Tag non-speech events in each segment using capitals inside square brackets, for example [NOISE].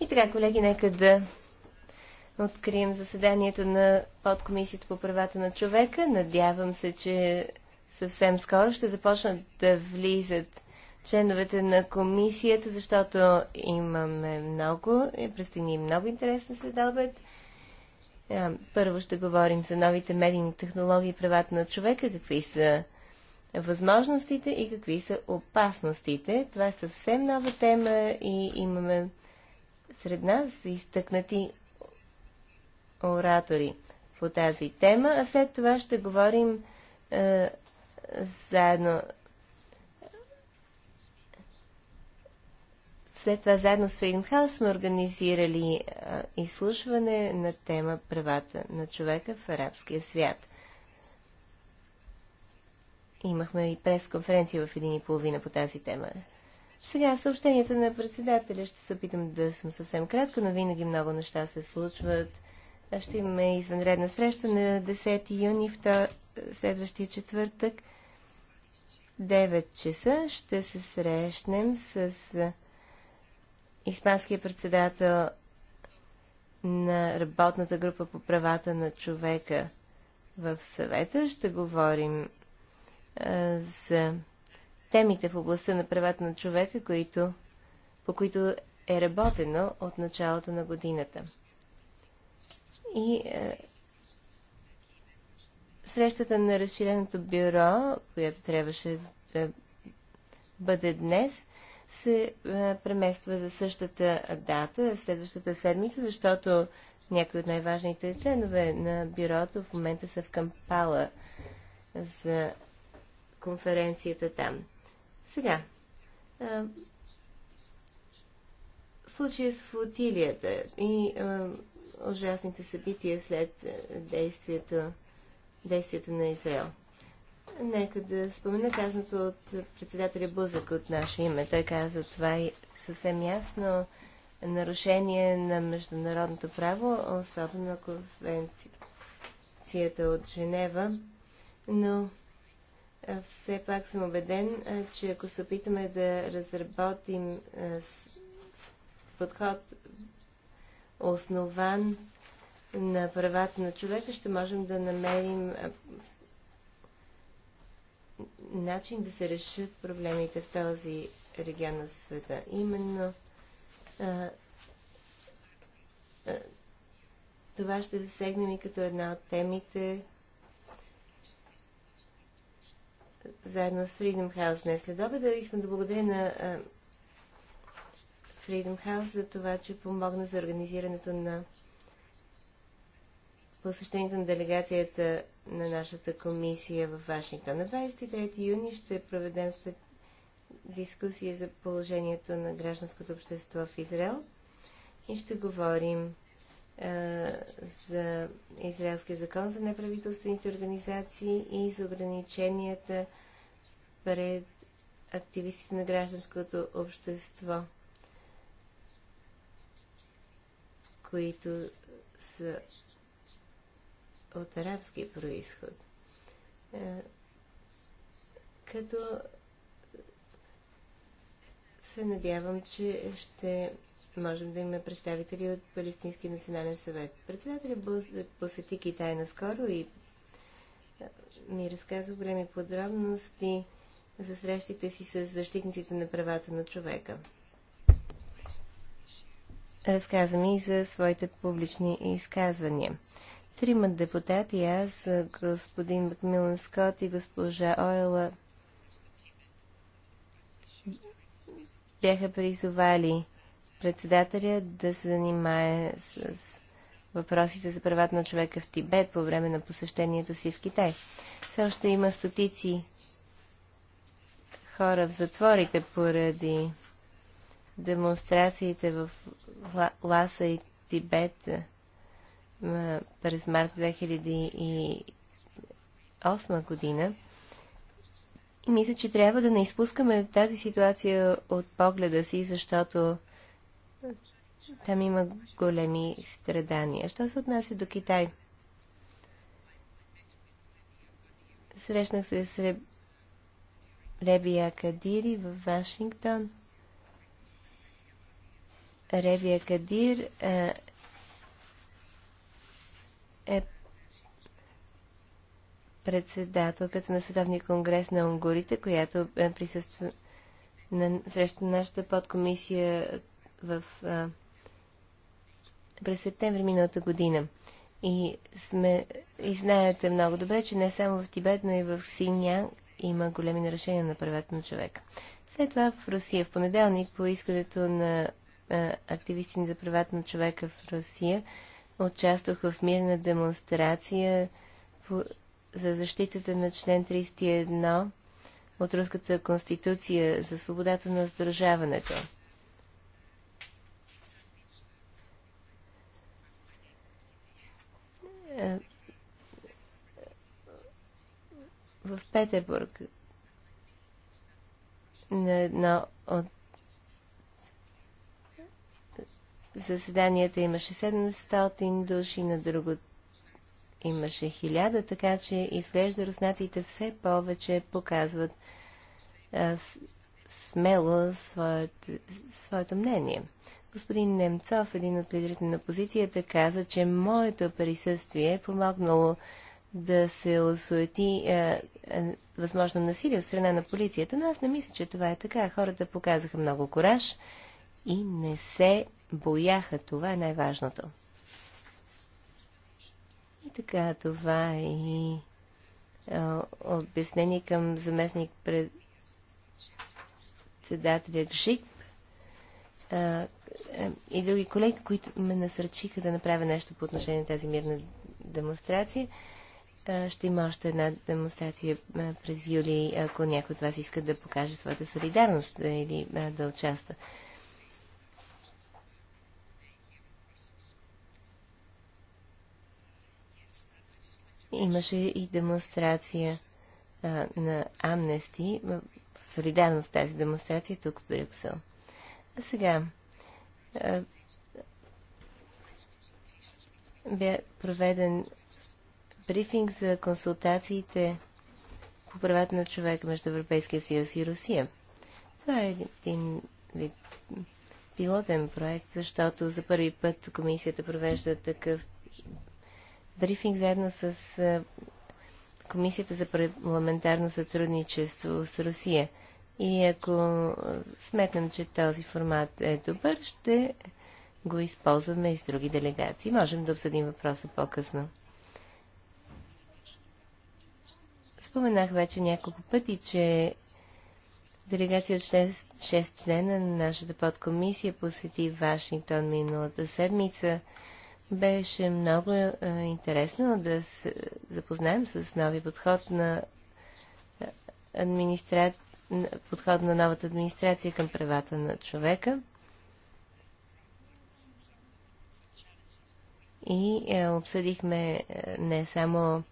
И така, колеги, нека да открием заседанието на подкомисията по правата на човека. Надявам се, че съвсем скоро ще започнат да влизат членовете на комисията, защото имаме много, предстои ни много интересен следобед. Първо ще говорим за новите медийни технологии и правата на човека, какви са възможностите и какви са опасностите. Това е съвсем нова тема и имаме сред нас изтъкнати оратори по тази тема, а след това ще говорим е, заедно. След това заедно с Freedom House сме организирали е, изслушване на тема правата на човека в арабския свят. Имахме и пресконференция в един и половина по тази тема. Сега съобщенията на председателя ще се опитам да съм съвсем кратка, но винаги много неща се случват. Ще имаме извънредна среща на 10 юни, втор... следващия четвъртък. 9 часа ще се срещнем с испанския председател на работната група по правата на човека в съвета. Ще говорим за темите в областта на правата на човека, които, по които е работено от началото на годината. И е, срещата на разширеното бюро, която трябваше да бъде днес, се е, премества за същата дата, следващата седмица, защото някои от най-важните членове на бюрото в момента са в Кампала за конференцията там. Сега, а, случая с флотилията и а, ужасните събития след действието, действието на Израел. Нека да спомена казаното от председателя Бузък от наше име. Той каза това е съвсем ясно нарушение на международното право, особено конвенцията от Женева, но е, все пак съм убеден, е, че ако се опитаме да разработим е, подход основан на правата на човека, ще можем да намерим начин да се решат проблемите в този регион на света. Именно това ще засегнем и като една от темите заедно с Freedom House днес след обеда. Искам да благодаря на Freedom House за това, че помогна за организирането на посещението на делегацията на нашата комисия в Вашингтон. На 23 юни ще проведем след дискусия за положението на гражданското общество в Израел и ще говорим за израелския закон за неправителствените организации и за ограниченията пред активистите на гражданското общество, които са от арабски происход. Е, като се надявам, че ще можем да имаме представители от Палестински национален съвет. Председателят посети Китай наскоро и е, ми разказа големи подробности за срещите си с защитниците на правата на човека. Разказа ми и за своите публични изказвания. Тримат депутати, аз, господин Макмилан Скот и госпожа Ойла, бяха призовали председателя да се занимае с въпросите за правата на човека в Тибет по време на посещението си в Китай. Все още има стотици хора в затворите поради демонстрациите в Ласа и Тибет през март 2008 година. И мисля, че трябва да не изпускаме тази ситуация от погледа си, защото там има големи страдания. Що се отнася до Китай? Срещнах се с Ревия Кадири в Вашингтон. Ревия Кадир е, е председателката на Световния конгрес на унгурите, която е присъства на, срещу нашата подкомисия в, а, е, през септември миналата година. И, сме, и знаете много добре, че не само в Тибет, но и в Синьян има големи нарушения на правата на човека. След това в Русия в понеделник по искането на а, активисти за правата на човека в Русия участваха в мирна демонстрация по, за защитата на член 31 от Руската конституция за свободата на сдружаването. в Петербург на едно от заседанията имаше 700 души, на друго имаше 1000, така че изглежда руснаците все повече показват а, смело своето, своето мнение. Господин Немцов, един от лидерите на опозицията, каза, че моето присъствие е помогнало да се осуети е, е, възможно насилие от страна на полицията, но аз не мисля, че това е така. Хората показаха много кораж и не се бояха. Това е най-важното. И така, това е и е, обяснение към заместник пред председателя Гжип е, е, и други колеги, които ме насърчиха да направя нещо по отношение на тази мирна демонстрация. Е, ще има още една демонстрация е, през юли, ако някой от вас иска да покаже своята солидарност или е, да участва. Имаше и демонстрация а, на Амнести, солидарност тази демонстрация тук в Брюксел. А сега, а, бе проведен брифинг за консултациите по правата на човека между Европейския съюз и Русия. Това е един вид пилотен проект, защото за първи път комисията провежда такъв брифинг заедно с Комисията за парламентарно сътрудничество с Русия. И ако сметнем, че този формат е добър, ще го използваме и с други делегации. Можем да обсъдим въпроса по-късно. Споменах вече няколко пъти, че делегация от 6, члена на нашата подкомисия посети Вашингтон миналата седмица. Беше много е, интересно да се запознаем с нови подход на е, администра... подход на новата администрация към правата на човека. И е, обсъдихме е, не само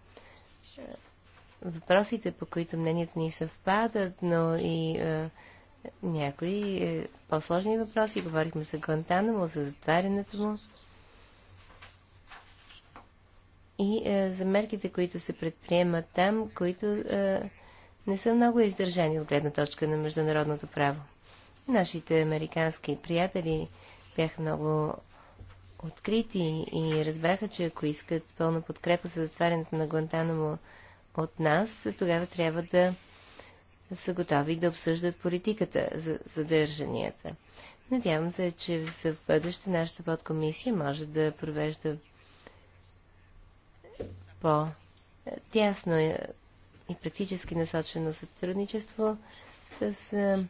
е, въпросите, по които мненията ни съвпадат, но и е, някои е, по-сложни въпроси. Говорихме за Гуантанамо, за затварянето му и е, за мерките, които се предприемат там, които е, не са много издържани от гледна точка на международното право. Нашите американски приятели бяха много открити и разбраха, че ако искат пълна подкрепа за затварянето на Гуантанамо, му от нас, тогава трябва да са готови да обсъждат политиката за задържанията. Надявам се, че в бъдеще нашата подкомисия може да провежда по-тясно и практически насочено сътрудничество с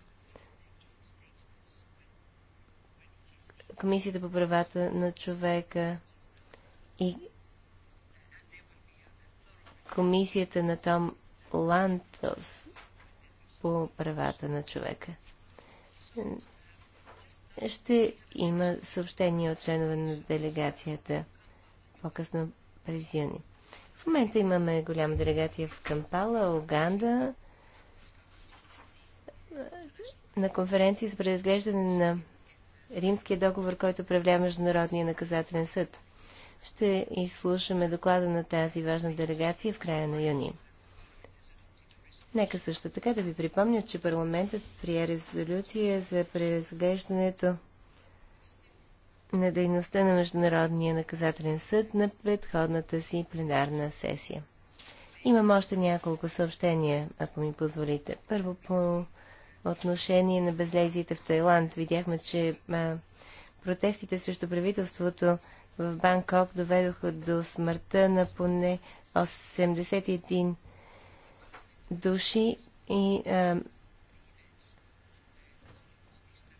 Комисията по правата на човека и комисията на Том Лантос по правата на човека. Ще има съобщения от членове на делегацията по-късно през юни. В момента имаме голяма делегация в Кампала, Оганда, на конференция с преразглеждане на Римския договор, който управлява Международния наказателен съд. Ще изслушаме доклада на тази важна делегация в края на юни. Нека също така да ви припомня, че парламентът прие резолюция за преразглеждането на дейността на Международния наказателен съд на предходната си пленарна сесия. Имам още няколко съобщения, ако ми позволите. Първо по отношение на безлезията в Тайланд. Видяхме, че а, протестите срещу правителството в Банкок доведоха до смъртта на поне 81 души и а,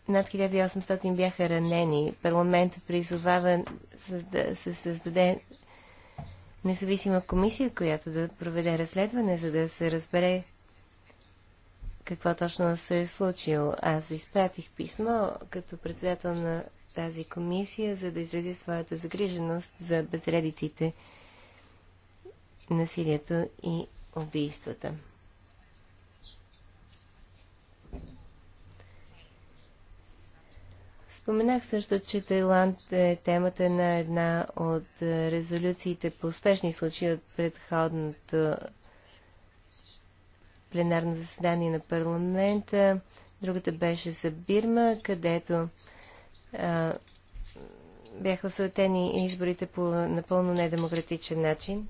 над 1800 бяха ранени. Парламентът призовава да се създаде независима комисия, която да проведе разследване, за да се разбере какво точно се е случило. Аз изпратих писмо като председател на тази комисия, за да изрази своята загриженост за безредиците, насилието и убийствата. Споменах също, че Тайланд е темата на една от резолюциите по успешни случаи от предходното пленарно заседание на парламента. Другата беше за Бирма, където бяха осветени изборите по напълно недемократичен начин.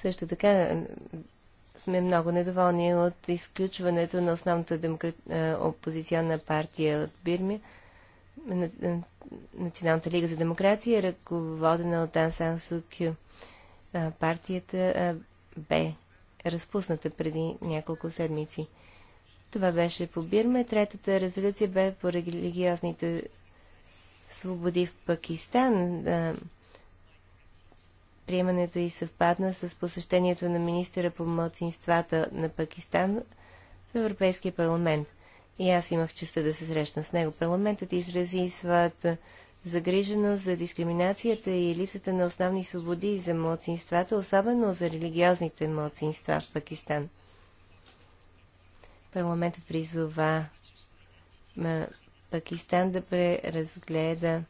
Също така сме много недоволни от изключването на основната демокра... опозиционна партия от Бирмия, Националната лига за демокрация, ръководена от Ан Сан Су Кю. Партията бе разпусната преди няколко седмици. Това беше по Бирма. Третата резолюция бе по религиозните свободи в Пакистан. Приемането и съвпадна с посещението на министъра по младсинствата на Пакистан в Европейския парламент. И аз имах честа да се срещна с него. Парламентът изрази своята загриженост за дискриминацията и липсата на основни свободи за младсинствата, особено за религиозните младсинства в Пакистан. Парламентът призова Пакистан да преразгледа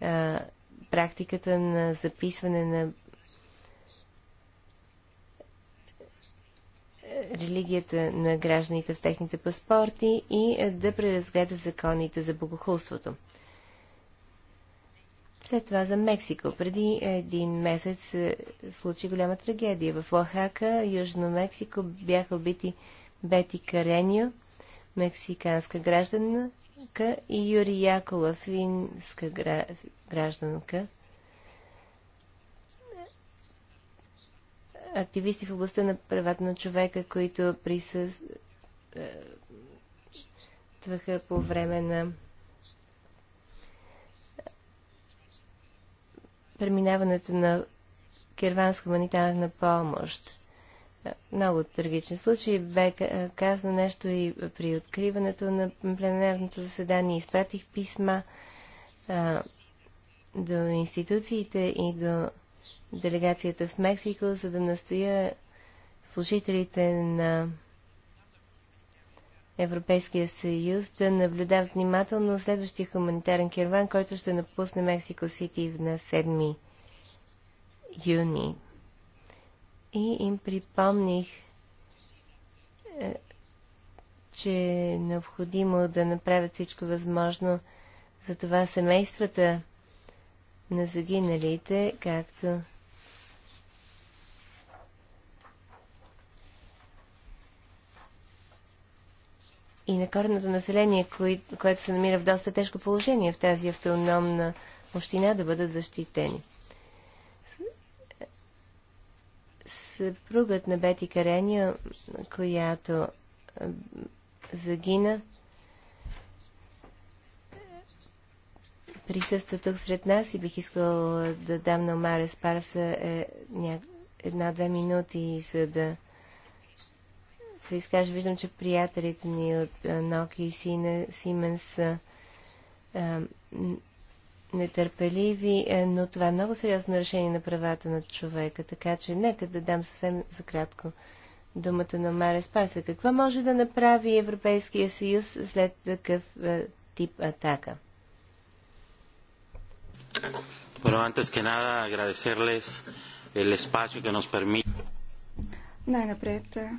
а, практиката на записване на е, религията на гражданите в техните паспорти и е, да преразгледа законите за богохулството. След това за Мексико. Преди един месец се случи голяма трагедия. В ОХАКа, Южно Мексико, бяха убити Бети Каренио, мексиканска гражданка, и Юри Якола, финска гражданка. Активисти в областта на правата на човека, които присъстваха е, по време на преминаването на кирванска хуманитарна помощ. Много трагичен случай. Бе казано нещо и при откриването на пленарното заседание. Изпратих писма а, до институциите и до делегацията в Мексико, за да настоя служителите на Европейския съюз да наблюдават внимателно следващия хуманитарен керван, който ще напусне Мексико Сити на 7 юни. И им припомних, е, че е необходимо да направят всичко възможно за това семействата на загиналите, както и на корното население, кое, което се намира в доста тежко положение в тази автономна община, да бъдат защитени. Съпругът на Бети Карения, която загина, присъства тук сред нас и бих искал да дам на Омара Спарса е, ня... една-две минути, за да се изкажа. Виждам, че приятелите ни от Nokia и Siemens са нетърпеливи, е, но това е много сериозно решение на правата на човека. Така че нека да дам съвсем за кратко думата на Маре Спаса. Какво може да направи Европейския съюз след такъв е, тип атака? Pero antes que nada agradecerles el espacio que nos permite. Най-напред е,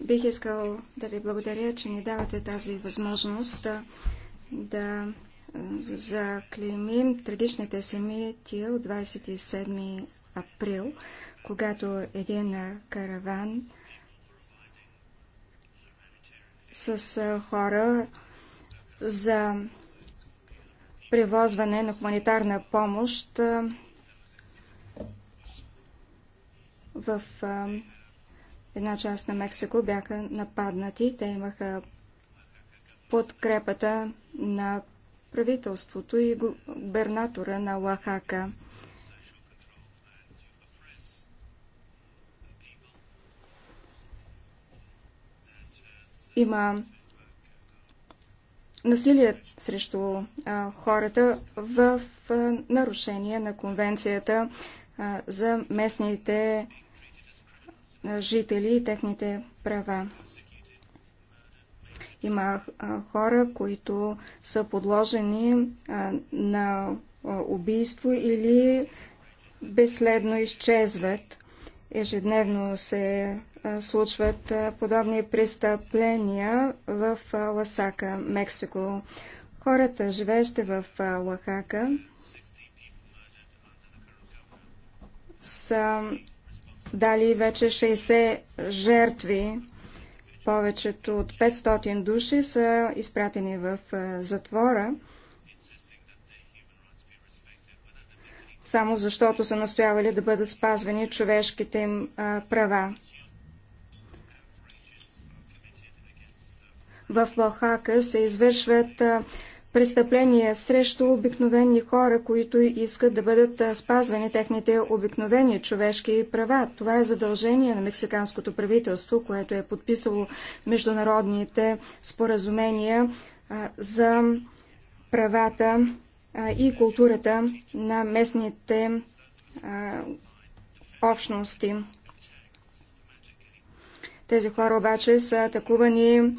Бих искал да ви благодаря, че ни давате тази възможност да, да заклеймим трагичните събития от 27 април, когато един караван с хора за превозване на хуманитарна помощ в една част на Мексико бяха нападнати. Те имаха подкрепата на правителството и губернатора на Лахака. Има насилие срещу а, хората в а, нарушение на конвенцията а, за местните жители и техните права. Има хора, които са подложени на убийство или безследно изчезват. Ежедневно се случват подобни престъпления в Ласака, Мексико. Хората, живеещи в Лахака, са дали вече 60 жертви. Повечето от 500 души са изпратени в е, затвора, само защото са настоявали да бъдат спазвани човешките им права. В Лохака се извършват престъпления срещу обикновени хора, които искат да бъдат спазвани техните обикновени човешки права. Това е задължение на мексиканското правителство, което е подписало международните споразумения за правата и културата на местните общности. Тези хора обаче са атакувани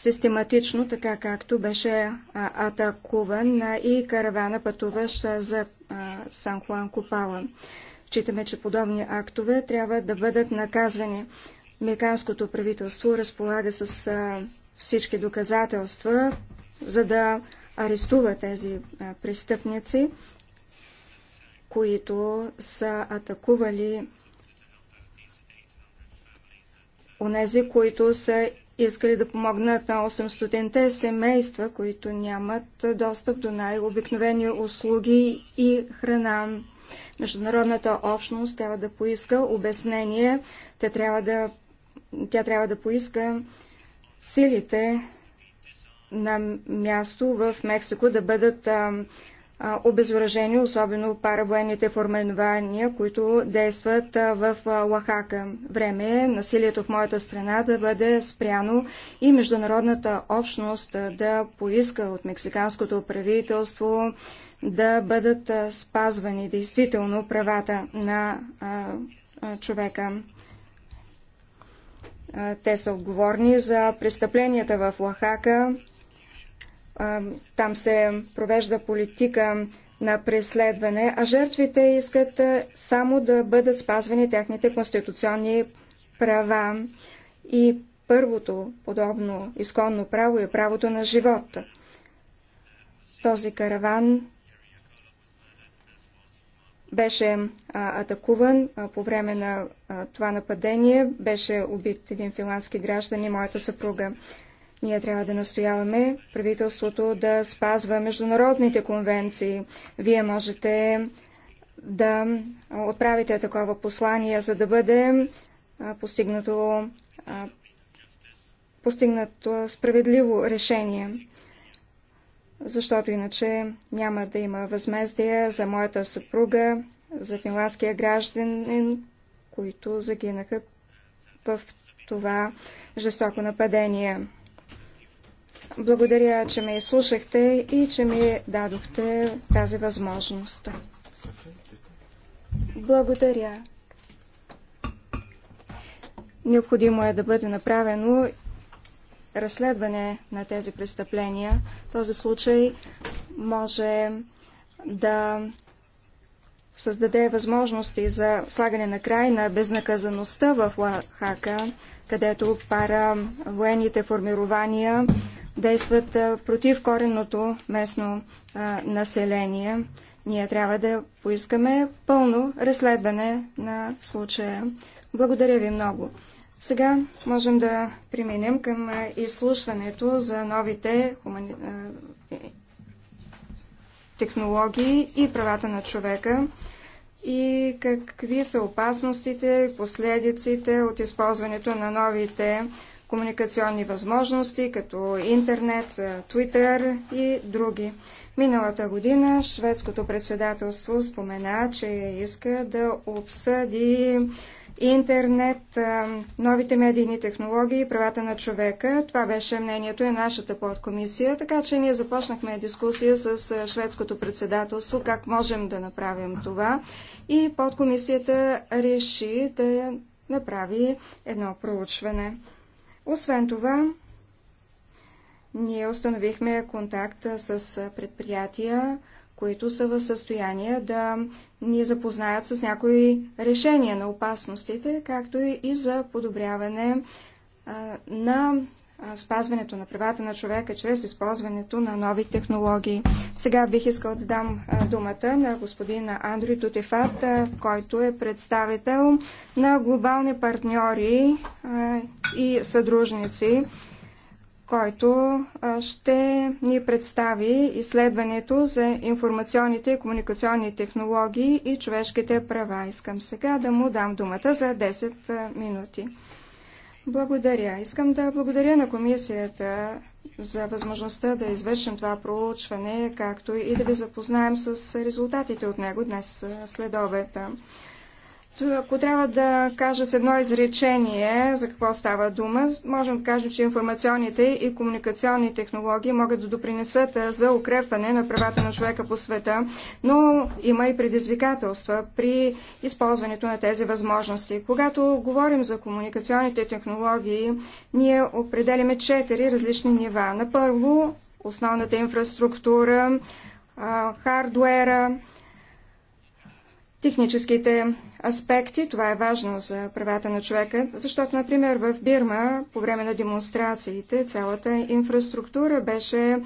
систематично, така както беше атакуван и каравана пътуващ за Сан Хуан Копала. Читаме, че подобни актове трябва да бъдат наказвани. Меканското правителство разполага с всички доказателства, за да арестува тези престъпници, които са атакували онези, които са искали да помогнат на 800-те семейства, които нямат достъп до най-обикновени услуги и храна. Международната общност трябва да поиска обяснение, тя трябва да, тя трябва да поиска силите на място в Мексико да бъдат а, обезвъоръжени, особено паравоенните формирования, които действат в Лахака. Време е насилието в моята страна да бъде спряно и международната общност да поиска от мексиканското правителство да бъдат спазвани действително правата на човека. те са отговорни за престъпленията в Лахака, там се провежда политика на преследване, а жертвите искат само да бъдат спазвани техните конституционни права. И първото подобно изконно право е правото на живота. Този караван беше а, атакуван а, по време на а, това нападение. Беше убит един финландски граждан и моята съпруга. Ние трябва да настояваме правителството да спазва международните конвенции. Вие можете да отправите такова послание, за да бъде постигнато, постигнато справедливо решение. Защото иначе няма да има възмездие за моята съпруга, за финландския гражданин, които загинаха в това жестоко нападение. Благодаря, че ме изслушахте и че ми дадохте тази възможност. Благодаря. Необходимо е да бъде направено разследване на тези престъпления. Този случай може да създаде възможности за слагане на край на безнаказаността в Лахака, където пара военните формирования действат против коренното местно население. Ние трябва да поискаме пълно разследване на случая. Благодаря ви много. Сега можем да преминем към изслушването за новите хумани... технологии и правата на човека и какви са опасностите и последиците от използването на новите комуникационни възможности, като интернет, е, Twitter и други. Миналата година шведското председателство спомена, че иска да обсъди интернет, е, новите медийни технологии и правата на човека. Това беше мнението и нашата подкомисия, така че ние започнахме дискусия с е, шведското председателство, как можем да направим това. И подкомисията реши да направи едно проучване. Освен това, ние установихме контакт с предприятия, които са в състояние да ни запознаят с някои решения на опасностите, както и за подобряване на спазването на правата на човека чрез използването на нови технологии. Сега бих искал да дам думата на господин Андрю Тотефат, който е представител на глобални партньори и съдружници, който ще ни представи изследването за информационните и комуникационни технологии и човешките права. Искам сега да му дам думата за 10 минути. Благодаря. Искам да благодаря на комисията за възможността да извършим това проучване, както и да ви запознаем с резултатите от него днес след обеда. Ако трябва да кажа с едно изречение за какво става дума, можем да кажем, че информационните и комуникационни технологии могат да допринесат за укрепване на правата на човека по света, но има и предизвикателства при използването на тези възможности. Когато говорим за комуникационните технологии, ние определяме четири различни нива. На първо, основната инфраструктура, хардуера, техническите аспекти. Това е важно за правата на човека, защото, например, в Бирма по време на демонстрациите цялата инфраструктура беше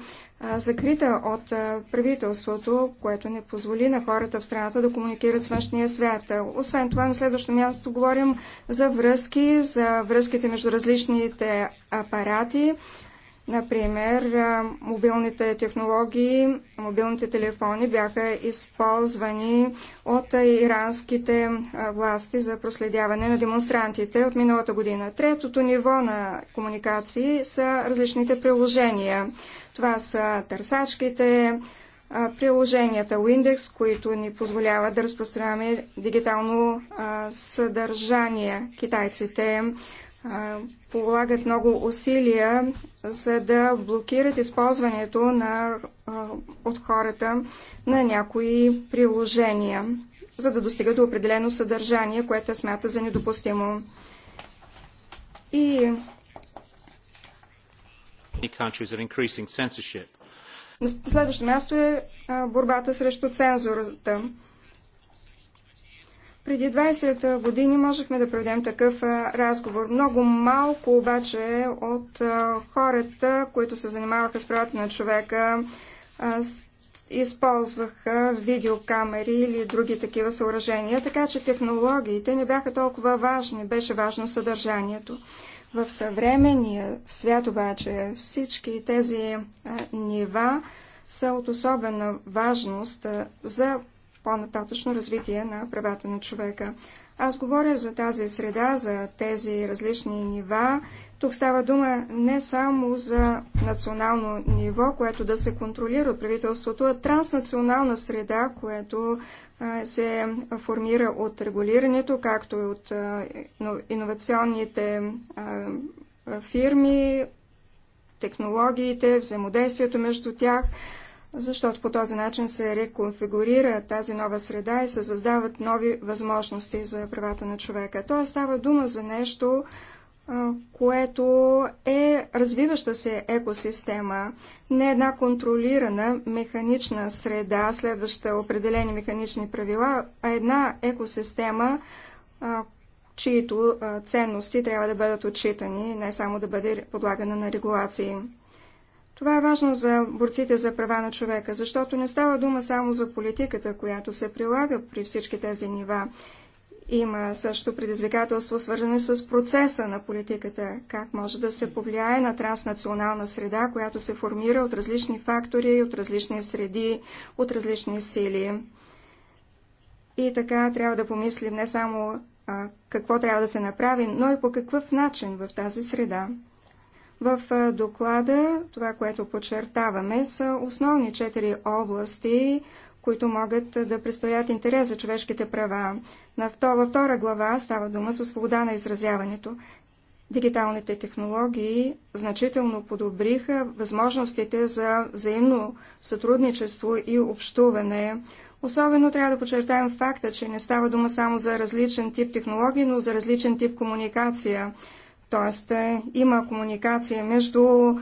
закрита от правителството, което не позволи на хората в страната да комуникират с външния свят. Освен това, на следващо място говорим за връзки, за връзките между различните апарати, Например, мобилните технологии, мобилните телефони бяха използвани от иранските власти за проследяване на демонстрантите от миналата година. Третото ниво на комуникации са различните приложения. Това са търсачките, приложенията Windex, които ни позволяват да разпространяваме дигитално съдържание. Китайците полагат много усилия, за да блокират използването на, от хората на някои приложения, за да достигат до определено съдържание, което смята за недопустимо. И на следващо място е борбата срещу цензурата. Преди 20 години можехме да проведем такъв разговор. Много малко обаче от хората, които се занимаваха с правата на човека, използваха видеокамери или други такива съоръжения, така че технологиите не бяха толкова важни, беше важно съдържанието. В съвременния свят обаче всички тези нива са от особена важност за по-нататъчно развитие на правата на човека. Аз говоря за тази среда, за тези различни нива. Тук става дума не само за национално ниво, което да се контролира от правителството, а транснационална среда, което се формира от регулирането, както и от иновационните фирми, технологиите, взаимодействието между тях, защото по този начин се реконфигурира тази нова среда и се създават нови възможности за правата на човека. Тоест става дума за нещо, което е развиваща се екосистема, не една контролирана механична среда, следваща определени механични правила, а една екосистема, чието ценности трябва да бъдат отчитани, не само да бъде подлагана на регулации. Това е важно за борците за права на човека, защото не става дума само за политиката, която се прилага при всички тези нива. Има също предизвикателство, свързано с процеса на политиката, как може да се повлияе на транснационална среда, която се формира от различни фактори, от различни среди, от различни сили. И така трябва да помислим не само а, какво трябва да се направи, но и по какъв начин в тази среда. В доклада това, което подчертаваме, са основни четири области, които могат да представят интерес за човешките права. На втора, във втора глава става дума за свобода на изразяването. Дигиталните технологии значително подобриха възможностите за взаимно сътрудничество и общуване. Особено трябва да подчертаем факта, че не става дума само за различен тип технологии, но за различен тип комуникация. Тоест, е, има комуникация между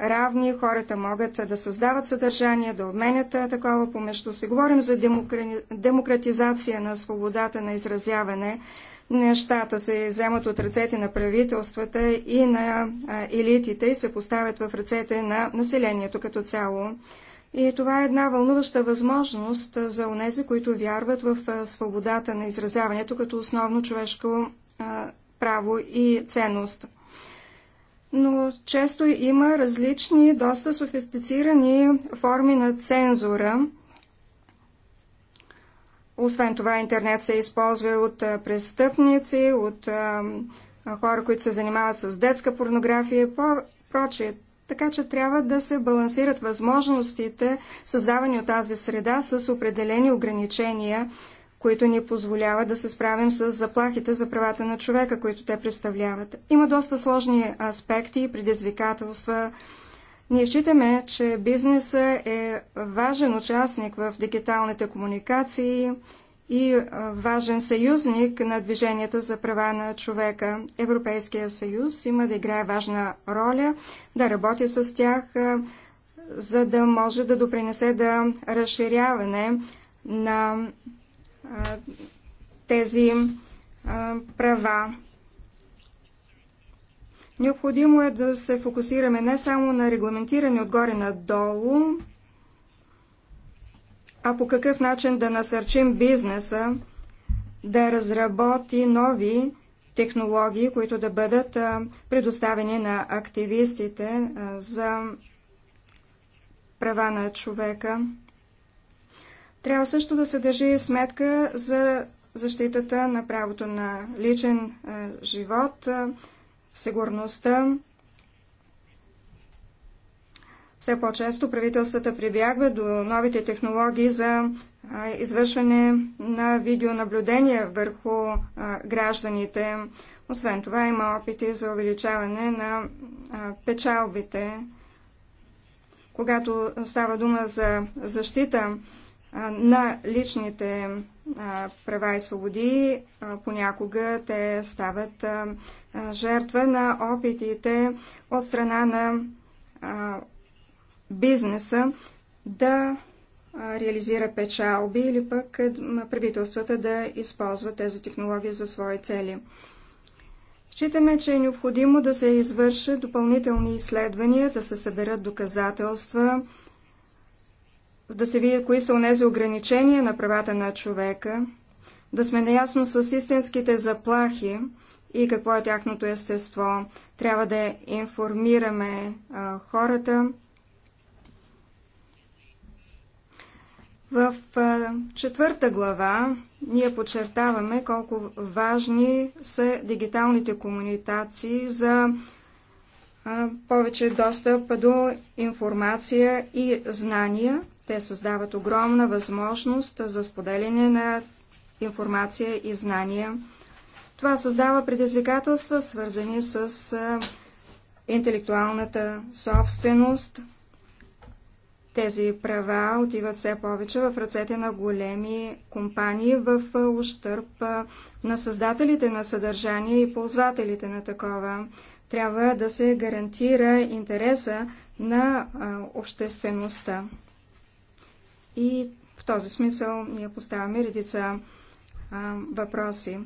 равни, хората могат да създават съдържание, да обменят е, такова помежду си. Говорим за демократизация на свободата на изразяване. Нещата се вземат от ръцете на правителствата и на елитите и се поставят в ръцете на населението като цяло. И това е една вълнуваща възможност за онези, които вярват в свободата на изразяването като основно човешко право и ценност. Но често има различни, доста софистицирани форми на цензура. Освен това, интернет се използва от престъпници, от хора, които се занимават с детска порнография и прочие. Така че трябва да се балансират възможностите, създавани от тази среда, с определени ограничения, които ни позволяват да се справим с заплахите за правата на човека, които те представляват. Има доста сложни аспекти и предизвикателства. Ние считаме, че бизнесът е важен участник в дигиталните комуникации и важен съюзник на движенията за права на човека. Европейския съюз има да играе важна роля, да работи с тях, за да може да допринесе да разширяване на тези права. Необходимо е да се фокусираме не само на регламентиране отгоре надолу, а по какъв начин да насърчим бизнеса да разработи нови технологии, които да бъдат предоставени на активистите за права на човека. Трябва също да се държи сметка за защитата на правото на личен е, живот, е, сигурността. Все по-често правителствата прибягват до новите технологии за е, извършване на видеонаблюдение върху гражданите. Освен това има опити за увеличаване на печалбите. Когато става дума за защита на личните права и свободи. Понякога те стават жертва на опитите от страна на бизнеса да реализира печалби или пък е, правителствата да използват тези технологии за свои цели. Считаме, че е необходимо да се извършат допълнителни изследвания, да се съберат доказателства, да се видят кои са онези ограничения на правата на човека, да сме наясно с истинските заплахи и какво е тяхното естество. Трябва да информираме а, хората. В а, четвърта глава ние подчертаваме колко важни са дигиталните комуникации за повече достъп до информация и знания те създават огромна възможност за споделяне на информация и знания. Това създава предизвикателства, свързани с интелектуалната собственост. Тези права отиват все повече в ръцете на големи компании в ущърп на създателите на съдържание и ползвателите на такова. Трябва да се гарантира интереса на обществеността. И в този смисъл ние поставяме редица а, въпроси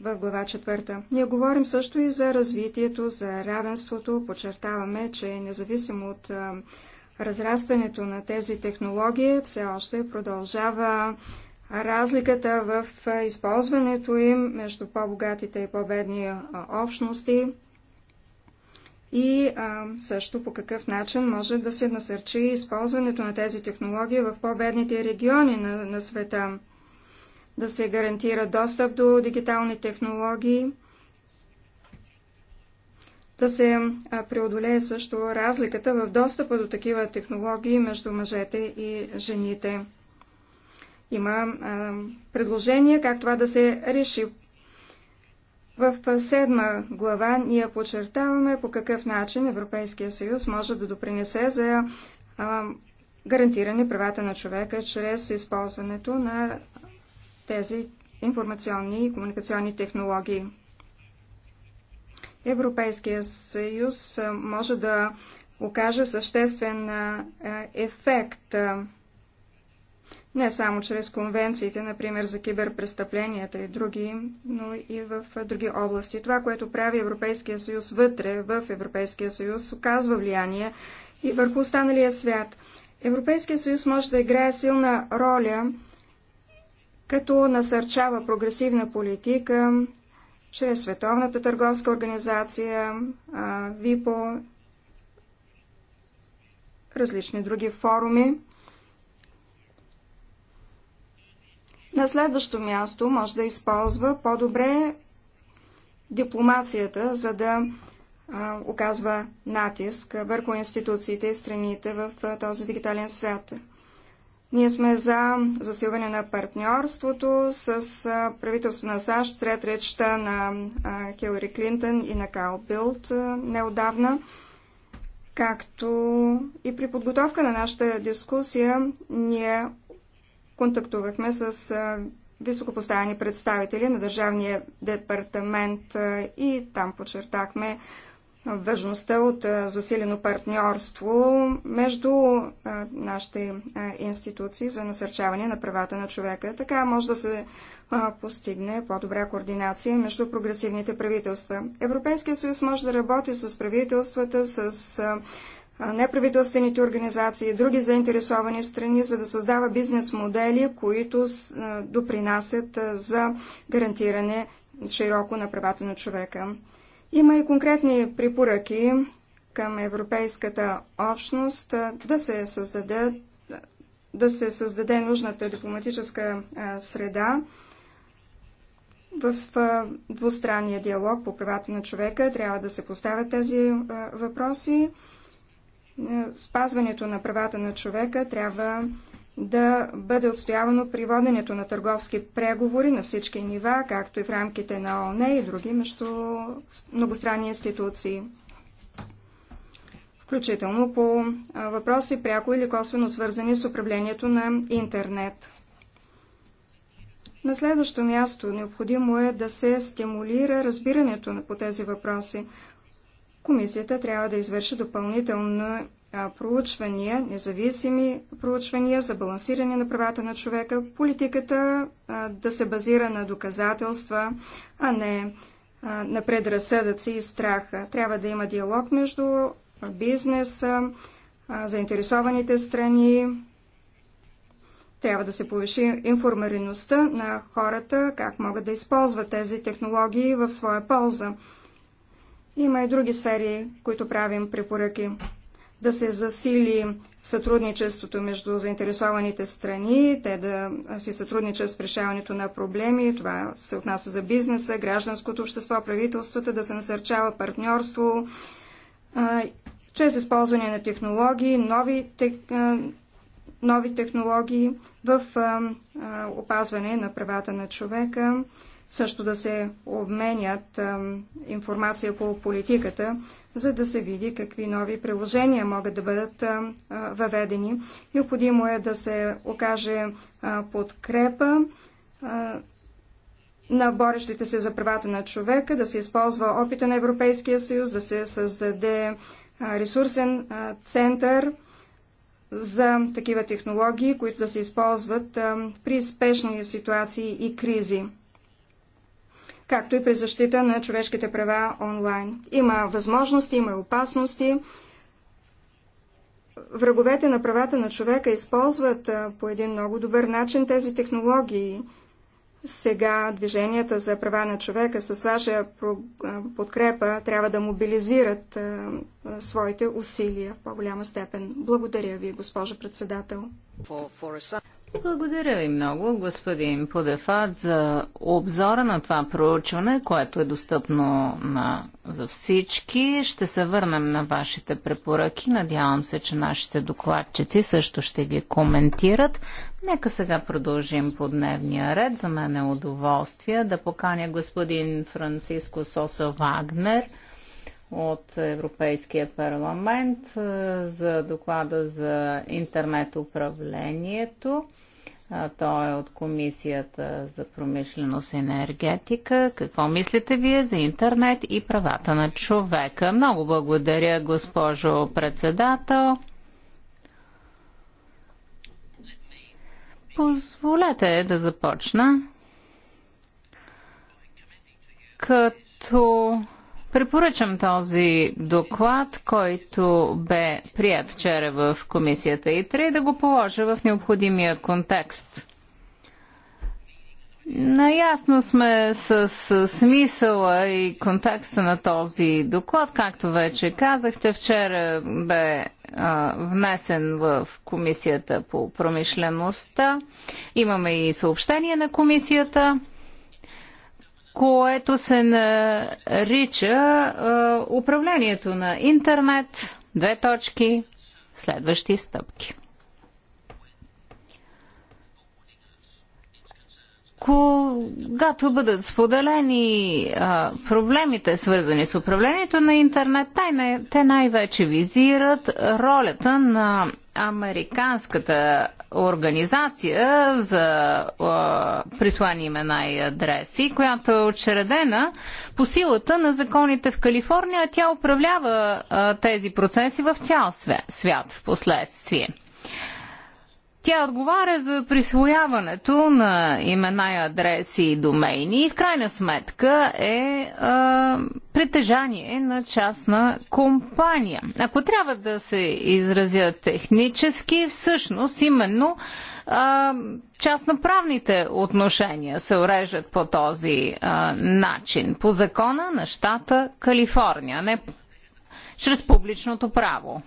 в глава четвърта. Ние говорим също и за развитието, за равенството. Подчертаваме, че независимо от а, разрастването на тези технологии, все още продължава разликата в използването им между по-богатите и по-бедни общности и а, също по какъв начин може да се насърчи използването на тези технологии в по-бедните региони на, на света, да се гарантира достъп до дигитални технологии, да се преодолее също разликата в достъпа до такива технологии между мъжете и жените. Има а, предложение как това да се реши в седма глава ние подчертаваме по какъв начин Европейския съюз може да допринесе за гарантиране правата на човека чрез използването на тези информационни и комуникационни технологии. Европейския съюз може да окаже съществен ефект не само чрез конвенциите, например за киберпрестъпленията и други, но и в други области. Това, което прави Европейския съюз вътре в Европейския съюз, оказва влияние и върху останалия свят. Европейския съюз може да играе силна роля, като насърчава прогресивна политика чрез Световната търговска организация, ВИПО, различни други форуми. На следващо място може да използва по-добре дипломацията, за да а, оказва натиск върху институциите и страните в а, този дигитален свят. Ние сме за засилване на партньорството с а, правителство на САЩ сред речта на а, Хилари Клинтон и на Кайл Билд а, неодавна, както и при подготовка на нашата дискусия ние Контактувахме с високопоставени представители на Държавния департамент и там подчертахме важността от засилено партньорство между нашите институции за насърчаване на правата на човека. Така може да се постигне по-добра координация между прогресивните правителства. Европейския съюз може да работи с правителствата, с неправителствените организации и други заинтересовани страни, за да създава бизнес модели, които допринасят за гарантиране широко на правата на човека. Има и конкретни препоръки към Европейската общност да се създаде, да се създаде нужната дипломатическа среда в двустранния диалог по правата на човека. Трябва да се поставят тези въпроси спазването на правата на човека трябва да бъде отстоявано при воденето на търговски преговори на всички нива, както и в рамките на ООН и други между многостранни институции. Включително по въпроси пряко или косвено свързани с управлението на интернет. На следващо място необходимо е да се стимулира разбирането по тези въпроси комисията трябва да извърши допълнително проучвания, независими проучвания за балансиране на правата на човека, политиката да се базира на доказателства, а не на предразсъдъци и страха. Трябва да има диалог между бизнеса, заинтересованите страни. Трябва да се повиши информираността на хората, как могат да използват тези технологии в своя полза. Има и други сфери, които правим препоръки. Да се засили сътрудничеството между заинтересованите страни, те да си сътрудничат с решаването на проблеми, това се отнася за бизнеса, гражданското общество, правителството, да се насърчава партньорство, чрез използване на технологии, нови, нови технологии в опазване на правата на човека, също да се обменят а, информация по политиката, за да се види какви нови приложения могат да бъдат а, въведени. Необходимо е да се окаже а, подкрепа на борещите се за правата на човека, да се използва опита на Европейския съюз, да се създаде ресурсен център за такива технологии, които да се използват при спешни ситуации и кризи както и при защита на човешките права онлайн. Има възможности, има опасности. Враговете на правата на човека използват по един много добър начин тези технологии. Сега движенията за права на човека с ваша подкрепа трябва да мобилизират своите усилия в по-голяма степен. Благодаря ви, госпожо председател. Благодаря ви много, господин Подефат, за обзора на това проучване, което е достъпно на, за всички. Ще се върнем на вашите препоръки. Надявам се, че нашите докладчици също ще ги коментират. Нека сега продължим по дневния ред. За мен е удоволствие да поканя господин Франциско Соса Вагнер – от Европейския парламент за доклада за интернет управлението. Той е от Комисията за промишленост и енергетика. Какво мислите вие за интернет и правата на човека? Много благодаря, госпожо председател. Позволете да започна като Препоръчам този доклад, който бе прият вчера в комисията и трябва да го положа в необходимия контекст. Наясно сме с, с смисъла и контекста на този доклад. Както вече казахте, вчера бе а, внесен в Комисията по промишлеността. Имаме и съобщение на Комисията което се нарича а, управлението на интернет, две точки, следващи стъпки. когато бъдат споделени а, проблемите, свързани с управлението на интернет, те най- те най-вече визират ролята на Американската организация за прислани имена и адреси, която е очередена по силата на законите в Калифорния, а тя управлява а, тези процеси в цял свят в последствие. Тя отговаря за присвояването на имена и адреси и домейни и в крайна сметка е а, притежание на частна компания. Ако трябва да се изразя технически, всъщност именно а, частноправните отношения се уреждат по този а, начин, по закона на щата Калифорния, не чрез публичното право.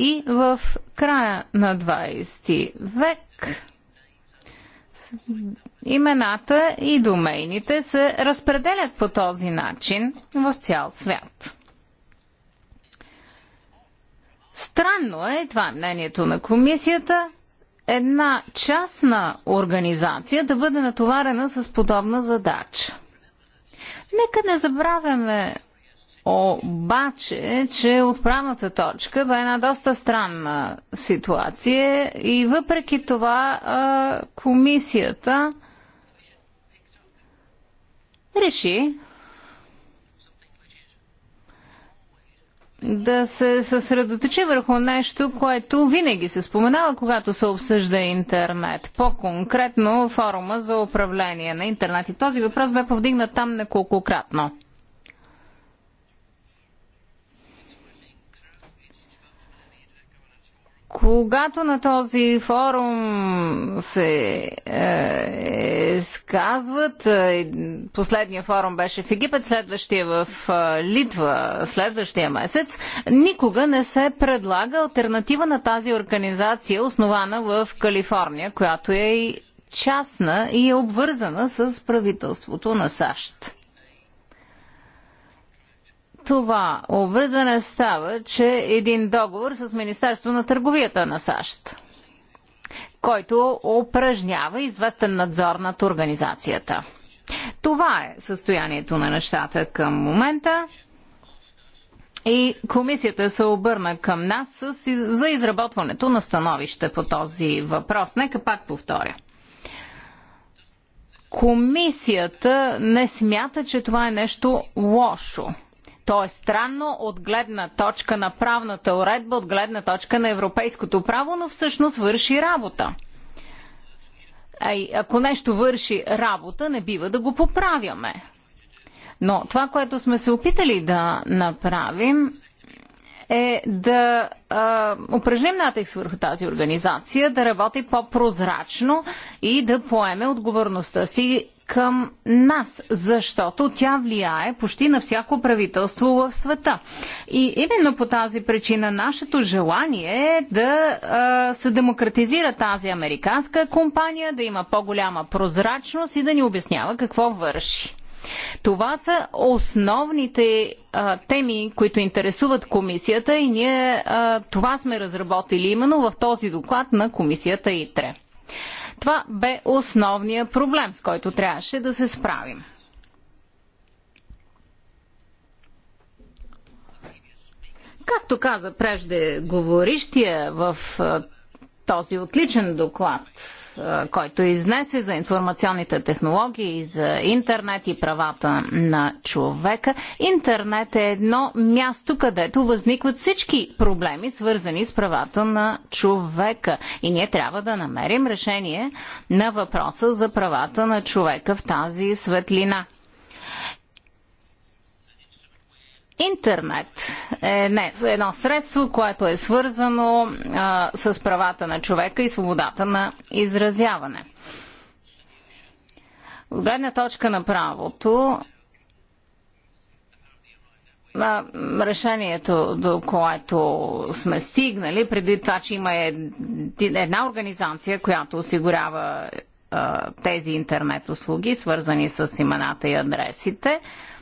И в края на 20 век имената и домейните се разпределят по този начин в цял свят. Странно е, това е мнението на комисията, една частна организация да бъде натоварена с подобна задача. Нека не забравяме обаче, че отправната точка бе една доста странна ситуация и въпреки това комисията реши да се съсредоточи върху нещо, което винаги се споменава, когато се обсъжда интернет. По-конкретно форума за управление на интернет. И този въпрос бе повдигнат там неколкократно. Когато на този форум се е, сказват, е, последния форум беше в Египет, следващия в е, Литва, следващия месец, никога не се предлага альтернатива на тази организация, основана в Калифорния, която е частна и е обвързана с правителството на САЩ това обвързване става, че един договор с Министерство на търговията на САЩ, който упражнява известен надзор над организацията. Това е състоянието на нещата към момента. И комисията се обърна към нас за изработването на становище по този въпрос. Нека пак повторя. Комисията не смята, че това е нещо лошо. То е странно от гледна точка на правната уредба, от гледна точка на европейското право, но всъщност върши работа. и ако нещо върши работа, не бива да го поправяме. Но това, което сме се опитали да направим, е да е, упражним натиск върху тази организация, да работи по-прозрачно и да поеме отговорността си към нас, защото тя влияе почти на всяко правителство в света. И именно по тази причина нашето желание е да а, се демократизира тази американска компания, да има по-голяма прозрачност и да ни обяснява какво върши. Това са основните а, теми, които интересуват комисията и ние а, това сме разработили именно в този доклад на комисията ИТРЕ. Това бе основният проблем, с който трябваше да се справим. Както каза преждеговорищия в този отличен доклад който изнесе за информационните технологии, за интернет и правата на човека. Интернет е едно място, където възникват всички проблеми, свързани с правата на човека. И ние трябва да намерим решение на въпроса за правата на човека в тази светлина. Интернет е не, едно средство, което е свързано а, с правата на човека и свободата на изразяване. От гледна точка на правото, на решението, до което сме стигнали, преди това, че има една организация, която осигурява а, тези интернет услуги, свързани с имената и адресите, а,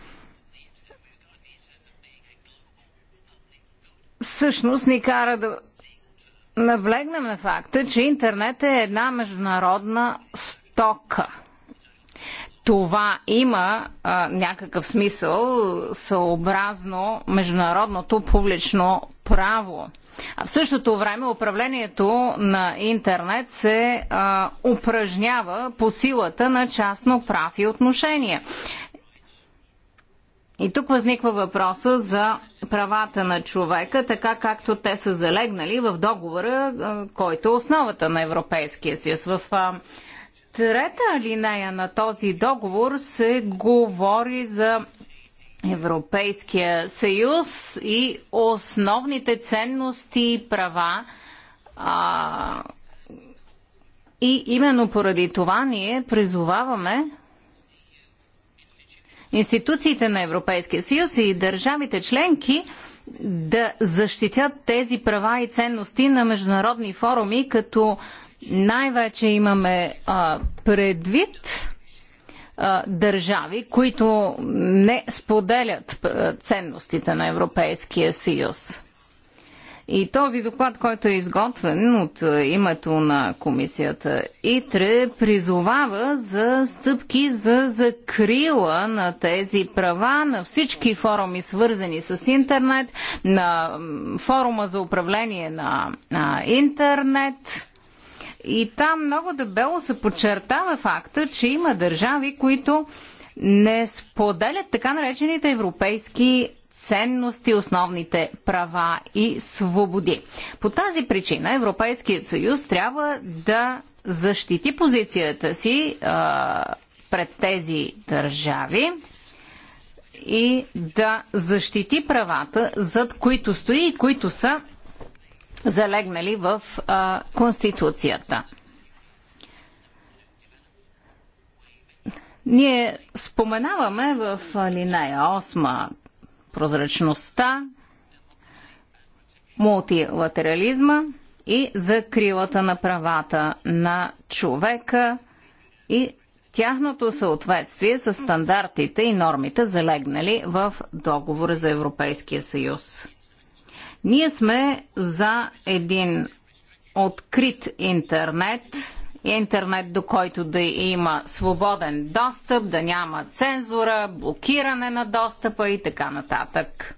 всъщност ни кара да навлегнем на факта, че интернет е една международна стока – това има а, някакъв смисъл съобразно международното публично право. А в същото време управлението на интернет се а, упражнява по силата на частно прав и отношения. И тук възниква въпроса за правата на човека, така както те са залегнали в договора, който е основата на Европейския съюз. В трета линия на този договор се говори за Европейския съюз и основните ценности и права. А, и именно поради това ние призоваваме институциите на Европейския съюз и държавите членки да защитят тези права и ценности на международни форуми, като най-вече имаме а, предвид а, държави, които не споделят а, ценностите на Европейския съюз. И този доклад, който е изготвен от е, името на комисията ИТРЕ, призовава за стъпки за закрила на тези права на всички форуми, свързани с интернет, на форума за управление на, на интернет. И там много дебело се подчертава факта, че има държави, които не споделят така наречените европейски ценности, основните права и свободи. По тази причина Европейският съюз трябва да защити позицията си а, пред тези държави и да защити правата, зад които стои и които са залегнали в а, Конституцията. Ние споменаваме в алинея 8 прозрачността, мултилатерализма и закрилата на правата на човека и тяхното съответствие с стандартите и нормите, залегнали в договора за Европейския съюз. Ние сме за един открит интернет, интернет, до който да има свободен достъп, да няма цензура, блокиране на достъпа и така нататък.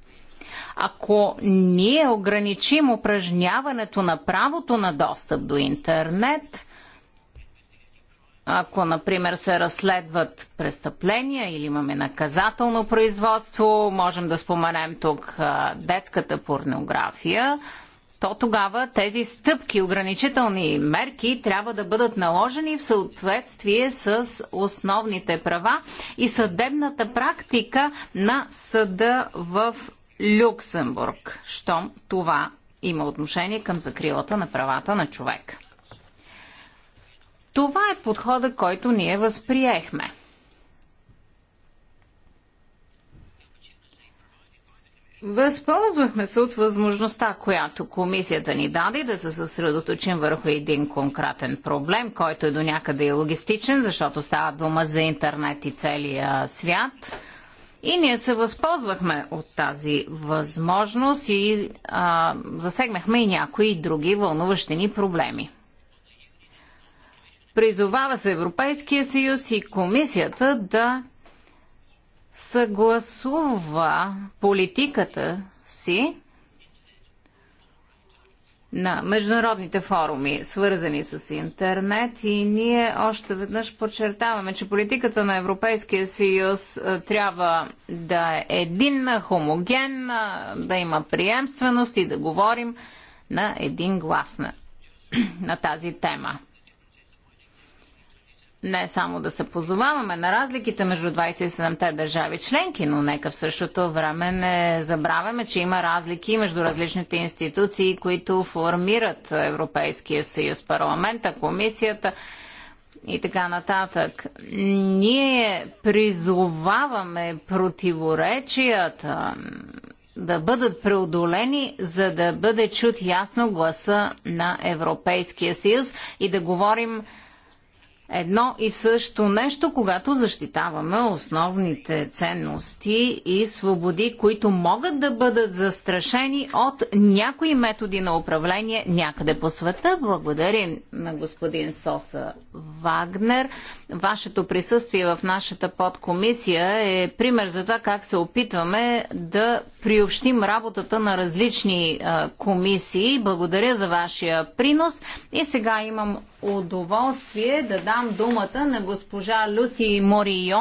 Ако ние ограничим упражняването на правото на достъп до интернет, ако, например, се разследват престъпления или имаме наказателно производство, можем да споменем тук детската порнография, то тогава тези стъпки, ограничителни мерки трябва да бъдат наложени в съответствие с основните права и съдебната практика на съда в Люксембург, щом това има отношение към закрилата на правата на човек. Това е подхода, който ние възприехме – Възползвахме се от възможността, която комисията ни даде да се съсредоточим върху един конкретен проблем, който е до някъде и логистичен, защото става дума за интернет и целия свят. И ние се възползвахме от тази възможност и а, засегнахме и някои други вълнуващи ни проблеми. Призовава се Европейския съюз и комисията да съгласува политиката си на международните форуми, свързани с интернет и ние още веднъж подчертаваме, че политиката на Европейския съюз е, трябва да е единна, хомогенна, да има приемственост и да говорим на един глас на, [CLEARS THROAT] на тази тема не само да се позоваваме на разликите между 27-те държави членки, но нека в същото време не забравяме, че има разлики между различните институции, които формират Европейския съюз, парламента, комисията и така нататък. Ние призоваваме противоречията да бъдат преодолени, за да бъде чут ясно гласа на Европейския съюз и да говорим едно и също нещо, когато защитаваме основните ценности и свободи, които могат да бъдат застрашени от някои методи на управление някъде по света. Благодарим на господин Соса Вагнер. Вашето присъствие в нашата подкомисия е пример за това как се опитваме да приобщим работата на различни комисии. Благодаря за вашия принос и сега имам удоволствие да дам дам думата на госпожа Люси Морио,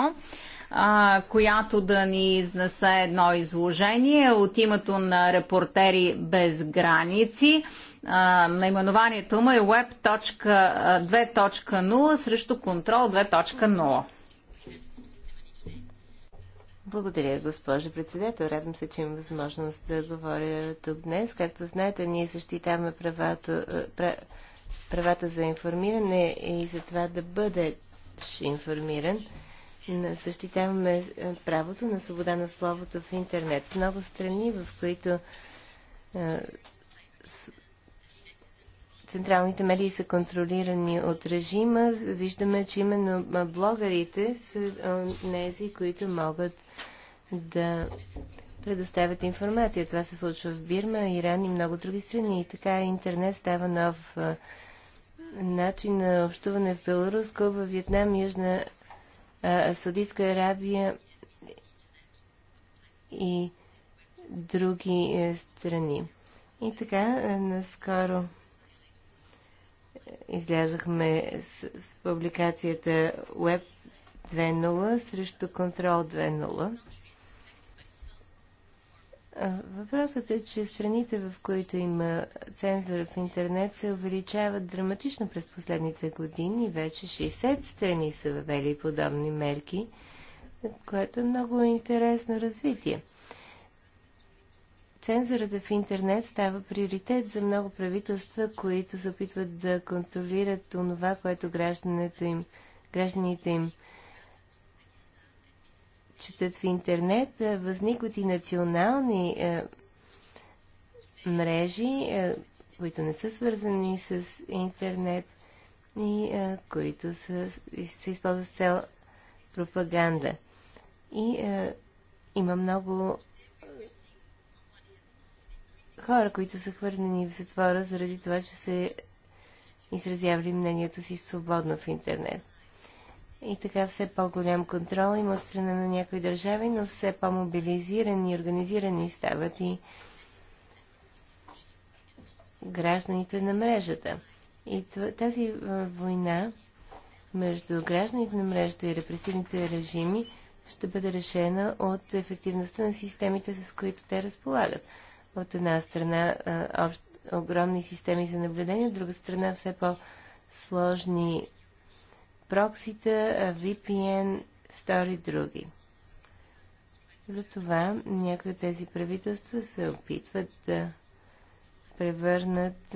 която да ни изнесе едно изложение от името на репортери без граници. наименованието му е Web.2.0 срещу контрол 2.0. Благодаря, госпожо председател. Радвам се, че имам възможност да говоря тук днес. Както знаете, ние защитаваме правата, правата за информиране и за това да бъдеш информиран. Защитаваме е, правото на свобода на словото в интернет. Много страни, в които е, централните медии са контролирани от режима, виждаме, че именно блогерите са тези, които могат да предоставят информация. Това се случва в Бирма, Иран и много други страни. И така интернет става нов начин на общуване в Беларус, Куба, Вьетнам, Южна Саудитска Арабия и други е, страни. И така, е, наскоро е, излязахме с, с публикацията Web 2.0 срещу Control 2.0. Въпросът е, че страните, в които има цензура в интернет, се увеличават драматично през последните години. Вече 60 страни са въвели подобни мерки, което е много интересно развитие. Цензурата в интернет става приоритет за много правителства, които се опитват да контролират онова, което гражданите им, гражданите им четат в интернет, е, възникват и национални е, мрежи, е, които не са свързани с интернет и е, които са, се използват с цел пропаганда. И е, има много хора, които са хвърлени в затвора заради това, че се изразявали мнението си свободно в интернет и така все по-голям контрол има от страна на някои държави, но все по-мобилизирани и организирани стават и гражданите на мрежата. И тази война между гражданите на мрежата и репресивните режими ще бъде решена от ефективността на системите, с които те разполагат. От една страна общ, огромни системи за наблюдение, от друга страна все по-сложни проксита, VPN, стори други. Затова някои от тези правителства се опитват да превърнат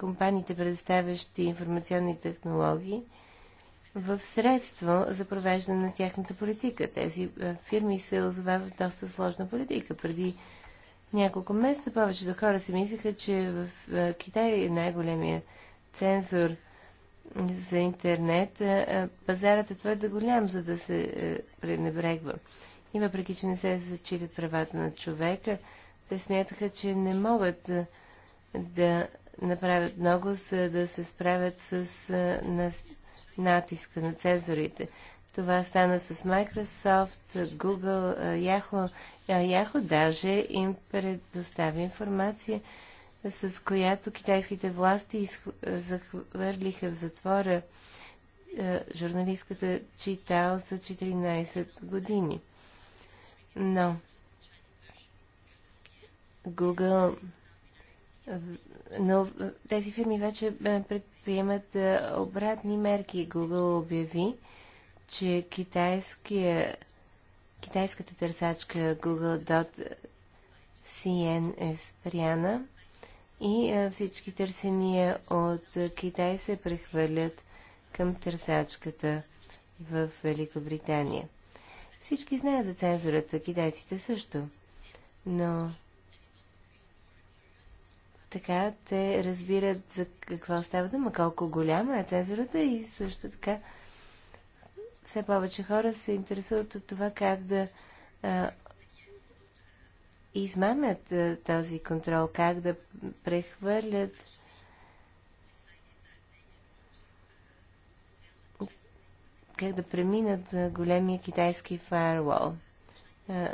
компаниите, предоставящи информационни технологии, в средство за провеждане на тяхната политика. Тези фирми се озовават в доста сложна политика. Преди няколко месеца повечето хора си мислеха, че в Китай е най-големия цензор за интернет, пазарът е твърде голям, за да се е, пренебрегва. И въпреки, че не се зачитат правата на човека, те смятаха, че не могат да направят много, за да се справят с натиска на цензорите. Това стана с Microsoft, Google, Yahoo. Yahoo даже им предостави информация с която китайските власти захвърлиха в затвора е, журналистката Читао за 14 години. Но Google, но тези фирми вече е, предприемат е, обратни мерки. Google обяви, че китайския, китайската търсачка Google.cn е спряна и е, всички търсения от Китай се прехвърлят към търсачката в Великобритания. Всички знаят за цензурата, китайците също, но така те разбират за какво става дума, колко голяма е цензурата и също така все повече хора се интересуват от това как да а, измамят е, този контрол, как да прехвърлят как да преминат е, големия китайски фаервол. Е,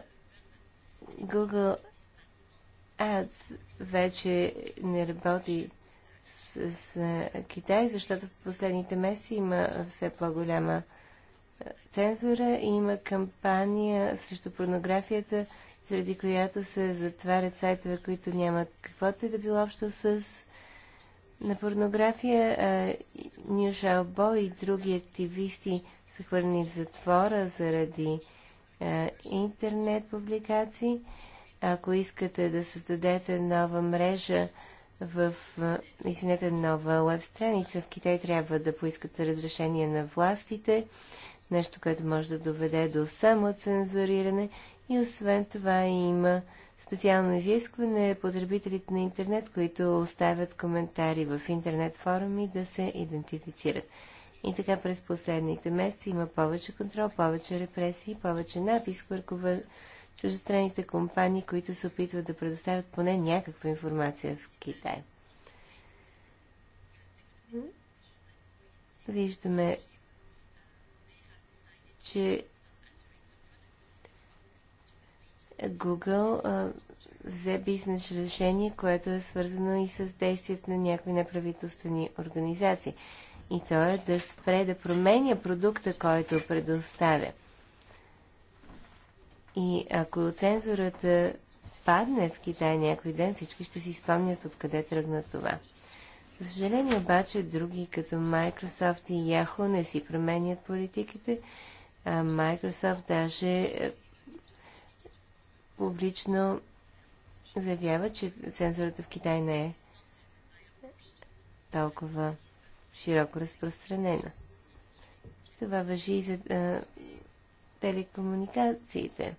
Google Ads вече не работи с, с Китай, защото в последните месеци има все по-голяма цензура и има кампания срещу порнографията заради която се затварят сайтове, които нямат каквото и да било общо с на порнография. Нью-Шалбо и други активисти са хвърлени в затвора заради а, интернет публикации. Ако искате да създадете нова мрежа, в, извинете, нова веб страница в Китай трябва да поискате разрешение на властите, нещо, което може да доведе до самоцензуриране и освен това има специално изискване потребителите на интернет, които оставят коментари в интернет форуми да се идентифицират. И така през последните месеци има повече контрол, повече репресии, повече натиск върху чуждестранните компании, които се опитват да предоставят поне някаква информация в Китай. Виждаме, че Google а, взе бизнес решение, което е свързано и с действието на някои неправителствени организации. И то е да спре да променя продукта, който предоставя. И ако цензурата падне в Китай някой ден, всички ще си спомнят откъде тръгна това. За съжаление обаче, други като Microsoft и Yahoo не си променят политиките, а Microsoft даже публично заявява, че цензурата в Китай не е толкова широко разпространена. Това въжи и за а, телекомуникациите.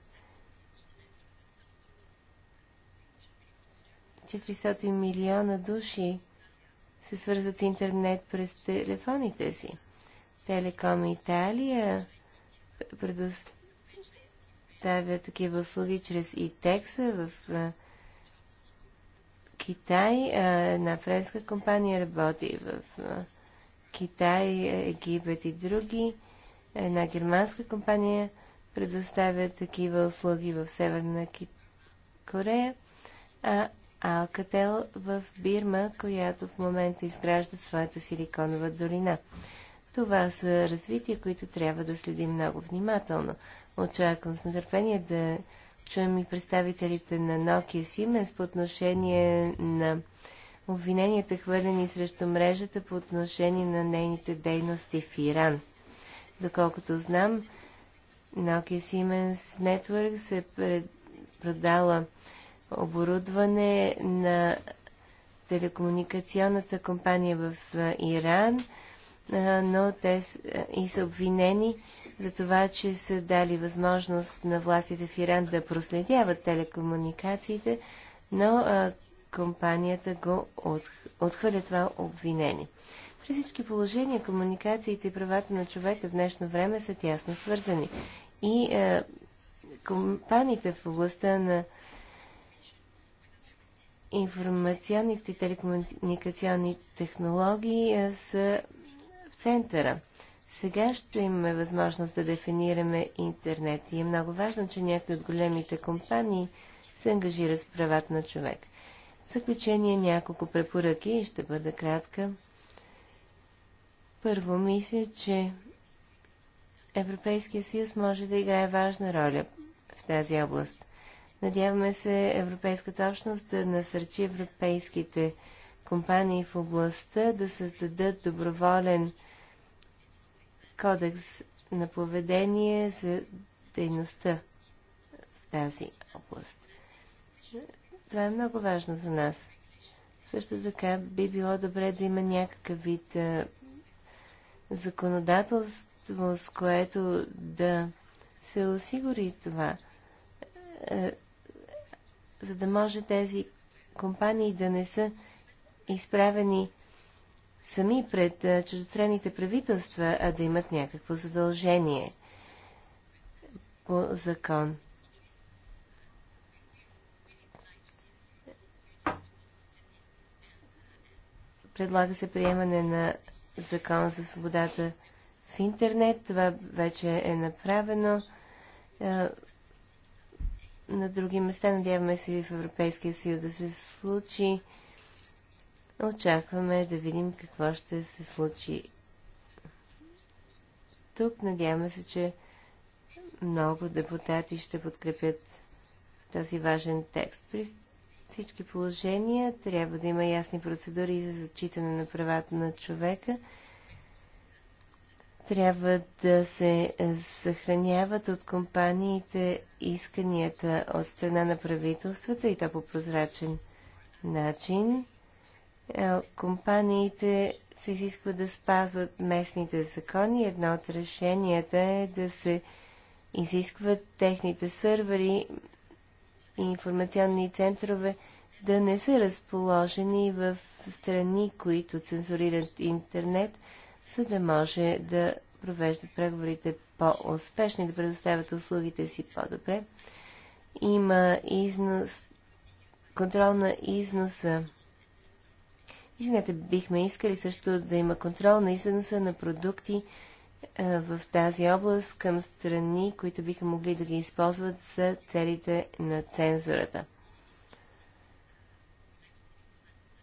400 милиона души се свързват с интернет през телефоните си. Телеком Италия предоставя предоставя такива услуги чрез и Текса в Китай. една френска компания работи в Китай, Египет и други. Една германска компания предоставя такива услуги в Северна Ки... Корея, а Алкател в Бирма, която в момента изгражда своята силиконова долина. Това са развития, които трябва да следим много внимателно. Очаквам с нетърпение да чуем и представителите на Nokia Siemens по отношение на обвиненията, хвърлени срещу мрежата по отношение на нейните дейности в Иран. Доколкото знам, Nokia Siemens Network се пред... продала оборудване на телекомуникационната компания в Иран но те и са обвинени за това, че са дали възможност на властите в Иран да проследяват телекомуникациите, но компанията го отхвърля това обвинение. При всички положения комуникациите и правата на човека в днешно време са тясно свързани. И е, компаниите в областта на информационните и телекомуникационни технологии е, са центъра. Сега ще имаме възможност да дефинираме интернет и е много важно, че някои от големите компании се ангажират с правата на човек. В заключение няколко препоръки и ще бъда кратка. Първо, мисля, че Европейския съюз може да играе важна роля в тази област. Надяваме се Европейската общност да насърчи европейските компании в областта да създадат доброволен кодекс на поведение за дейността в тази област. Това е много важно за нас. Също така би било добре да има някакъв вид а, законодателство, с което да се осигури това, а, за да може тези компании да не са изправени сами пред чуждестранните правителства, а да имат някакво задължение по закон. Предлага се приемане на закон за свободата в интернет. Това вече е направено на други места. Надяваме се и в Европейския съюз да се случи Очакваме да видим какво ще се случи тук. Надяваме се, че много депутати ще подкрепят този важен текст. При всички положения трябва да има ясни процедури за зачитане на правата на човека. Трябва да се съхраняват от компаниите исканията от страна на правителствата и то по прозрачен начин. Е, компаниите се изисква да спазват местните закони. Едно от решенията е да се изискват техните сървъри и информационни центрове да не са разположени в страни, които цензурират интернет, за да може да провеждат преговорите по-успешно и да предоставят услугите си по-добре. Има износ, контрол на износа Извинете, бихме искали също да има контрол на износа на продукти е, в тази област към страни, които биха могли да ги използват за целите на цензурата.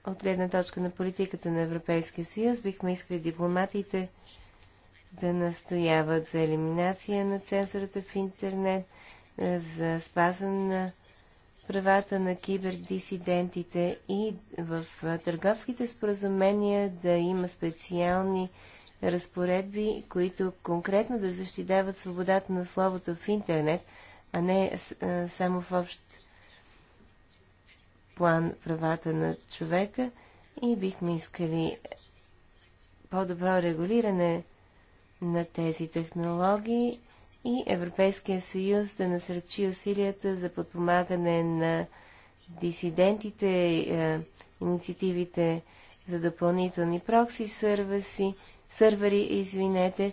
От гледна точка на политиката на Европейския съюз, бихме искали дипломатите да настояват за елиминация на цензурата в интернет, е, за спазване на правата на кибердисидентите и в търговските споразумения да има специални разпоредби, които конкретно да защитават свободата на словото в интернет, а не само в общ план правата на човека и бихме искали по-добро регулиране на тези технологии и Европейския съюз да насръчи усилията за подпомагане на дисидентите, е, инициативите за допълнителни прокси сервиси, сървъри, извинете,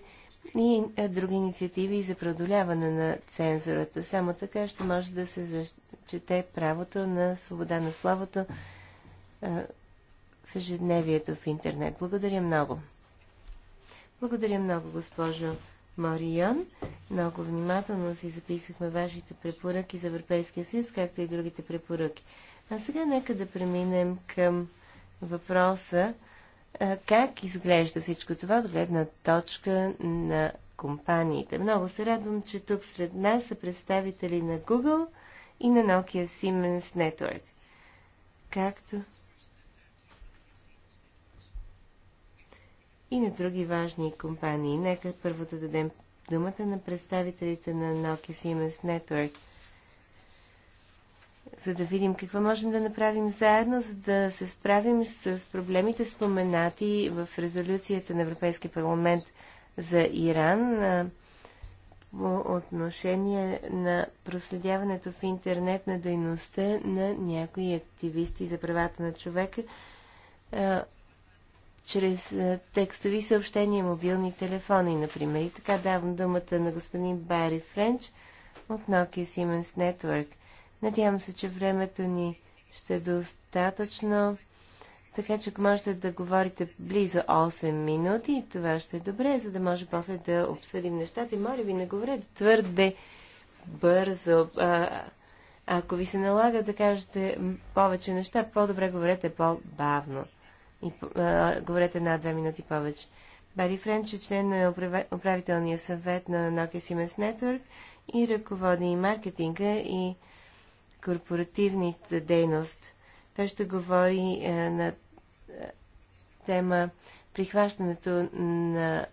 и е, други инициативи за преодоляване на цензурата. Само така ще може да се зачете правото на свобода на словото е, в ежедневието в интернет. Благодаря много. Благодаря много, госпожо Морион. Много внимателно си записахме вашите препоръки за Европейския съюз, както и другите препоръки. А сега нека да преминем към въпроса как изглежда всичко това от гледна точка на компаниите. Много се радвам, че тук сред нас са представители на Google и на Nokia Siemens Network. Както и на други важни компании. Нека първо да дадем думата на представителите на Nokia Siemens Network, за да видим какво можем да направим заедно, за да се справим с проблемите споменати в резолюцията на Европейския парламент за Иран по отношение на проследяването в интернет на дейността на някои активисти за правата на човека чрез е, текстови съобщения, мобилни телефони, например. И така давам думата на господин Бари Френч от Nokia Siemens Network. Надявам се, че времето ни ще е достатъчно, така че ако можете да говорите близо 8 минути, това ще е добре, за да може после да обсъдим нещата. И моля ви, не говорете твърде бързо. А, ако ви се налага да кажете повече неща, по-добре говорете по-бавно и а, говорят една-две минути повече. Бари Френч е член на управителния съвет на Nokia Siemens Network и ръководи и маркетинга и корпоративните дейност. Той ще говори а, на тема прихващането на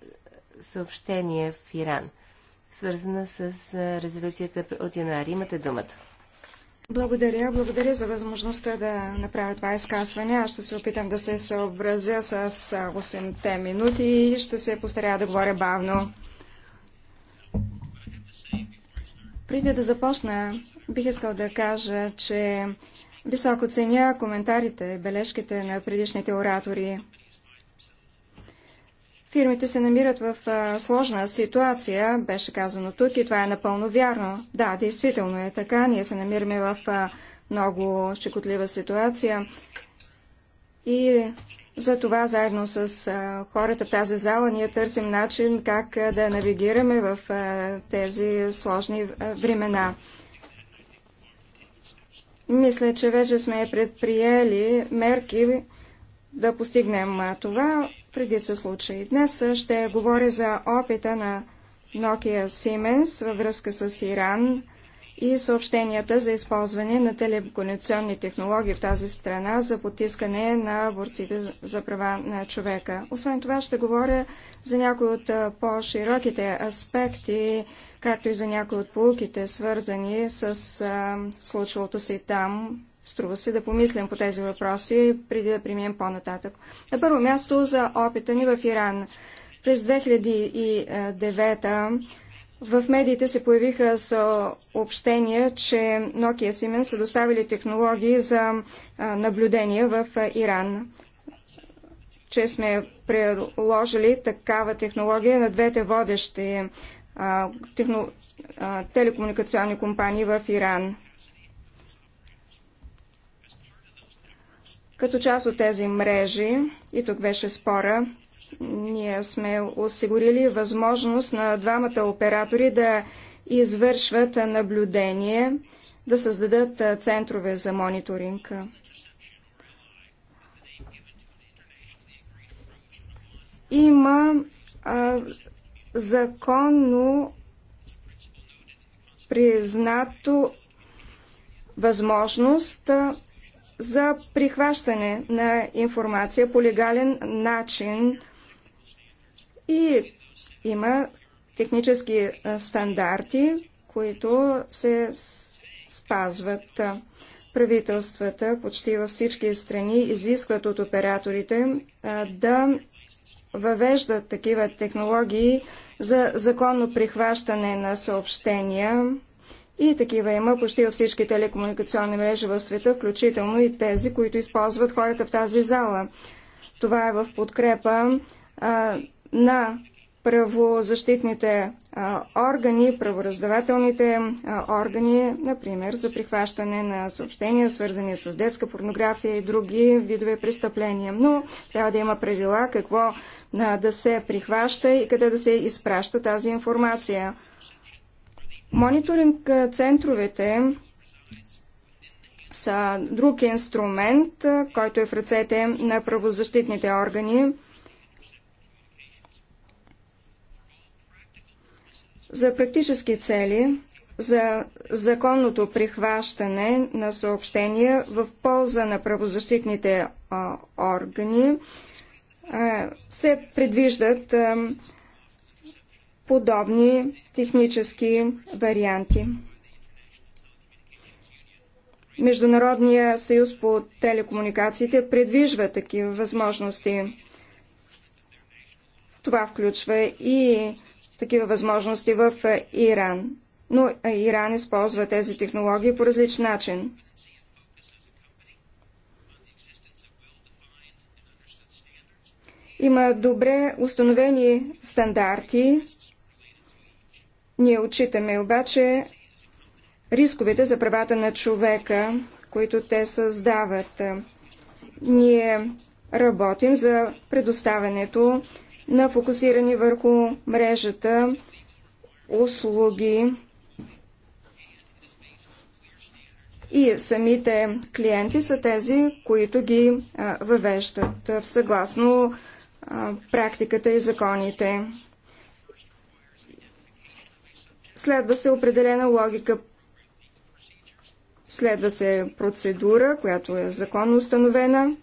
съобщения в Иран, свързана с резолюцията от януари. Имате думата. Благодаря. Благодаря за възможността да направя това изказване. Аз ще се опитам да се съобразя с 8-те минути и ще се постаря да говоря бавно. Преди да започна, бих искал да кажа, че високо ценя коментарите, бележките на предишните оратори. Фирмите се намират в а, сложна ситуация, беше казано тук и това е напълно вярно. Да, действително е така. Ние се намираме в а, много щекотлива ситуация. И за това заедно с а, хората в тази зала ние търсим начин как а, да навигираме в а, тези сложни а, времена. Мисля, че вече сме предприели мерки да постигнем това редица случаи. Днес ще говоря за опита на Nokia Siemens във връзка с Иран и съобщенията за използване на телекомуникационни технологии в тази страна за потискане на борците за права на човека. Освен това ще говоря за някои от по-широките аспекти, както и за някои от полуките, свързани с а, случилото си там Струва се да помислим по тези въпроси, преди да преминем по-нататък. На първо място за опита ни в Иран. През 2009 в медиите се появиха съобщения, че Nokia Siemens са доставили технологии за наблюдение в Иран че сме предложили такава технология на двете водещи а, техно, а, телекомуникационни компании в Иран. Като част от тези мрежи, и тук беше спора, ние сме осигурили възможност на двамата оператори да извършват наблюдение, да създадат центрове за мониторинг. Има а, законно признато възможност за прихващане на информация по легален начин и има технически стандарти, които се спазват. Правителствата почти във всички страни изискват от операторите да въвеждат такива технологии за законно прихващане на съобщения и такива има почти във всички телекомуникационни мрежи в света, включително и тези, които използват хората в тази зала. Това е в подкрепа а, на правозащитните а, органи, правораздавателните а, органи, например, за прихващане на съобщения, свързани с детска порнография и други видове престъпления. Но трябва да има правила какво а, да се прихваща и къде да се изпраща тази информация. Мониторинг центровете са друг инструмент, който е в ръцете на правозащитните органи. За практически цели, за законното прихващане на съобщения в полза на правозащитните органи се предвиждат подобни технически варианти. Международния съюз по телекомуникациите предвижва такива възможности. Това включва и такива възможности в Иран. Но Иран използва тези технологии по различен начин. Има добре установени стандарти, ние отчитаме обаче рисковете за правата на човека, които те създават. Ние работим за предоставянето на фокусирани върху мрежата услуги и самите клиенти са тези, които ги въвеждат в съгласно практиката и законите. Следва се определена логика. Следва се процедура, която е законно установена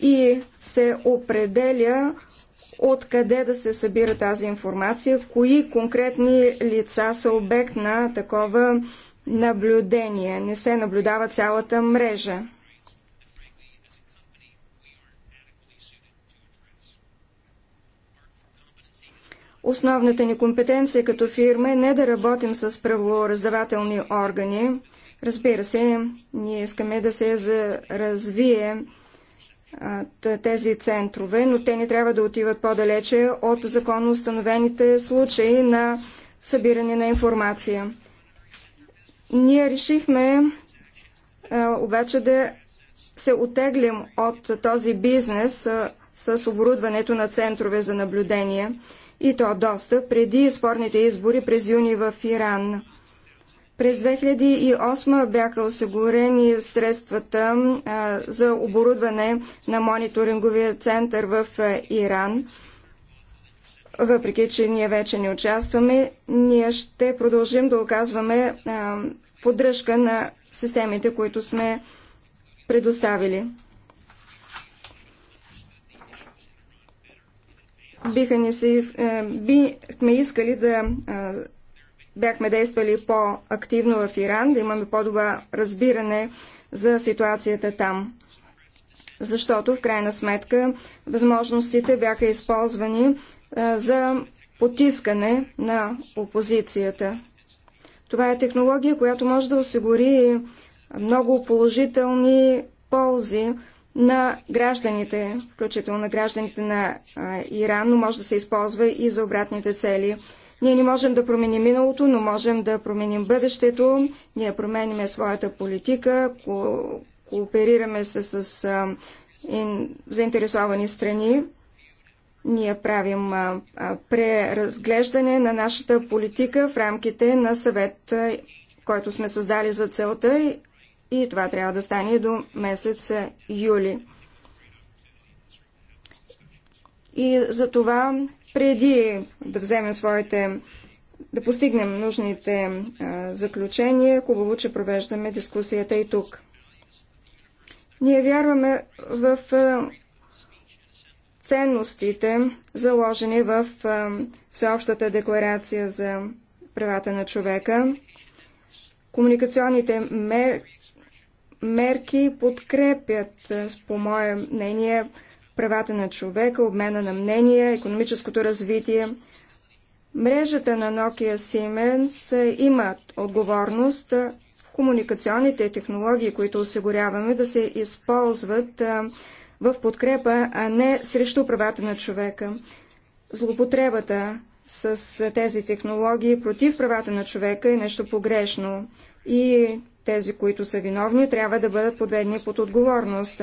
и се определя откъде да се събира тази информация, кои конкретни лица са обект на такова наблюдение. Не се наблюдава цялата мрежа. Основната ни компетенция като фирма е не да работим с правораздавателни органи. Разбира се, ние искаме да се развие тези центрове, но те не трябва да отиват по-далече от законно установените случаи на събиране на информация. Ние решихме а, обаче да се отеглим от този бизнес а, с оборудването на центрове за наблюдение и то доста преди спорните избори през юни в Иран. През 2008 бяха осигурени средствата а, за оборудване на мониторинговия център в Иран. Въпреки, че ние вече не участваме, ние ще продължим да оказваме а, поддръжка на системите, които сме предоставили. биха ни се, е, бихме искали да бяхме действали по-активно в Иран, да имаме по-добро разбиране за ситуацията там. Защото, в крайна сметка, възможностите бяха използвани за потискане на опозицията. Това е технология, която може да осигури много положителни ползи на гражданите, включително на гражданите на Иран, но може да се използва и за обратните цели. Ние не можем да променим миналото, но можем да променим бъдещето. Ние променяме своята политика, ко кооперираме се с а, ин, заинтересовани страни. Ние правим а, а, преразглеждане на нашата политика в рамките на съвет, който сме създали за целта и това трябва да стане до месец юли. И за това, преди да вземем своите, да постигнем нужните а, заключения, хубаво, че провеждаме дискусията и тук. Ние вярваме в а, ценностите, заложени в а, Всеобщата декларация за правата на човека. Комуникационните мер мерки подкрепят, по мое мнение, правата на човека, обмена на мнения, економическото развитие. Мрежата на Nokia Siemens има отговорност в комуникационните технологии, които осигуряваме, да се използват в подкрепа, а не срещу правата на човека. Злопотребата с тези технологии против правата на човека е нещо погрешно и тези, които са виновни, трябва да бъдат подведни под отговорност.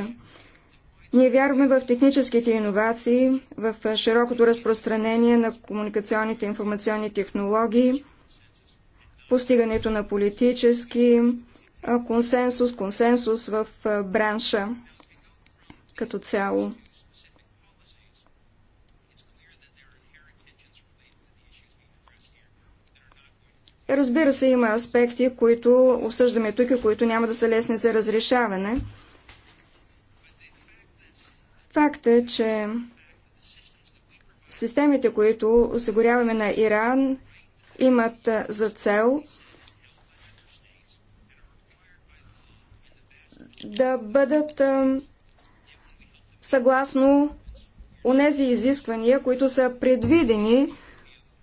Ние вярваме в техническите иновации, в широкото разпространение на комуникационните информационни технологии, постигането на политически консенсус, консенсус в бранша като цяло. Разбира се, има аспекти, които обсъждаме тук и които няма да са лесни за разрешаване. Факт е, че системите, които осигуряваме на Иран, имат за цел да бъдат съгласно онези изисквания, които са предвидени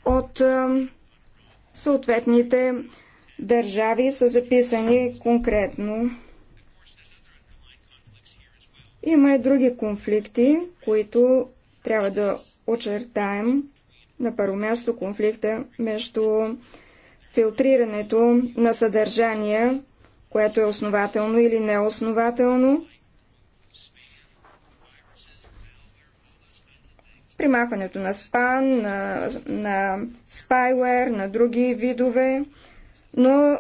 от съответните държави са записани конкретно. Има и други конфликти, които трябва да очертаем. На първо място конфликта между филтрирането на съдържание, което е основателно или неоснователно, примахването на спан, на, на спайвер, на други видове, но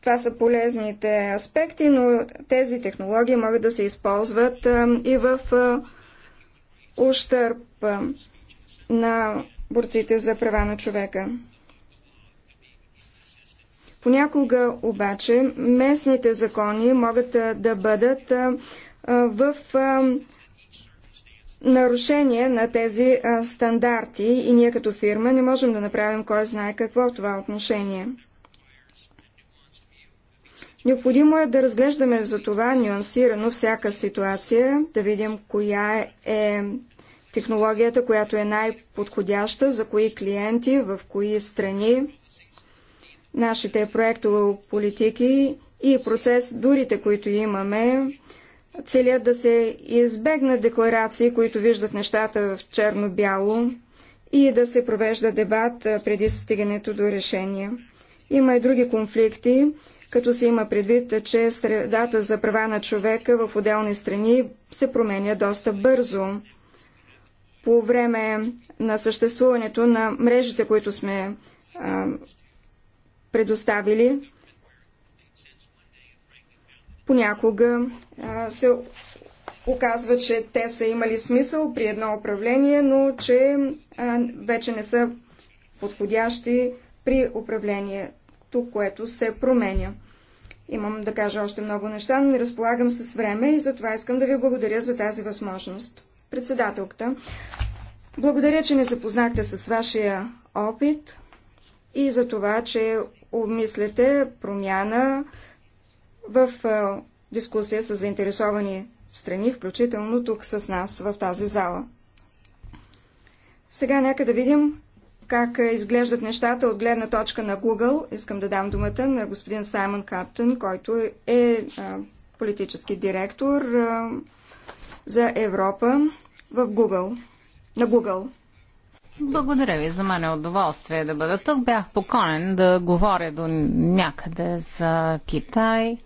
това са полезните аспекти, но тези технологии могат да се използват и в ущърп на борците за права на човека. Понякога обаче местните закони могат да бъдат в нарушение на тези а, стандарти и ние като фирма не можем да направим кой знае какво това отношение. Необходимо е да разглеждаме за това нюансирано всяка ситуация, да видим коя е, е технологията, която е най-подходяща, за кои клиенти, в кои страни. Нашите проектово политики и процес, дурите, които имаме, целят да се избегнат декларации, които виждат нещата в черно-бяло и да се провежда дебат преди стигането до решение. Има и други конфликти, като се има предвид, че средата за права на човека в отделни страни се променя доста бързо. По време на съществуването на мрежите, които сме а, предоставили, Понякога а, се оказва, че те са имали смисъл при едно управление, но че а, вече не са подходящи при управлението, което се променя. Имам да кажа още много неща, но не разполагам с време и затова искам да ви благодаря за тази възможност. Председателката, благодаря, че не запознахте с вашия опит и за това, че обмисляте промяна в дискусия с заинтересовани страни, включително тук с нас в тази зала. Сега нека да видим как изглеждат нещата от гледна точка на Google. Искам да дам думата на господин Саймон Каптън, който е политически директор за Европа в Google, на Google. Благодаря ви. За мен е удоволствие да бъда тук. Бях поконен да говоря до някъде за Китай,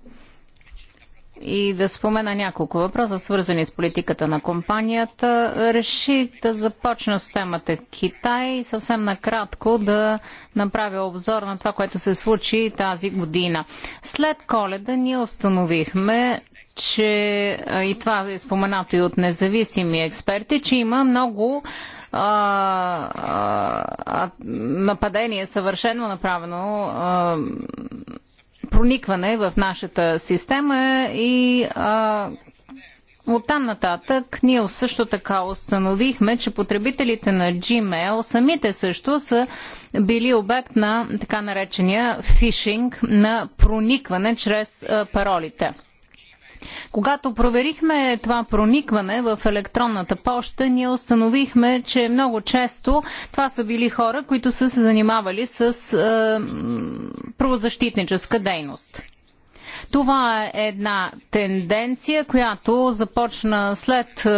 и да спомена няколко въпроса, свързани с политиката на компанията. Реших да започна с темата Китай и съвсем накратко да направя обзор на това, което се случи тази година. След коледа ние установихме, че и това е споменато и от независими експерти, че има много а, а, нападение, съвършено направено а, проникване в нашата система и а, оттам нататък ние също така установихме, че потребителите на Gmail самите също са били обект на така наречения фишинг на проникване чрез а, паролите. Когато проверихме това проникване в електронната поща, ние установихме, че много често това са били хора, които са се занимавали с е, правозащитническа дейност. Това е една тенденция, която започна след е, е,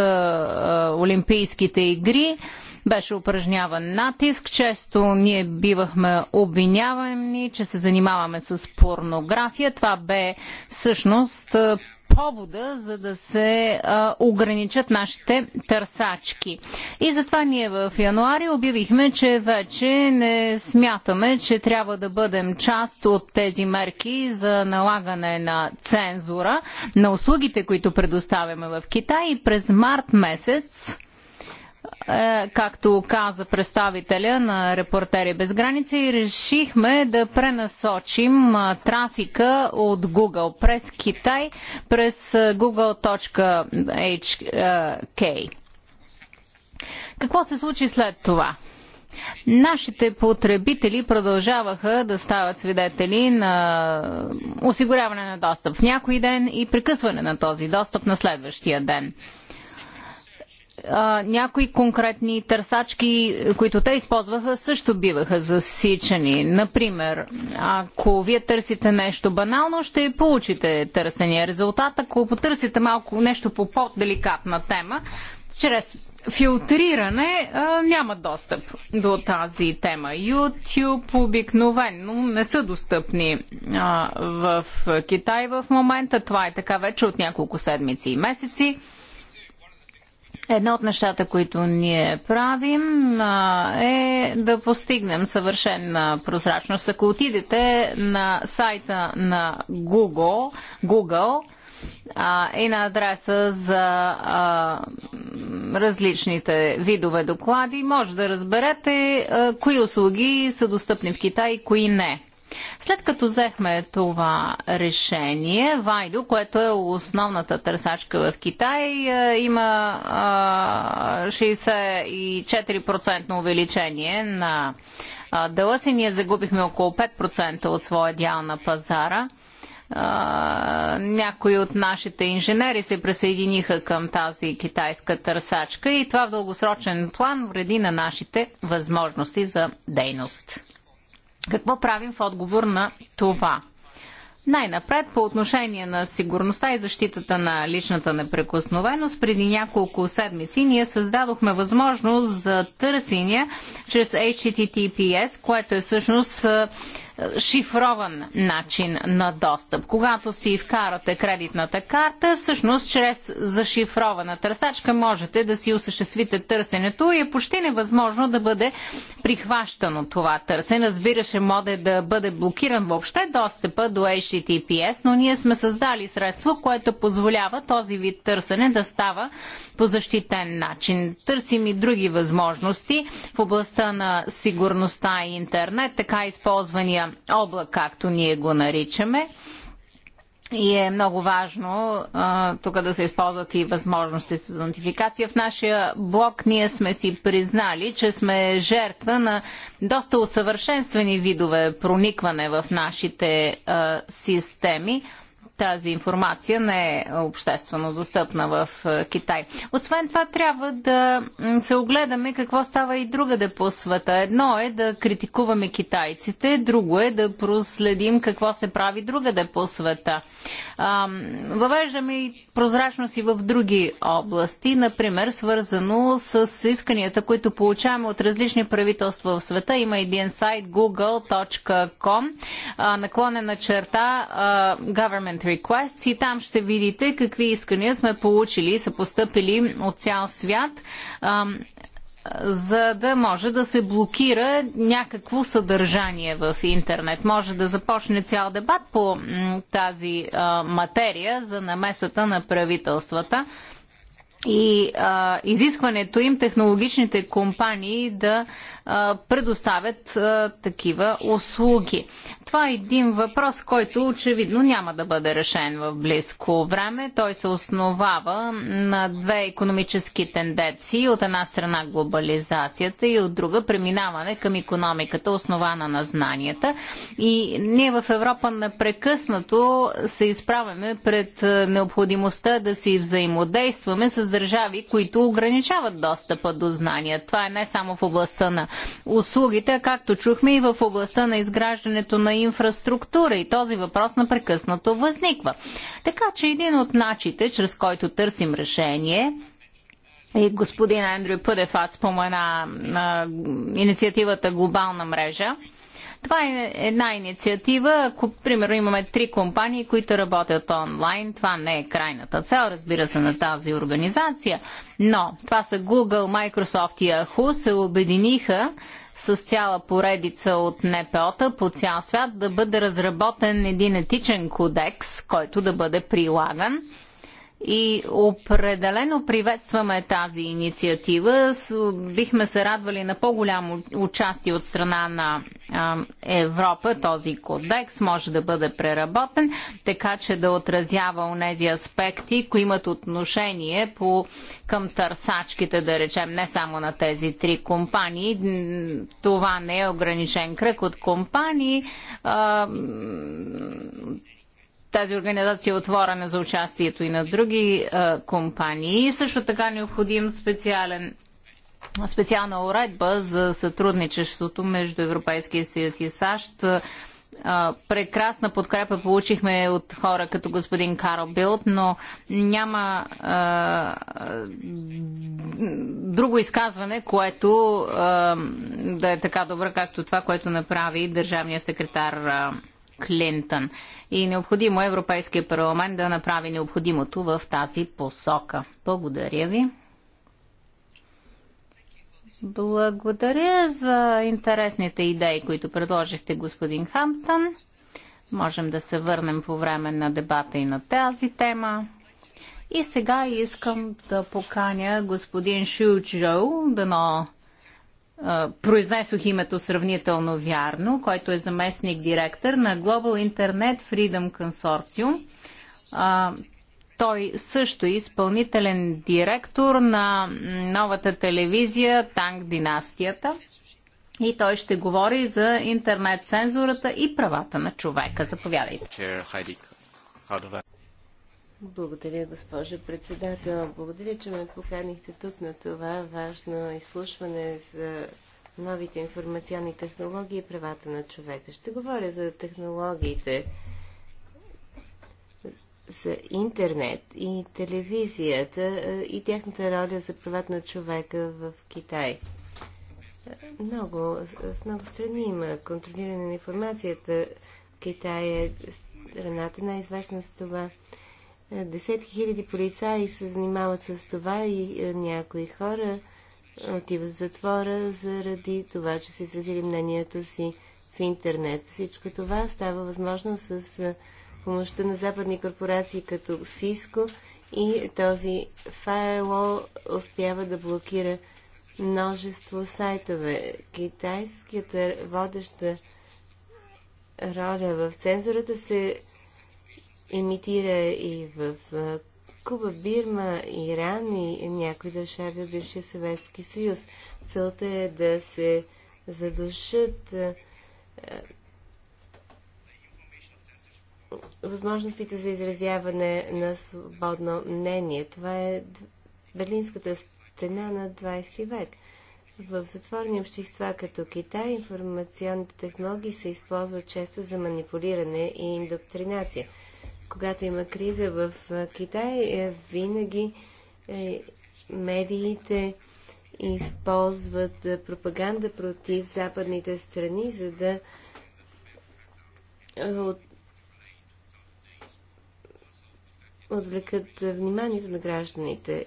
Олимпийските игри беше упражняван натиск. Често ние бивахме обвинявани, че се занимаваме с порнография. Това бе всъщност е, повода, за да се а, ограничат нашите търсачки. И затова ние в януари обявихме, че вече не смятаме, че трябва да бъдем част от тези мерки за налагане на цензура на услугите, които предоставяме в Китай. И през март месец е, както каза представителя на Репортери без граници, решихме да пренасочим трафика от Google през Китай, през google.hk. Какво се случи след това? Нашите потребители продължаваха да стават свидетели на осигуряване на достъп в някой ден и прекъсване на този достъп на следващия ден а, някои конкретни търсачки, които те използваха, също биваха засичани. Например, ако вие търсите нещо банално, ще получите търсения резултат. Ако потърсите малко нещо по по-деликатна тема, чрез филтриране а, няма достъп до тази тема. YouTube обикновено не са достъпни а, в Китай в момента. Това е така вече от няколко седмици и месеци. Едно от нещата, които ние правим е да постигнем съвършена прозрачност. Ако отидете на сайта на Google, Google и на адреса за а, различните видове доклади, може да разберете а, кои услуги са достъпни в Китай и кои не. След като взехме това решение, Вайдо, което е основната търсачка в Китай, е, има 64% е, увеличение на е, дела си. Ние загубихме около 5% от своя дял на пазара. Някои от нашите инженери се присъединиха към тази китайска търсачка и това в дългосрочен план вреди на нашите възможности за дейност. Какво правим в отговор на това? Най-напред по отношение на сигурността и защитата на личната непрекосновеност, преди няколко седмици ние създадохме възможност за търсения чрез HTTPS, което е всъщност шифрован начин на достъп. Когато си вкарате кредитната карта, всъщност чрез зашифрована търсачка можете да си осъществите търсенето и е почти невъзможно да бъде прихващано това търсене. Разбира се, може да бъде блокиран въобще достъпа до HTTPS, но ние сме създали средство, което позволява този вид търсене да става по защитен начин. Търсим и други възможности в областта на сигурността и интернет, така използвания облак, както ние го наричаме. И е много важно а, тук да се използват и възможностите за нотификация. В нашия блог ние сме си признали, че сме жертва на доста усъвършенствени видове проникване в нашите а, системи тази информация не е обществено достъпна в е, Китай. Освен това, трябва да се огледаме какво става и другаде по света. Едно е да критикуваме китайците, друго е да проследим какво се прави другаде по света. Въвеждаме и прозрачност и в други области, например, свързано с исканията, които получаваме от различни правителства в света. Има един сайт google.com наклонена черта government Requests и там ще видите какви искания сме получили и са поступили от цял свят за да може да се блокира някакво съдържание в интернет. Може да започне цял дебат по тази а, материя за намесата на правителствата и а, изискването им технологичните компании да а, предоставят а, такива услуги. Това е един въпрос, който очевидно няма да бъде решен в близко време. Той се основава на две економически тенденции. От една страна глобализацията и от друга преминаване към економиката, основана на знанията. И ние в Европа непрекъснато се изправяме пред необходимостта да си взаимодействаме с държави, които ограничават достъпа до знания. Това е не само в областта на услугите, а както чухме и в областта на изграждането на инфраструктура и този въпрос напрекъснато възниква. Така че един от начите, чрез който търсим решение, и господин Андрю Пъдефат спомена инициативата Глобална мрежа – това е една инициатива, ако примерно имаме три компании, които работят онлайн, това не е крайната цел, разбира се, на тази организация, но това са Google, Microsoft и Yahoo се обединиха с цяла поредица от НПО-та по цял свят да бъде разработен един етичен кодекс, който да бъде прилаган и определено приветстваме тази инициатива. Бихме се радвали на по-голямо участие от страна на Европа. Този кодекс може да бъде преработен, така че да отразява онези аспекти, които имат отношение по, към търсачките, да речем, не само на тези три компании. Това не е ограничен кръг от компании. А, тази организация е отворена за участието и на други а, е, компании. И също така необходим специален специална уредба за сътрудничеството между Европейския съюз и САЩ. Е, прекрасна подкрепа получихме от хора като господин Карл Билт, но няма а, е, друго изказване, което а, да е така добро, както това, което направи държавния секретар а, Клинтън. И необходимо е Европейския парламент да направи необходимото в тази посока. Благодаря ви. Благодаря за интересните идеи, които предложихте, господин Хамптън. Можем да се върнем по време на дебата и на тази тема. И сега искам да поканя господин Шучжоу, дано произнесох името сравнително вярно, който е заместник директор на Global Internet Freedom Consortium. А, той също е изпълнителен директор на новата телевизия Танк Династията. И той ще говори за интернет цензурата и правата на човека. Заповядайте. Благодаря, госпожа председател. Благодаря, че ме поканихте тук на това важно изслушване за новите информационни технологии и правата на човека. Ще говоря за технологиите, за интернет и телевизията е, и тяхната роля за правата на човека в Китай. Много, в много страни има контролиране на информацията. Китай е страната най-известна с това. Е, десетки хиляди полицаи се занимават с това и е, някои хора е, отиват в затвора заради това, че са изразили мнението си в интернет. Всичко това става възможно с помощта на западни корпорации като Cisco и този firewall успява да блокира множество сайтове. Китайската водеща роля в цензурата се емитира и в Куба, Бирма, Иран и някои държави от бившия Съветски съюз. Целта е да се задушат възможностите за изразяване на свободно мнение. Това е Берлинската стена на 20 век. В затворни общества като Китай информационните технологии се използват често за манипулиране и индоктринация когато има криза в Китай, е, винаги е, медиите използват пропаганда против западните страни, за да отвлекат вниманието на гражданите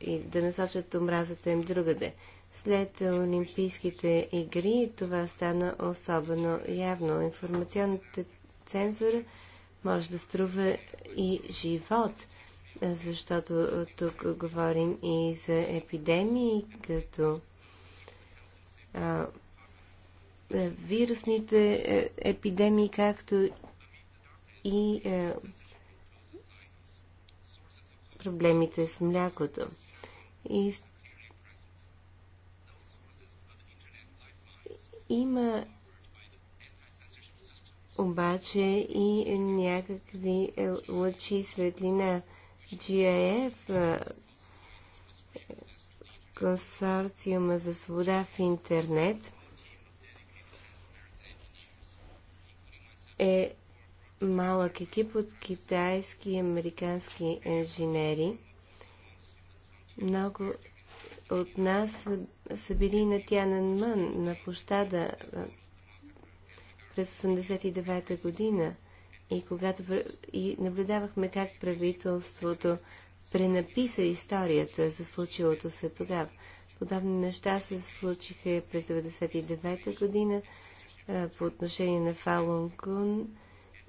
и да насочат омразата им другаде. След Олимпийските игри това стана особено явно. Информационната цензура може да струва и живот, защото тук говорим и за епидемии, като а, вирусните е, епидемии, както и а, е, проблемите с млякото. И има обаче и някакви е, лъчи светлина. GIF, е, консорциума за свобода в интернет, е малък екип от китайски и американски инженери. Много от нас са били на Мън, на площада е, през 89-та година и когато и наблюдавахме как правителството пренаписа историята за случилото се тогава. Подобни неща се случиха през 99-та година а, по отношение на Фалун Кун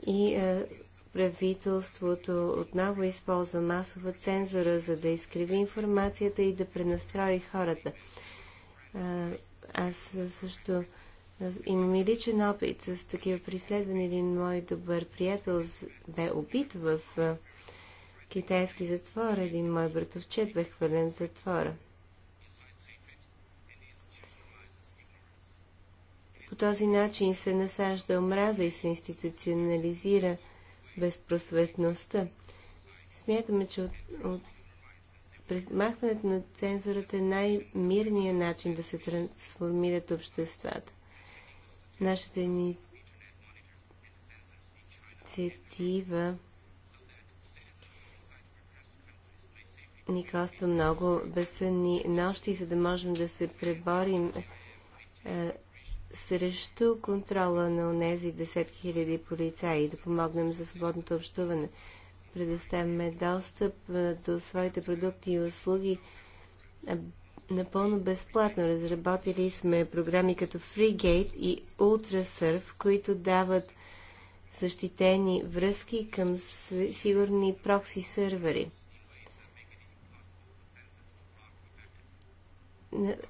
и а, правителството отново използва масова цензура, за да изкриви информацията и да пренастрои хората. А, аз също Имам ми личен опит с такива преследвания. Един мой добър приятел бе убит в китайски затвор. Един мой братовчет бе хвален в затвора. По този начин се насажда омраза и се институционализира безпросветността. Смятаме, че от, от премахването на цензурата е най-мирният начин да се трансформират обществата нашата инициатива ни коства много безсънни нощи, за да можем да се преборим е, срещу контрола на тези десетки хиляди полицаи и да помогнем за свободното общуване. Предоставяме достъп е, до своите продукти и услуги е, напълно безплатно. Разработили сме програми като FreeGate и UltraSurf, които дават защитени връзки към сигурни прокси сървъри.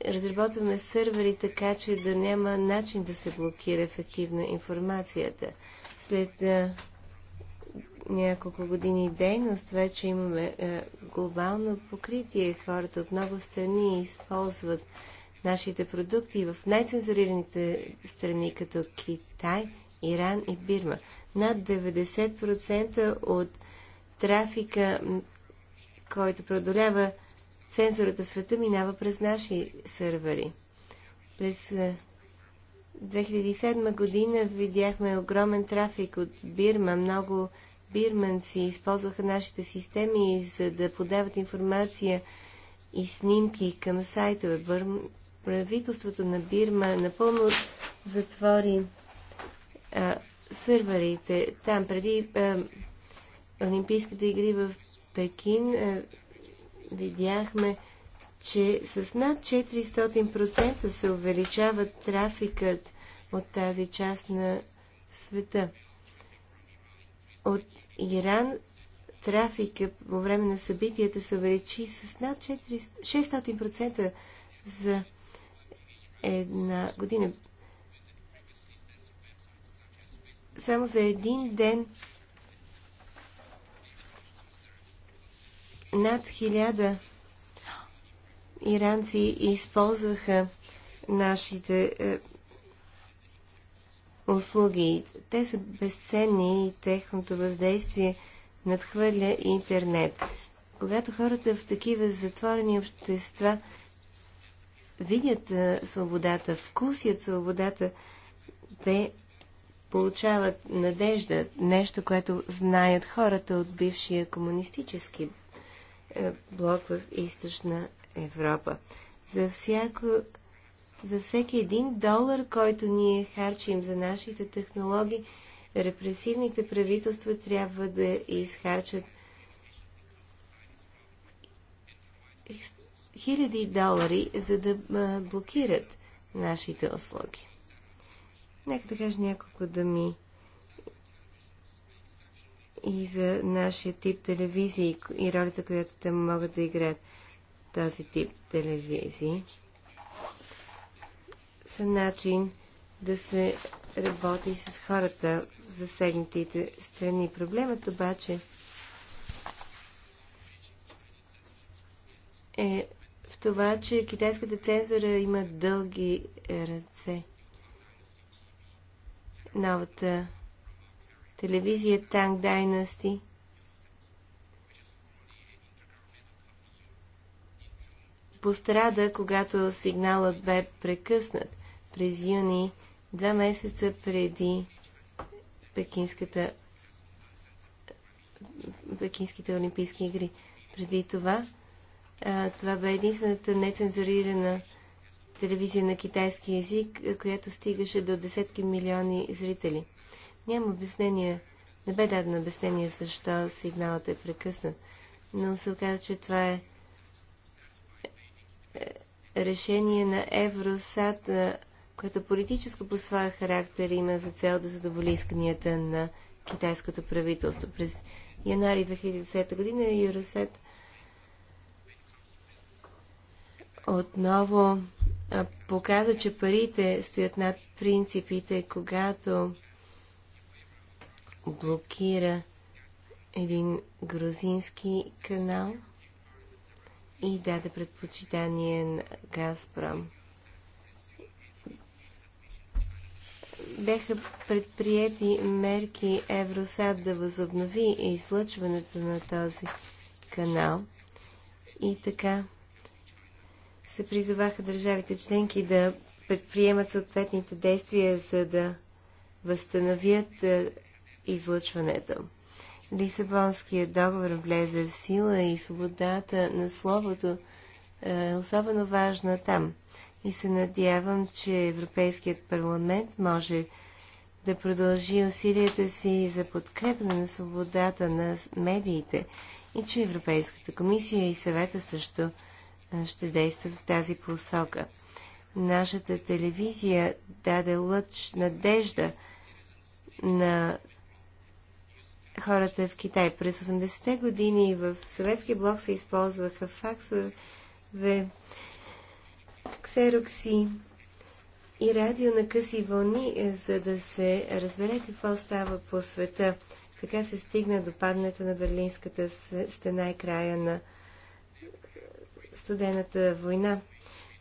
Разработваме сървъри така, че да няма начин да се блокира ефективно информацията. След няколко години дейност вече имаме е, глобално покритие. Хората от много страни използват нашите продукти в най-цензурираните страни, като Китай, Иран и Бирма. Над 90% от трафика, който преодолява цензурата света, минава през наши сървъри. През е, 2007 година видяхме огромен трафик от Бирма. Много бирманци използваха нашите системи, за да подават информация и снимки към сайтове. Правителството на Бирма напълно затвори а, сървърите там. Преди а, Олимпийските игри в Пекин а, видяхме че с над 400% се увеличава трафикът от тази част на света. От Иран трафика по време на събитията се увеличи с над 400, 600% за една година. Само за един ден над хиляда иранци използваха нашите е, услуги. Те са безценни и техното въздействие надхвърля интернет. Когато хората в такива затворени общества видят е, свободата, вкусят свободата, те получават надежда, нещо, което знаят хората от бившия комунистически е, блок в източна Европа. За, всяко, за всеки един долар, който ние харчим за нашите технологии, репресивните правителства трябва да изхарчат хиляди долари, за да блокират нашите услуги. Нека да кажа няколко думи и за нашия тип телевизии и ролята, която те могат да играят. Тази тип телевизии са начин да се работи с хората в засегнатите страни. Проблемът обаче е в това, че китайската цензура има дълги ръце. Новата телевизия Tang Dynasty – пострада, когато сигналът бе прекъснат през юни, два месеца преди пекинската, пекинските олимпийски игри. Преди това, а, това бе единствената нецензурирана телевизия на китайски язик, която стигаше до десетки милиони зрители. Няма обяснение, не бе дадено обяснение защо сигналът е прекъснат, но се оказа, че това е решение на Евросат, което политическо по своя характер има за цел да задоволи исканията на китайското правителство. През януари 2010 година Евросад отново показа, че парите стоят над принципите, когато блокира един грузински канал – и даде предпочитание на Газпром. Бяха предприяти мерки Евросад да възобнови излъчването на този канал и така се призоваха държавите членки да предприемат съответните действия, за да възстановят е, излъчването. Лисабонският договор влезе в сила и свободата на словото е, е особено важна там. И се надявам, че Европейският парламент може да продължи усилията си за подкрепна на свободата на медиите и че Европейската комисия и съвета също е, ще действат в тази посока. Нашата телевизия даде лъч надежда на хората в Китай. През 80-те години в Съветския блок се използваха факсове, ксерокси и радио на къси вълни, е, за да се разбере какво става по света. Така се стигна до падането на Берлинската стена и края на студената война.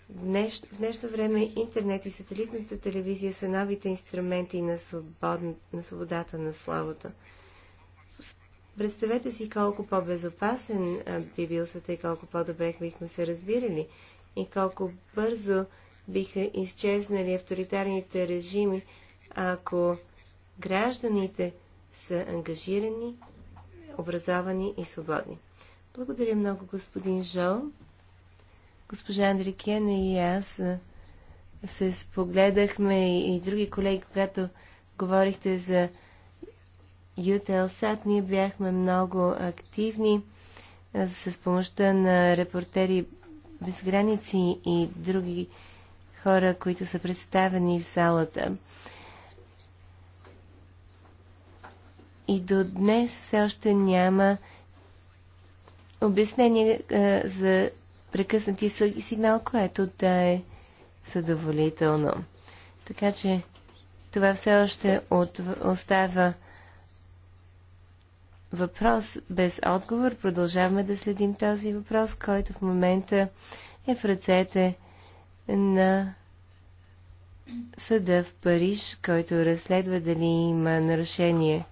Днеш, в днешно време интернет и сателитната телевизия са новите инструменти на, свобод, на свободата на словото. Представете си колко по-безопасен би бил света и колко по-добре бихме се разбирали и колко бързо биха изчезнали авторитарните режими, ако гражданите са ангажирани, образовани и свободни. Благодаря много, господин Жо. Госпожа Андрикена и аз се спогледахме и други колеги, когато говорихте за Юта Елсат ние бяхме много активни с помощта на репортери без граници и други хора, които са представени в залата. И до днес все още няма обяснение за прекъснати сигнал, което да е задоволително. Така че това все още от, остава въпрос без отговор. Продължаваме да следим този въпрос, който в момента е в ръцете на съда в Париж, който разследва дали има нарушение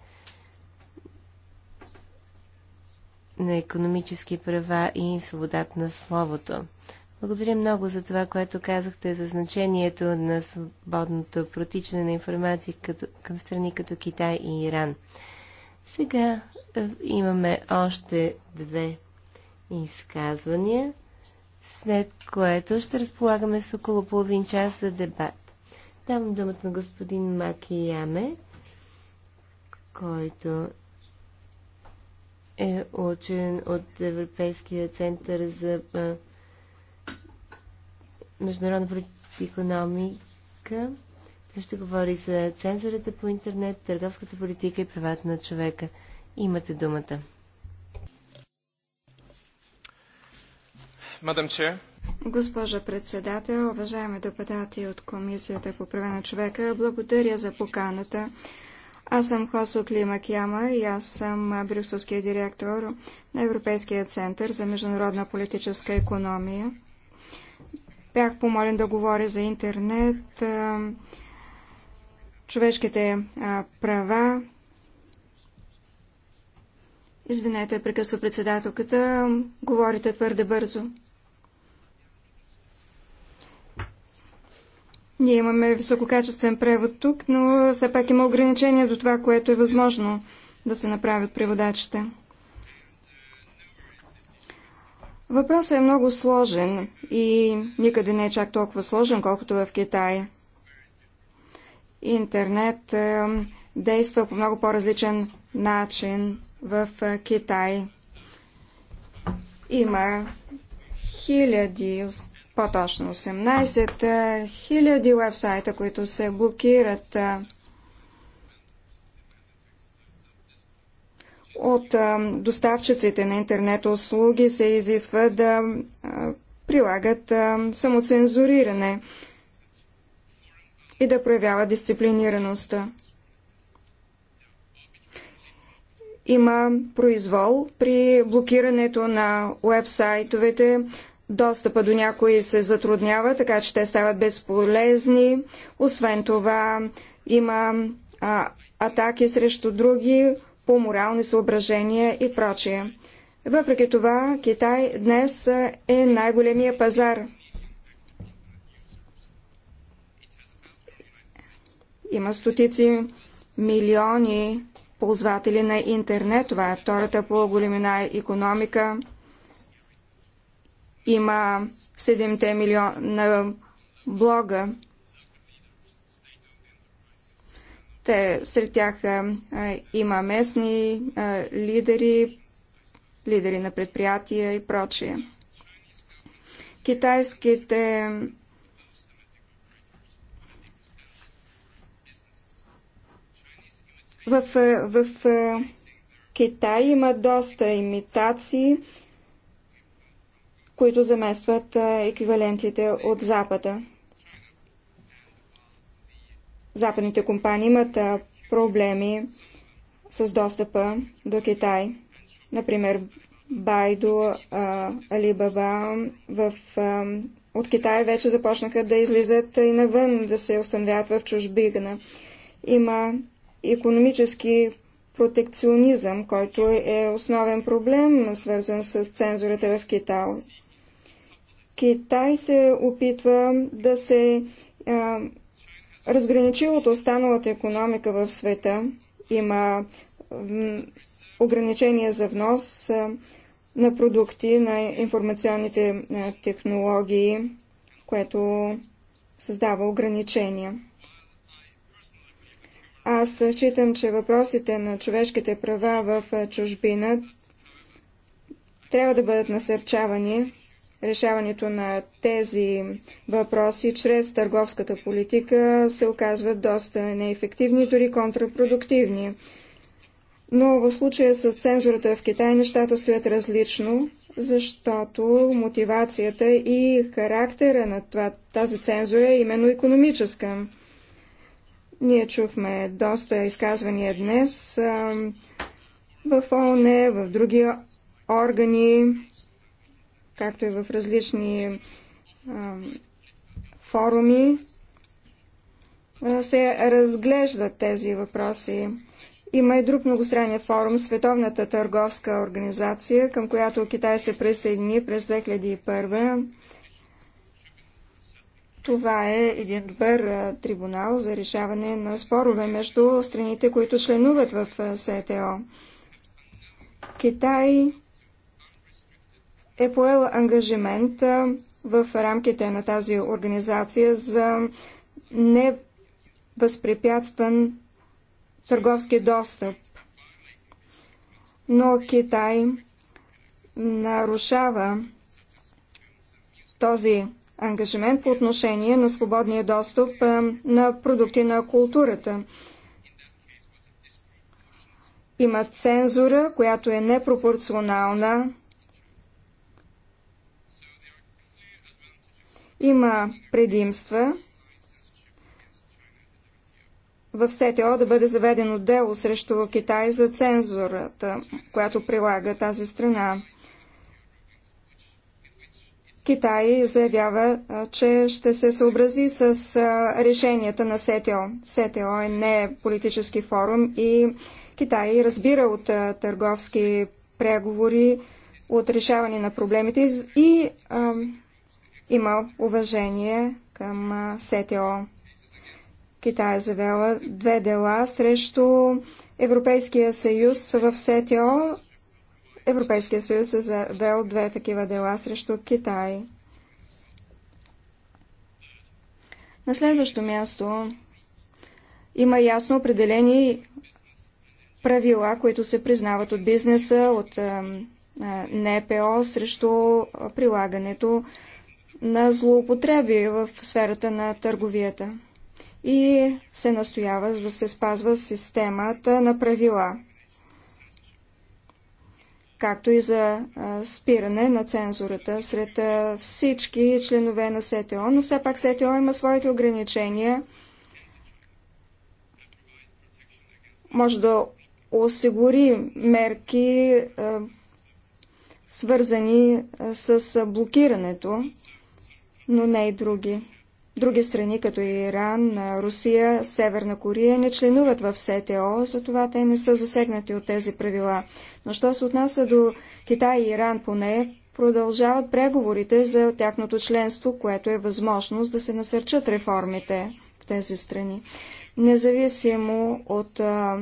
на економически права и свободата на словото. Благодаря много за това, което казахте за значението на свободното протичане на информация към страни като Китай и Иран. Сега е, имаме още две изказвания, след което ще разполагаме с около половин час за дебат. Давам думата на господин Маки Яме, който е учен от Европейския център за е, международна политика економика ще говори за цензурата по интернет, търговската политика и правата на човека. Имате думата. Мадам Че. Госпожа председател, уважаеми депутати от Комисията по права на човека, благодаря за поканата. Аз съм Хосо Клима Кяма и аз съм брюсовския директор на Европейския център за международна политическа економия. Бях помолен да говоря за интернет, човешките права. Извинете, прекъсва председателката. Говорите твърде бързо. Ние имаме висококачествен превод тук, но все пак има ограничения до това, което е възможно да се направят преводачите. Въпросът е много сложен и никъде не е чак толкова сложен, колкото в Китай интернет е, действа по много по-различен начин в е, Китай. Има хиляди, по-точно 18 е, хиляди вебсайта, които се блокират от доставчиците на интернет услуги се изисква да прилагат самоцензуриране и да проявява дисциплинираността. Има произвол при блокирането на уебсайтовете, достъпа до някои се затруднява, така че те стават безполезни. Освен това, има а, атаки срещу други по морални съображения и прочие. Въпреки това, Китай днес е най-големия пазар Има стотици милиони ползватели на интернет. Това е втората по големина економика. Има 7 милиона блога. Те, сред тях а, има местни а, лидери, лидери на предприятия и прочие. Китайските В, е, в, в е, Китай има доста имитации, които заместват е, еквивалентите от Запада. Западните компании имат проблеми с достъпа до Китай. Например, Байду, Алибаба в, от Китай вече започнаха да излизат и навън, да се установяват в чужбигна. Има економически протекционизъм, който е основен проблем, свързан с цензурата в Китай. Китай се опитва да се а, разграничи от останалата економика в света. Има ограничения за внос а, на продукти, на информационните а, технологии, което създава ограничения. Аз считам, че въпросите на човешките права в чужбина трябва да бъдат насърчавани. Решаването на тези въпроси чрез търговската политика се оказват доста неефективни, дори контрапродуктивни. Но в случая с цензурата в Китай нещата стоят различно, защото мотивацията и характера на това, тази цензура е именно економическа. Ние чухме доста изказвания днес в ООН, в други органи, както и в различни форуми се разглеждат тези въпроси. Има и друг многостранен форум, Световната търговска организация, към която Китай се присъедини през 2001. Това е един добър трибунал за решаване на спорове между страните, които членуват в СТО. Китай е поел ангажимент в рамките на тази организация за невъзпрепятстван търговски достъп. Но Китай нарушава този ангажимент по отношение на свободния достъп е, на продукти на културата. Има цензура, която е непропорционална. Има предимства в СТО да бъде заведено дело срещу Китай за цензурата, която прилага тази страна. Китай заявява, че ще се съобрази с решенията на СТО. СТО е не политически форум и Китай разбира от търговски преговори, от решаване на проблемите и а, има уважение към СТО. Китай е завела две дела срещу Европейския съюз в СТО Европейския съюз е завел две такива дела срещу Китай. На следващо място има ясно определени правила, които се признават от бизнеса, от е, е, НПО срещу прилагането на злоупотреби в сферата на търговията. И се настоява за да се спазва системата на правила както и за спиране на цензурата сред всички членове на СТО, но все пак СТО има своите ограничения. Може да осигури мерки, свързани с блокирането, но не и други. Други страни, като Иран, Русия, Северна Корея, не членуват в СТО, затова те не са засегнати от тези правила. Но що се отнася до Китай и Иран поне, продължават преговорите за тяхното членство, което е възможност да се насърчат реформите в тези страни. Независимо от а,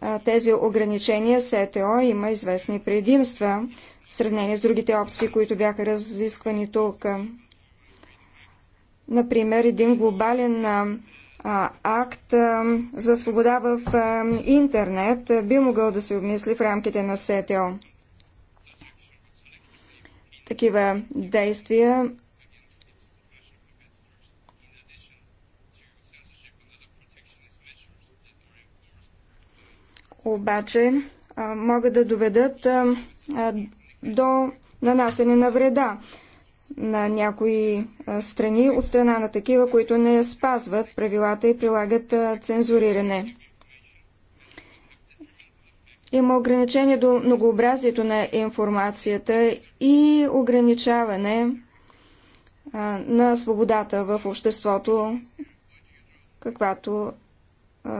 а, тези ограничения, СТО има известни предимства в сравнение с другите опции, които бяха разисквани тук например, един глобален акт за свобода в интернет би могъл да се обмисли в рамките на СТО. Такива действия обаче могат да доведат до нанасене на вреда на някои страни от страна на такива, които не спазват правилата и прилагат цензуриране. Има ограничение до многообразието на информацията и ограничаване на свободата в обществото, каквато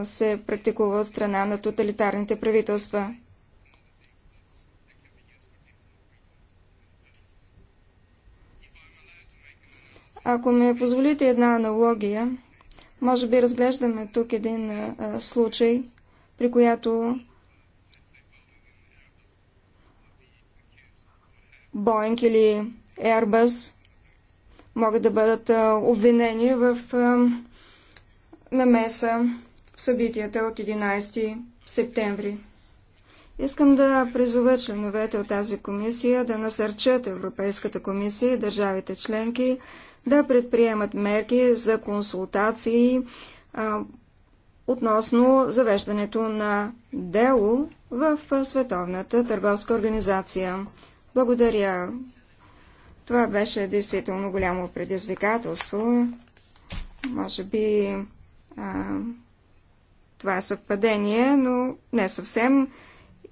се практикува от страна на тоталитарните правителства. Ако ми позволите една аналогия, може би разглеждаме тук един а, случай, при която Боинг или Airbus могат да бъдат а, обвинени в а, намеса в събитията от 11 септември. Искам да призова членовете от тази комисия да насърчат Европейската комисия и държавите членки да предприемат мерки за консултации а, относно завеждането на дело в Световната търговска организация. Благодаря. Това беше действително голямо предизвикателство. Може би а, това е съвпадение, но не съвсем.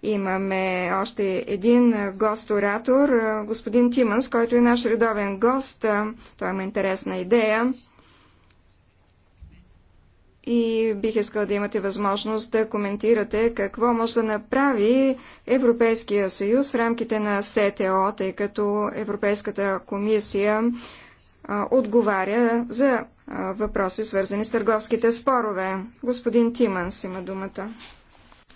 Имаме още един гост-оратор, господин Тиманс, който е наш редовен гост. Той има интересна идея. И бих искал да имате възможност да коментирате какво може да направи Европейския съюз в рамките на СТО, тъй като Европейската комисия отговаря за въпроси, свързани с търговските спорове. Господин Тиманс има думата.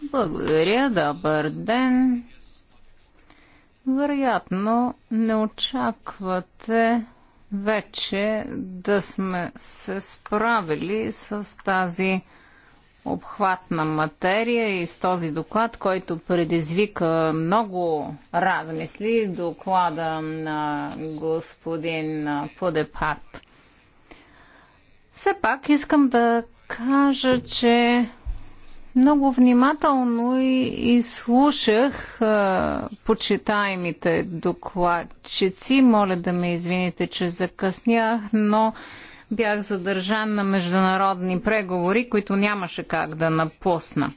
Благодаря, добър ден. Вероятно не очаквате вече да сме се справили с тази обхватна материя и с този доклад, който предизвика много размисли, доклада на господин Подепат. Все пак искам да кажа, че много внимателно и, и слушах а, почитаемите докладчици. Моля да ме извините, че закъснях, но бях задържан на международни преговори, които нямаше как да напусна.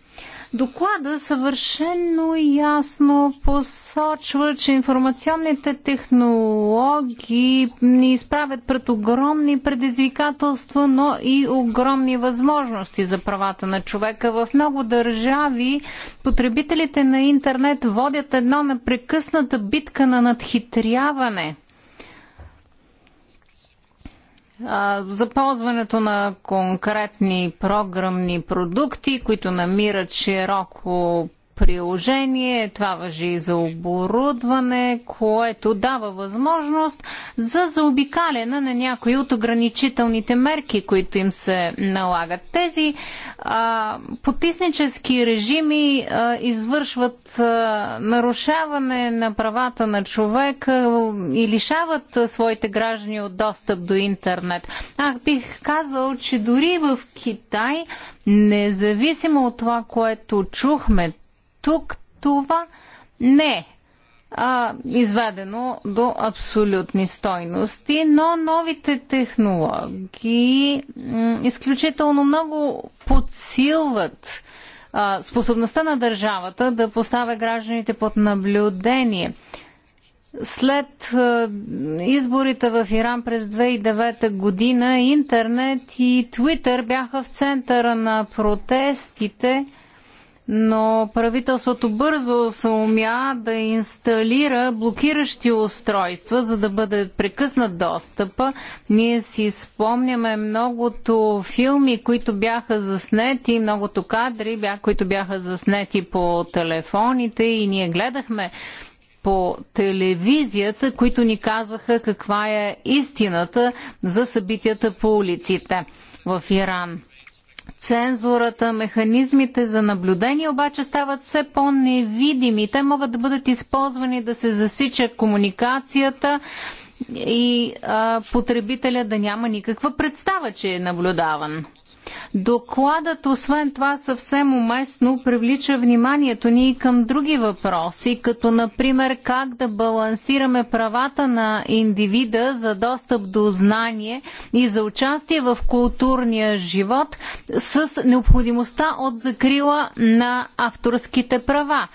Доклада съвършено ясно посочва, че информационните технологии ни изправят пред огромни предизвикателства, но и огромни възможности за правата на човека. В много държави потребителите на интернет водят едно непрекъсната битка на надхитряване – за ползването на конкретни програмни продукти, които намират широко приложение, това въжи и за оборудване, което дава възможност за заобикаляне на някои от ограничителните мерки, които им се налагат. Тези а, потиснически режими а, извършват а, нарушаване на правата на човека и лишават а, своите граждани от достъп до интернет. Ах бих казал, че дори в Китай, независимо от това, което чухме тук това не е изведено до абсолютни стойности, но новите технологии изключително много подсилват а, способността на държавата да поставя гражданите под наблюдение. След а, изборите в Иран през 2009 година интернет и Твитър бяха в центъра на протестите – но правителството бързо се умя да инсталира блокиращи устройства, за да бъде прекъснат достъпа. Ние си спомняме многото филми, които бяха заснети, многото кадри, които бяха заснети по телефоните и ние гледахме по телевизията, които ни казваха каква е истината за събитията по улиците в Иран. Цензурата, механизмите за наблюдение обаче стават все по-невидими. Те могат да бъдат използвани да се засича комуникацията и а, потребителя да няма никаква представа, че е наблюдаван. Докладът, освен това, съвсем уместно привлича вниманието ни към други въпроси, като например как да балансираме правата на индивида за достъп до знание и за участие в културния живот с необходимостта от закрила на авторските права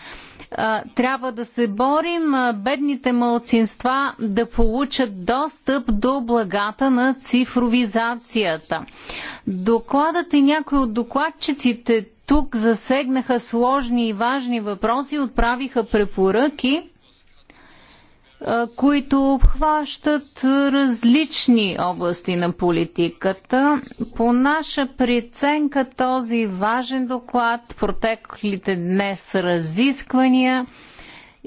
трябва да се борим бедните мълцинства да получат достъп до благата на цифровизацията. Докладът и някои от докладчиците тук засегнаха сложни и важни въпроси, отправиха препоръки които обхващат различни области на политиката. По наша преценка този важен доклад, протеклите днес разисквания,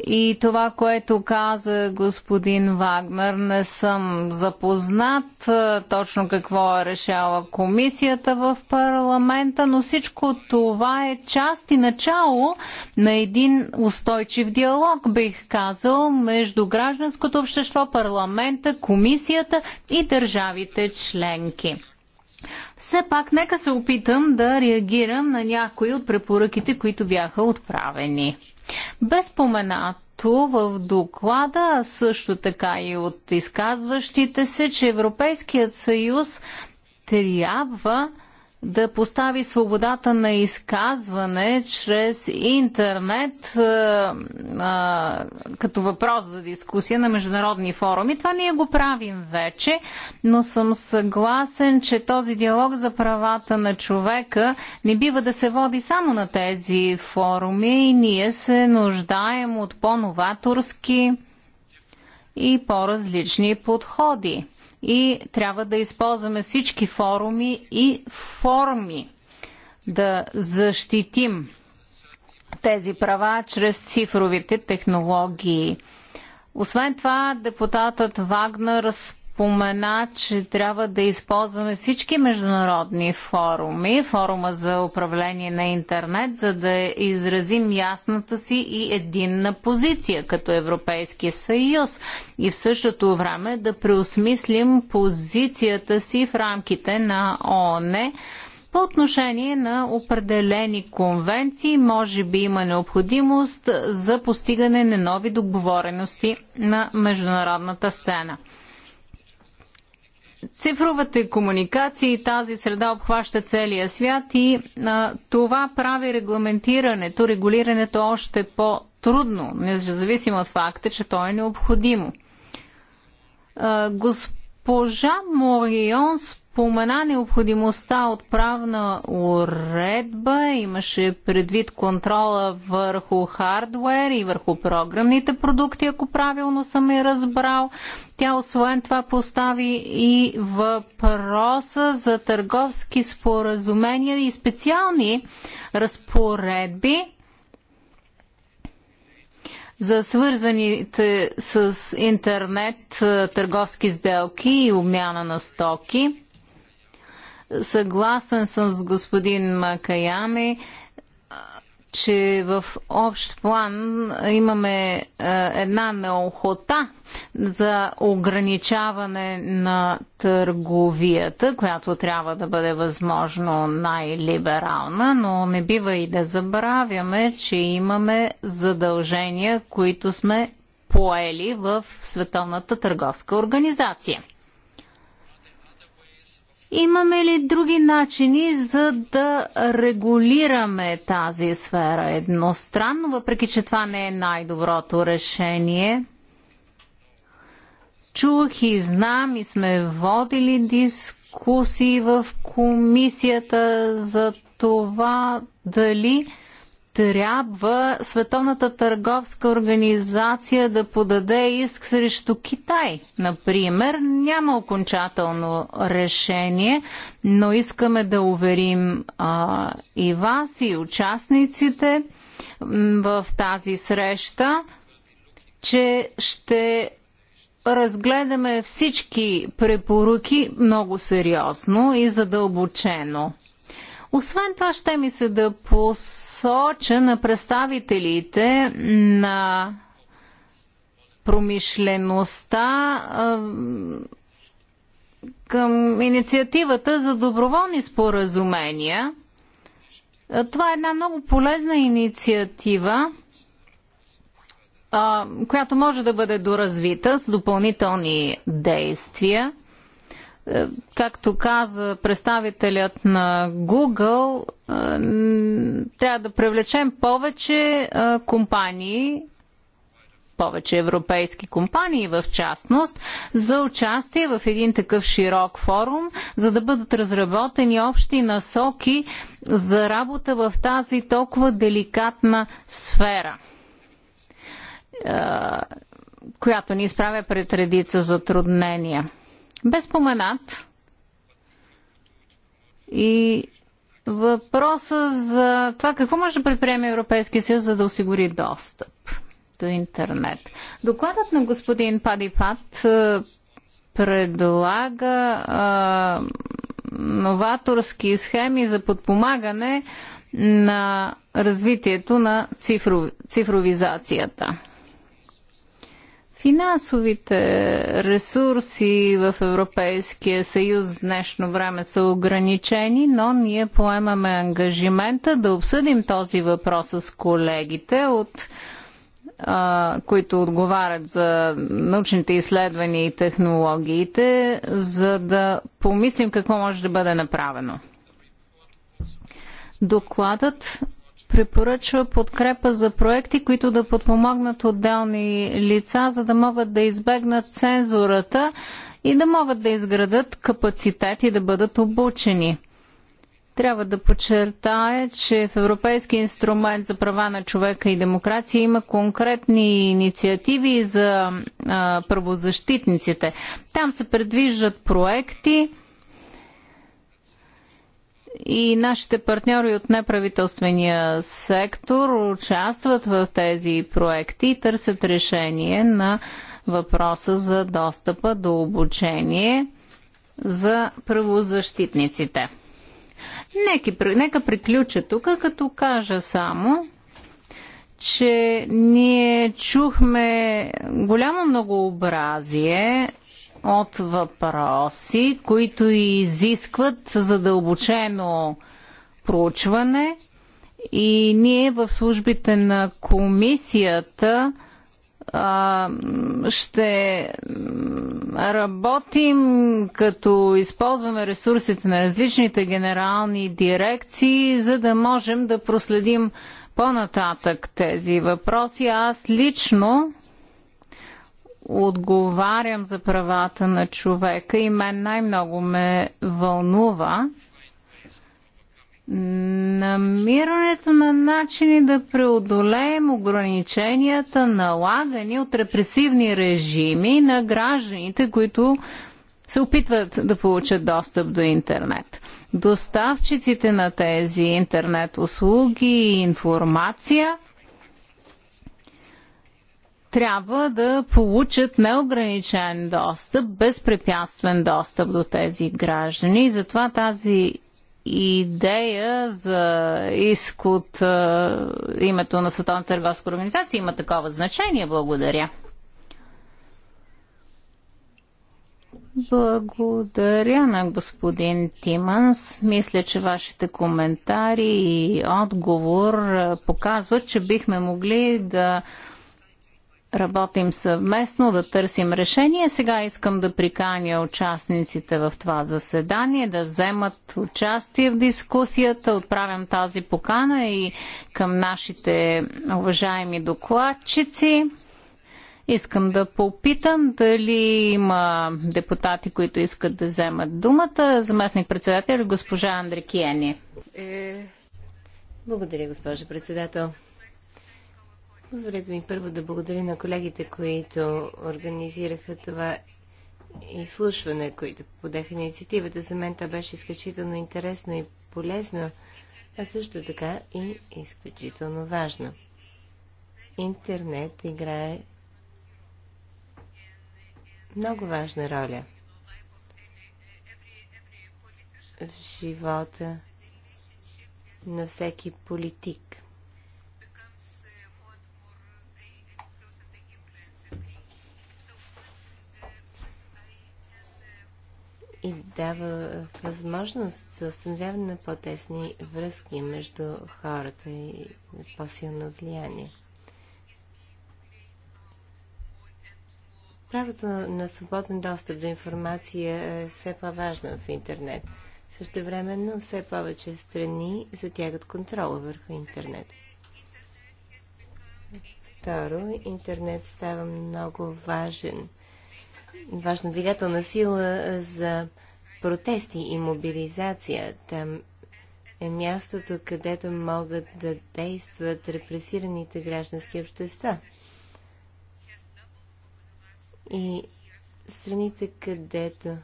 и това, което каза господин Вагнер, не съм запознат е, точно какво е решала комисията в парламента, но всичко това е част и начало на един устойчив диалог, бих казал, между гражданското общество, парламента, комисията и държавите членки. Все пак, нека се опитам да реагирам на някои от препоръките, които бяха отправени. Без споменато в доклада, също така и от изказващите се, че Европейският съюз трябва да постави свободата на изказване чрез интернет а, е, а, е, като въпрос за дискусия на международни форуми. Това ние го правим вече, но съм съгласен, че този диалог за правата на човека не бива да се води само на тези форуми и ние се нуждаем от по-новаторски и по-различни подходи и трябва да използваме всички форуми и форми да защитим тези права чрез цифровите технологии. Освен това, депутатът Вагнер спомена, че трябва да използваме всички международни форуми, форума за управление на интернет, за да изразим ясната си и единна позиция като Европейски съюз и в същото време да преосмислим позицията си в рамките на ООН. По отношение на определени конвенции, може би има необходимост за постигане на нови договорености на международната сцена. Цифровата комуникация и тази среда обхваща целия свят и а, това прави регламентирането, регулирането още по-трудно, независимо от факта, че то е необходимо. А, госпожа Морион спомена необходимостта от правна уредба, имаше предвид контрола върху хардвер и върху програмните продукти, ако правилно съм я разбрал. Тя освен това постави и въпроса за търговски споразумения и специални разпоредби за свързаните с интернет търговски сделки и обмяна на стоки. Съгласен съм с господин Макаями, че в общ план имаме една неохота за ограничаване на търговията, която трябва да бъде възможно най-либерална, но не бива и да забравяме, че имаме задължения, които сме поели в Световната търговска организация. Имаме ли други начини за да регулираме тази сфера едностранно, въпреки че това не е най-доброто решение? Чух и знам и сме водили дискусии в комисията за това дали трябва Световната търговска организация да подаде иск срещу Китай, например. Няма окончателно решение, но искаме да уверим а, и вас, и участниците в тази среща, че ще разгледаме всички препоръки много сериозно и задълбочено. Освен това, ще ми се да посоча на представителите на промишлеността към инициативата за доброволни споразумения. Това е една много полезна инициатива, която може да бъде доразвита с допълнителни действия. Е, както каза представителят на Google, е, трябва да привлечем повече е, компании, повече европейски компании в частност, за участие в един такъв широк форум, за да бъдат разработени общи насоки за работа в тази толкова деликатна сфера която ни изправя пред редица затруднения бе споменат и въпроса за това какво може да предприеме Европейския съюз, за да осигури достъп до интернет. Докладът на господин Падипат е, предлага а, е, новаторски схеми за подпомагане на развитието на цифров, цифровизацията. Финансовите ресурси в Европейския съюз днешно време са ограничени, но ние поемаме ангажимента да обсъдим този въпрос с колегите от които отговарят за научните изследвания и технологиите, за да помислим какво може да бъде направено. Докладът препоръчва подкрепа за проекти, които да подпомогнат отделни лица, за да могат да избегнат цензурата и да могат да изградат капацитет и да бъдат обучени. Трябва да подчертая, че в Европейския инструмент за права на човека и демокрация има конкретни инициативи за а, правозащитниците. Там се предвиждат проекти, и нашите партньори от неправителствения сектор участват в тези проекти и търсят решение на въпроса за достъпа до обучение за правозащитниците. Нека, нека приключа тук, като кажа само, че ние чухме голямо многообразие от въпроси, които изискват задълбочено проучване и ние в службите на комисията а, ще работим като използваме ресурсите на различните генерални дирекции, за да можем да проследим по-нататък тези въпроси. Аз лично отговарям за правата на човека и мен най-много ме вълнува намирането на начини да преодолеем ограниченията, налагани от репресивни режими на гражданите, които се опитват да получат достъп до интернет. Доставчиците на тези интернет услуги и информация – трябва да получат неограничен достъп, безпрепятствен достъп до тези граждани. И затова тази идея за иск от а, името на Световната търговска организация има такова значение. Благодаря. Благодаря на господин Тиманс. Мисля, че вашите коментари и отговор показват, че бихме могли да работим съвместно, да търсим решение. Сега искам да приканя участниците в това заседание да вземат участие в дискусията. Отправям тази покана и към нашите уважаеми докладчици. Искам да попитам дали има депутати, които искат да вземат думата. Заместник председател е госпожа Андрекиени. Е, Благодаря, госпожа председател. Позволете ми първо да благодаря на колегите, които организираха това изслушване, които подеха инициативата. За мен това беше изключително интересно и полезно, а също така и изключително важно. Интернет играе много важна роля в живота на всеки политик. и дава възможност за установяване на по-тесни връзки между хората и по-силно влияние. Правото на свободен достъп до информация е все по-важно в интернет. Същевременно все повече страни затягат контрола върху интернет. Второ, интернет става много важен – важна двигателна сила за протести и мобилизация. Там е мястото, където могат да действат репресираните граждански общества. И страните, където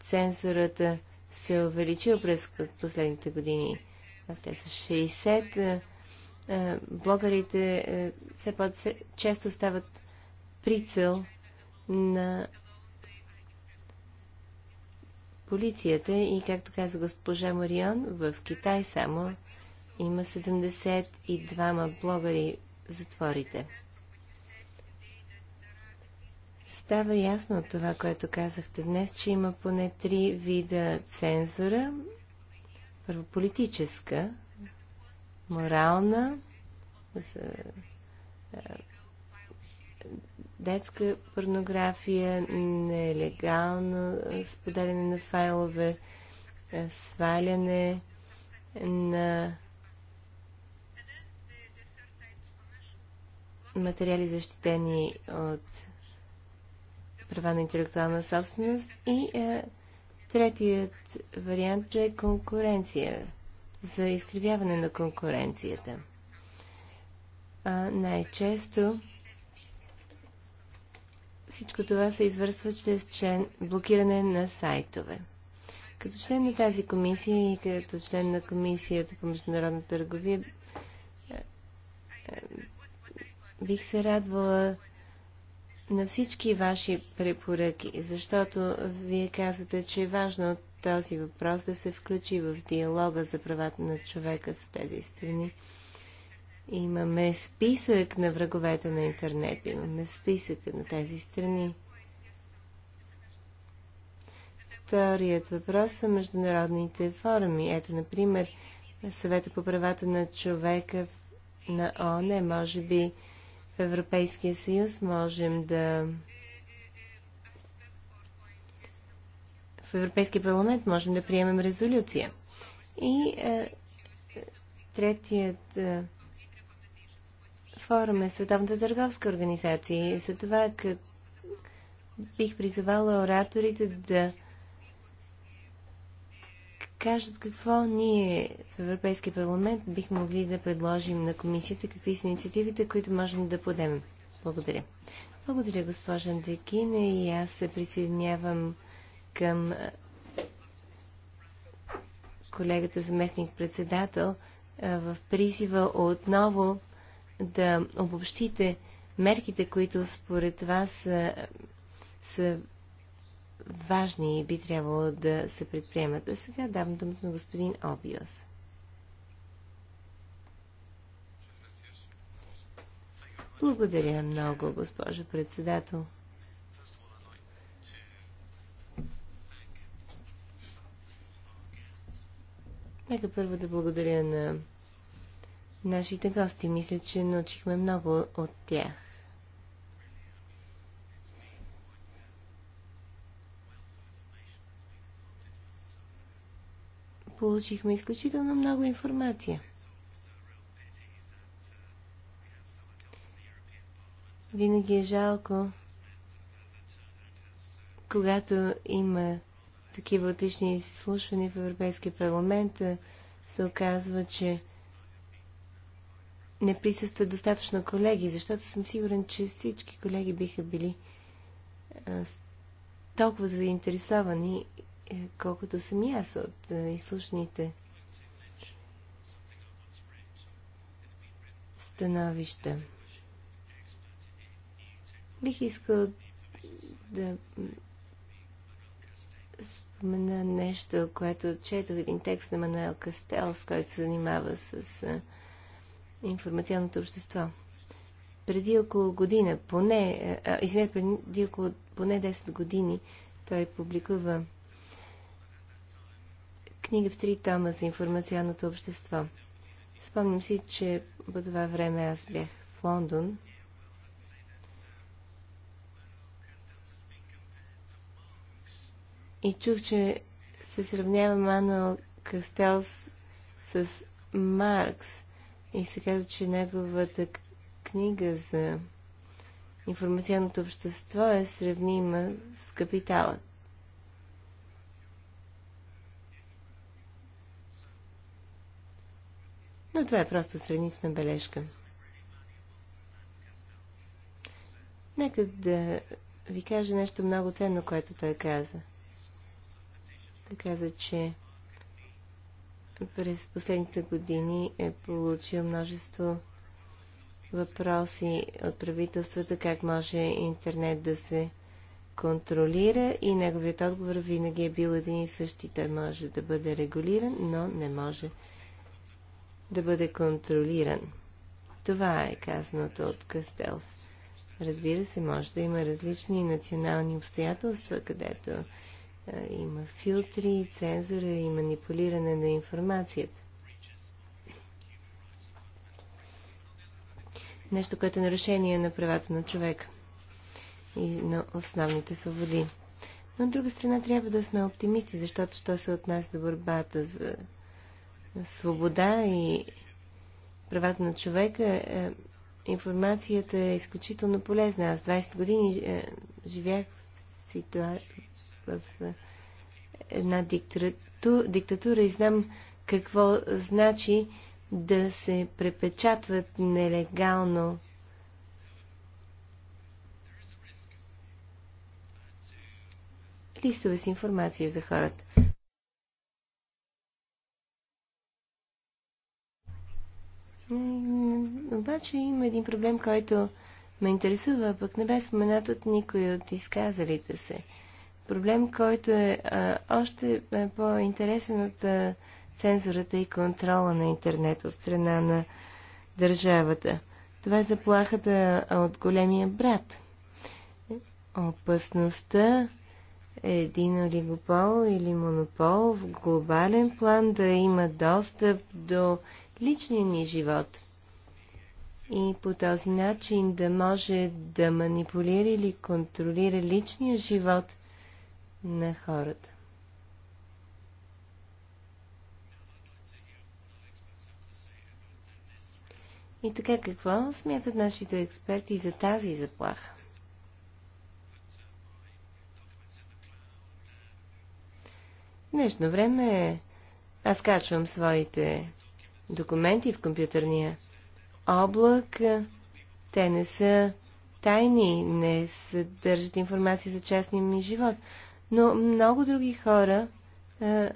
цензурата се е увеличила през последните години, а те са 60, блогарите все по-често стават прицел на полицията и, както каза госпожа Марион, в Китай само има 72 блогъри в затворите. Става ясно от това, което казахте днес, че има поне три вида цензура. Първо политическа, морална, за е, детска порнография, нелегално споделяне на файлове, е, сваляне на материали защитени от права на интелектуална собственост и е, третият вариант е конкуренция, за изкривяване на конкуренцията. най-често всичко това се извършва чрез член, блокиране на сайтове. Като член на тази комисия и като член на комисията по международна търговия, е, е, бих се радвала на всички ваши препоръки, защото вие казвате, че е важно този въпрос да се включи в диалога за правата на човека с тези страни. Имаме списък на враговете на интернет, имаме списък на тези страни. Вторият въпрос са международните форуми. Ето, например, съвета по правата на човека на ООН, може би в Европейския съюз можем да в Европейския парламент можем да приемем резолюция. И е, третият е, форум е Световната търговска организация. За това как бих призовала ораторите да кажат какво ние в Европейския парламент бих могли да предложим на комисията, какви са инициативите, които можем да подемем. Благодаря. Благодаря, госпожа Андрекина, и аз се присъединявам към колегата заместник-председател в призива отново да обобщите мерките, които според вас са, са важни и би трябвало да се предприемат. А сега давам думата на господин Обиос. Благодаря много, госпожо председател. Нека първо да благодаря на нашите гости. Мисля, че научихме много от тях. Получихме изключително много информация. Винаги е жалко, когато има такива отлични изслушвания в Европейския парламент, се оказва, че не присъстват достатъчно колеги, защото съм сигурен, че всички колеги биха били а, толкова заинтересовани, е, колкото съм и аз от а, е, изслушните становища. Бих искал да спомена нещо, което четох един текст на Мануел Кастел, с който се занимава с а, е, информационното общество. Преди около година, поне, извинете, преди около поне 10 години, той публикува книга в три тома за информационното общество. Спомням си, че по това време аз бях в Лондон. И чух, че се сравнява Мануел Кастелс с Маркс. И се казва, че неговата книга за информационното общество е сравнима с капиталът. Но това е просто сравнителна бележка. Нека да ви кажа нещо много ценно, което той каза. Той каза, че през последните години е получил множество въпроси от правителствата, как може интернет да се контролира и неговият отговор винаги е бил един и същи. Той може да бъде регулиран, но не може да бъде контролиран. Това е казаното от Кастелс. Разбира се, може да има различни национални обстоятелства, където е, има филтри, цензура и манипулиране на информацията. Нещо, което е нарушение на правата на човека и на основните свободи. Но от друга страна трябва да сме оптимисти, защото що се отнася до борбата за свобода и правата на човека, е, информацията е изключително полезна. Аз 20 години е, живях в, ситуа в една диктатура, диктатура и знам какво значи да се препечатват нелегално листове с информация за хората. Обаче има един проблем, който ме интересува, пък не бе споменат от никой от изказалите се проблем, който е а, още е по-интересен от а, цензурата и контрола на интернет от страна на държавата. Това е заплахата от големия брат. Опасността е един олигопол или монопол в глобален план да има достъп до личния ни живот и по този начин да може да манипулира или контролира личния живот на хората. И така какво смятат нашите експерти за тази заплаха? Днешно време аз качвам своите документи в компютърния облак. Те не са тайни, не съдържат информация за частния ми живот. Но много други хора а,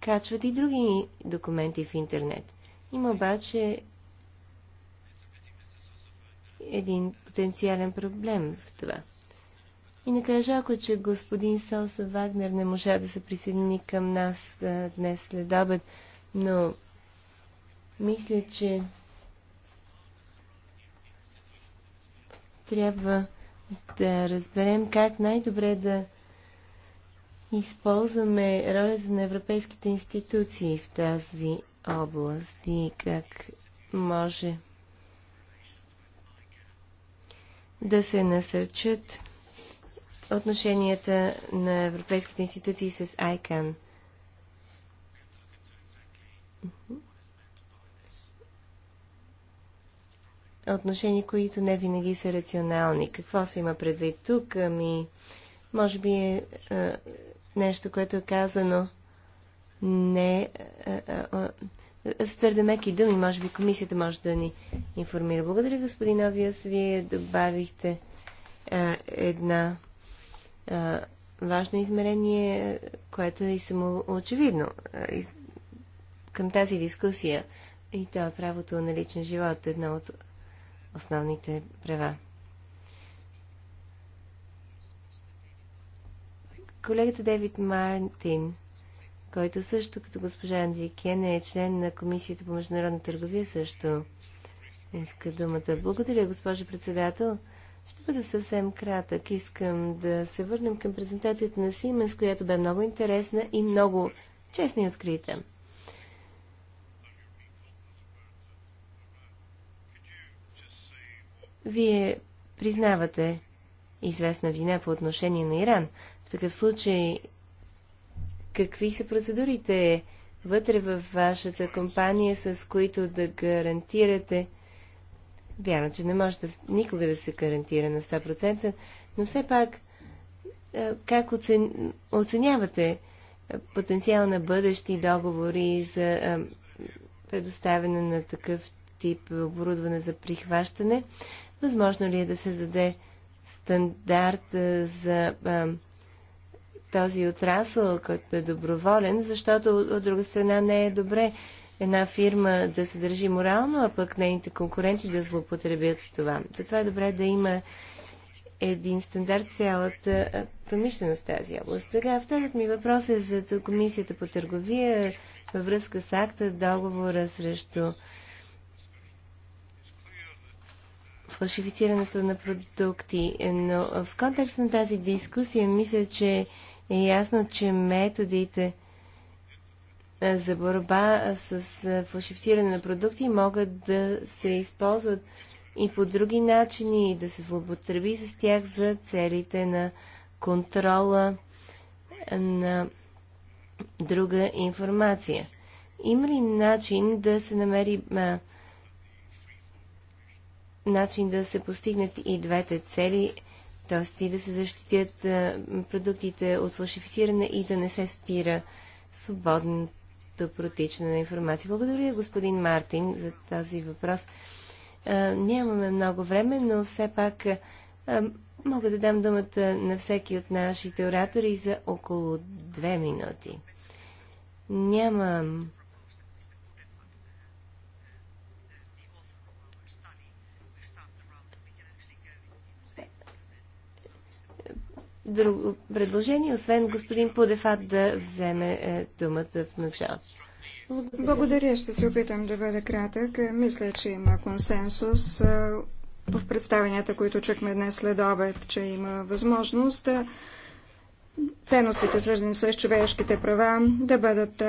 качват и други документи в интернет. Има обаче един потенциален проблем в това. И накрая жалко, е, че господин Салса Вагнер не можа да се присъедини към нас а, днес след обед, но мисля, че трябва да разберем как най-добре да използваме ролята на европейските институции в тази област и как може да се насърчат отношенията на европейските институции с ICANN. Отношения, които не винаги са рационални. Какво се има предвид тук? Ами, може би е, е нещо, което е казано не с твърде меки думи. Може би комисията може да ни информира. Благодаря, господин Овиас. Вие добавихте а, една а, важно измерение, което е и само очевидно а, и, към тази дискусия. И това е правото на личен живот, едно от основните права. колегата Девид Мартин, който също като госпожа Кен, е член на Комисията по международна търговия, също иска думата. Благодаря, госпожа председател. Ще бъда съвсем кратък. Искам да се върнем към презентацията на Сименс, която бе много интересна и много честна и открита. Вие признавате, известна вина по отношение на Иран. В такъв случай, какви са процедурите вътре в вашата компания, с които да гарантирате? Вярно, че не може да, никога да се гарантира на 100%, но все пак, е, как оцен... оценявате е, потенциал на бъдещи договори за е, предоставяне на такъв тип оборудване за прихващане? Възможно ли е да се заде стандарт за този отрасъл, който е доброволен, защото от друга страна не е добре една фирма да се държи морално, а пък нейните конкуренти да злоупотребят с това. Затова е добре да има един стандарт цялата промишленост в тази област. Сега вторият ми въпрос е за Комисията по търговия във връзка с акта, договора срещу фалшифицирането на продукти. Но в контекст на тази дискусия мисля, че е ясно, че методите за борба с фалшифициране на продукти могат да се използват и по други начини, и да се злоупотреби с тях за целите на контрола на друга информация. Има ли начин да се намери а, начин да се постигнат и двете цели, т.е. и да се защитят продуктите от фалшифициране и да не се спира свободното протичане на информация. Благодаря, господин Мартин, за този въпрос. нямаме много време, но все пак мога да дам думата на всеки от нашите оратори за около две минути. Нямам друго предложение, освен господин Подефат да вземе е, думата в началото. Благодаря, ще се опитам да бъда кратък. Мисля, че има консенсус е, в представенията, които чухме днес след обед, че има възможност е, ценностите, свързани с човешките права, да бъдат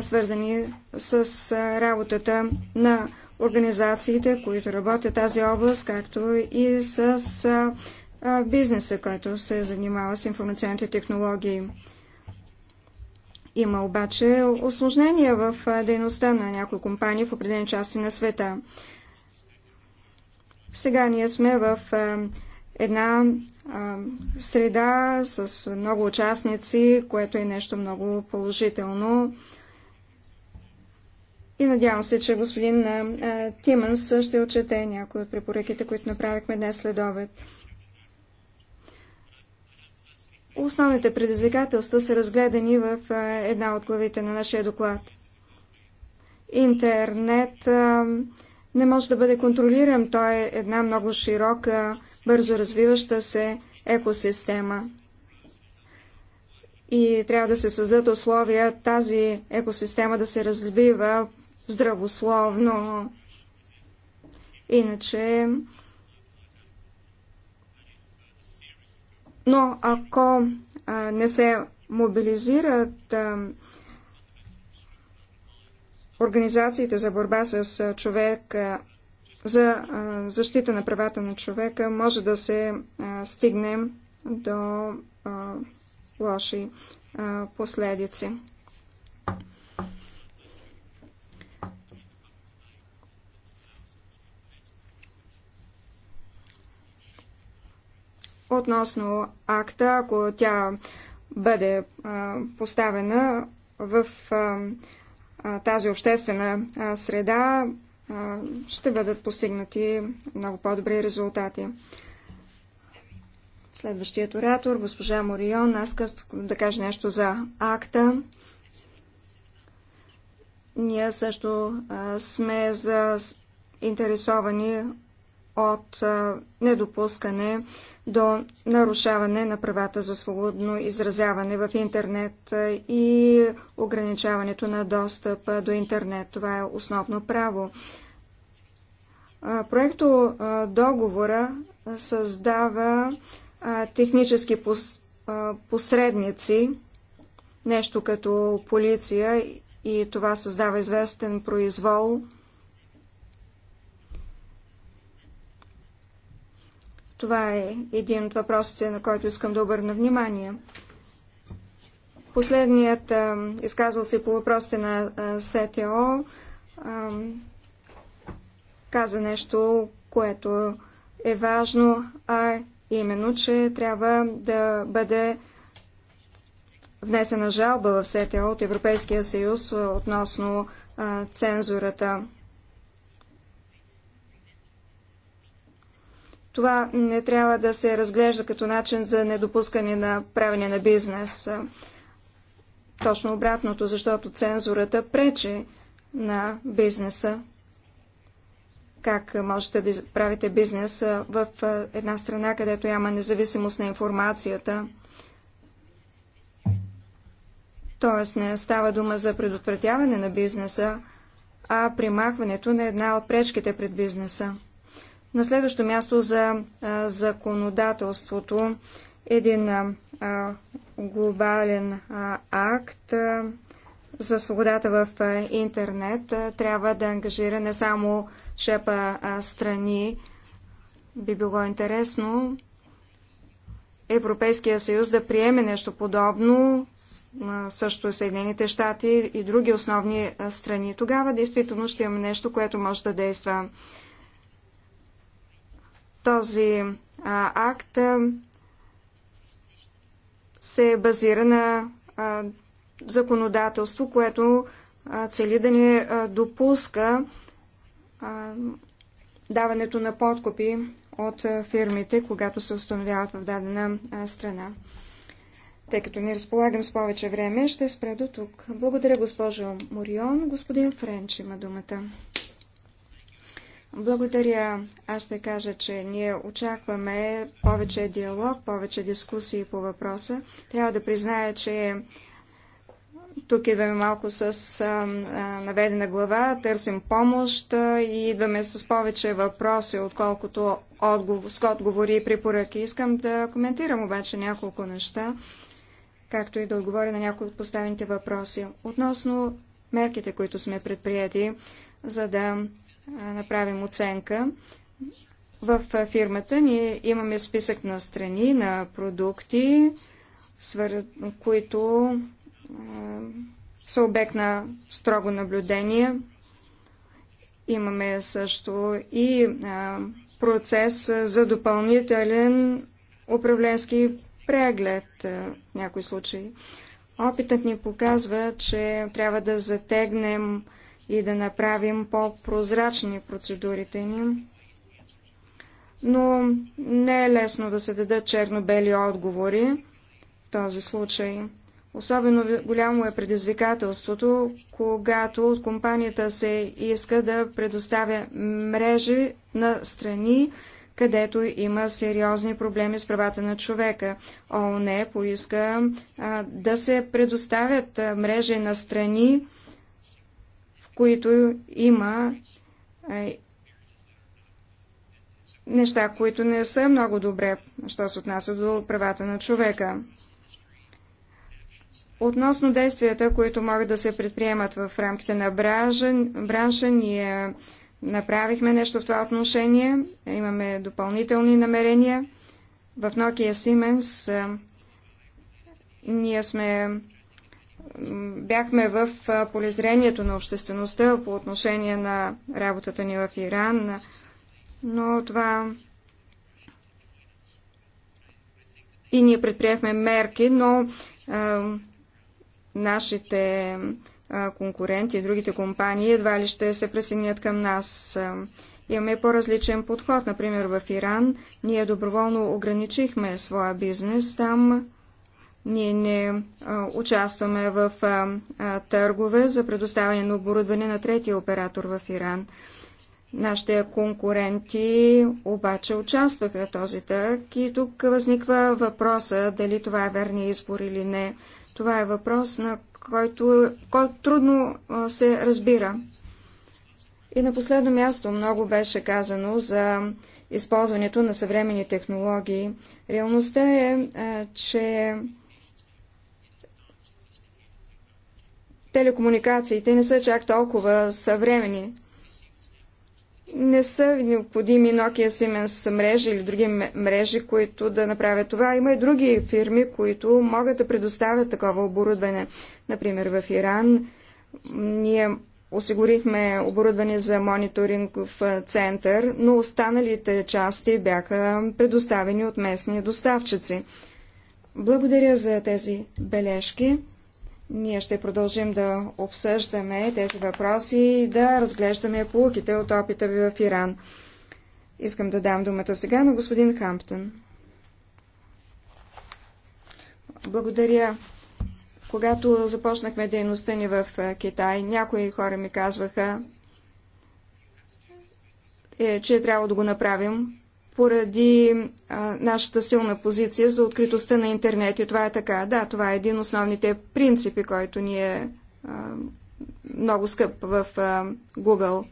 свързани с работата на организациите, които работят тази област, както и с бизнеса, който се занимава с информационните технологии. Има обаче осложнения в дейността на някои компании в определени части на света. Сега ние сме в една среда с много участници, което е нещо много положително. И надявам се, че господин Тимънс ще отчете някои от препоръките, които направихме днес след обед. Основните предизвикателства са разгледани в една от главите на нашия доклад. Интернет не може да бъде контролиран. Той е една много широка, бързо развиваща се екосистема. И трябва да се създадат условия тази екосистема да се развива здравословно. Иначе Но ако не се мобилизират организациите за борба с човека, за защита на правата на човека, може да се стигне до лоши последици. относно акта, ако тя бъде а, поставена в а, тази обществена а, среда, а, ще бъдат постигнати много по-добри резултати. Следващият оратор, госпожа Морион, аз да кажа нещо за акта. Ние също а, сме заинтересовани от а, недопускане до нарушаване на правата за свободно изразяване в интернет и ограничаването на достъп до интернет. Това е основно право. Проекто договора създава технически посредници, нещо като полиция и това създава известен произвол – Това е един от въпросите, на който искам да обърна внимание. Последният а, изказал се по въпросите на а, СТО а, каза нещо, което е важно, а именно, че трябва да бъде внесена жалба в СТО от Европейския съюз относно а, цензурата. Това не трябва да се разглежда като начин за недопускане на правене на бизнес. Точно обратното, защото цензурата пречи на бизнеса. Как можете да правите бизнес в една страна, където няма независимост на информацията? Тоест не става дума за предотвратяване на бизнеса, а примахването на една от пречките пред бизнеса. На следващо място за законодателството. Един глобален акт за свободата в интернет трябва да ангажира не само шепа страни. Би било интересно Европейския съюз да приеме нещо подобно, също Съединените щати и други основни страни. Тогава действително ще имаме нещо, което може да действа. Този а, акт а, се базира на а, законодателство, което а, цели да не а, допуска а, даването на подкопи от а, фирмите, когато се установяват в дадена а, страна. Тъй като не разполагам с повече време, ще спра до тук. Благодаря, госпожо Морион. Господин Френч има думата. Благодаря. Аз ще кажа, че ние очакваме повече диалог, повече дискусии по въпроса. Трябва да призная, че тук идваме малко с а, наведена глава, търсим помощ и идваме с повече въпроси, отколкото отговор, с отговори и препоръки. Искам да коментирам обаче няколко неща, както и да отговоря на някои от поставените въпроси. Относно мерките, които сме предприяти, за да направим оценка. В фирмата ние имаме списък на страни, на продукти, които са обект на строго наблюдение. Имаме също и процес за допълнителен управленски преглед в някои случаи. Опитът ни показва, че трябва да затегнем и да направим по-прозрачни процедурите ни. Но не е лесно да се дадат черно-бели отговори в този случай. Особено голямо е предизвикателството, когато от компанията се иска да предоставя мрежи на страни, където има сериозни проблеми с правата на човека. ООН поиска а, да се предоставят мрежи на страни, които има е, неща, които не са много добре, що се отнася до правата на човека. Относно действията, които могат да се предприемат в рамките на бранша, бранша ние направихме нещо в това отношение. Имаме допълнителни намерения. В Nokia Siemens е, ние сме бяхме в полезрението на обществеността по отношение на работата ни в Иран, но това и ние предприехме мерки, но а, нашите а, конкуренти и другите компании едва ли ще се присъединят към нас. А, имаме по-различен подход. Например, в Иран ние доброволно ограничихме своя бизнес там ние не участваме в търгове за предоставяне на оборудване на третия оператор в Иран. Нашите конкуренти обаче участваха в този търг и тук възниква въпроса дали това е верния избор или не. Това е въпрос, на който, който трудно се разбира. И на последно място много беше казано за използването на съвременни технологии. Реалността е, че телекомуникациите не са чак толкова съвремени. Не са необходими Nokia Siemens мрежи или други мрежи, които да направят това. Има и други фирми, които могат да предоставят такова оборудване. Например, в Иран ние осигурихме оборудване за в център, но останалите части бяха предоставени от местни доставчици. Благодаря за тези бележки. Ние ще продължим да обсъждаме тези въпроси и да разглеждаме полуките от опита ви в Иран. Искам да дам думата сега на господин Хамптън. Благодаря. Когато започнахме дейността ни в Китай, някои хора ми казваха, е, че трябва да го направим, поради а, нашата силна позиция за откритостта на интернет. И това е така. Да, това е един основните принципи, който ни е а, много скъп в а, Google.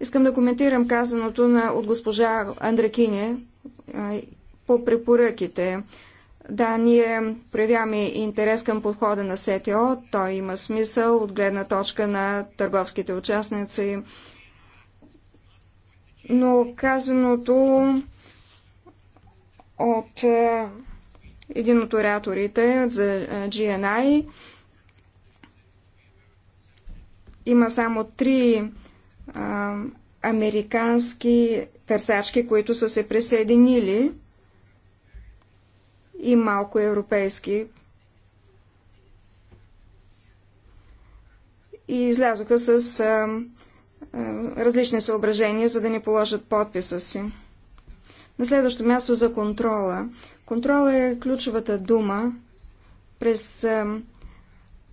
Искам да коментирам казаното на, от госпожа Андракине а, по препоръките. Да, ние проявяваме интерес към подхода на СТО. Той има смисъл от гледна точка на търговските участници, но казаното от е, един от ораторите за е, GNI има само три а, е, американски търсачки, които са се присъединили и малко европейски. И излязоха с а, е, различни съображения, за да не положат подписа си. На следващо място за контрола. Контрола е ключовата дума през е,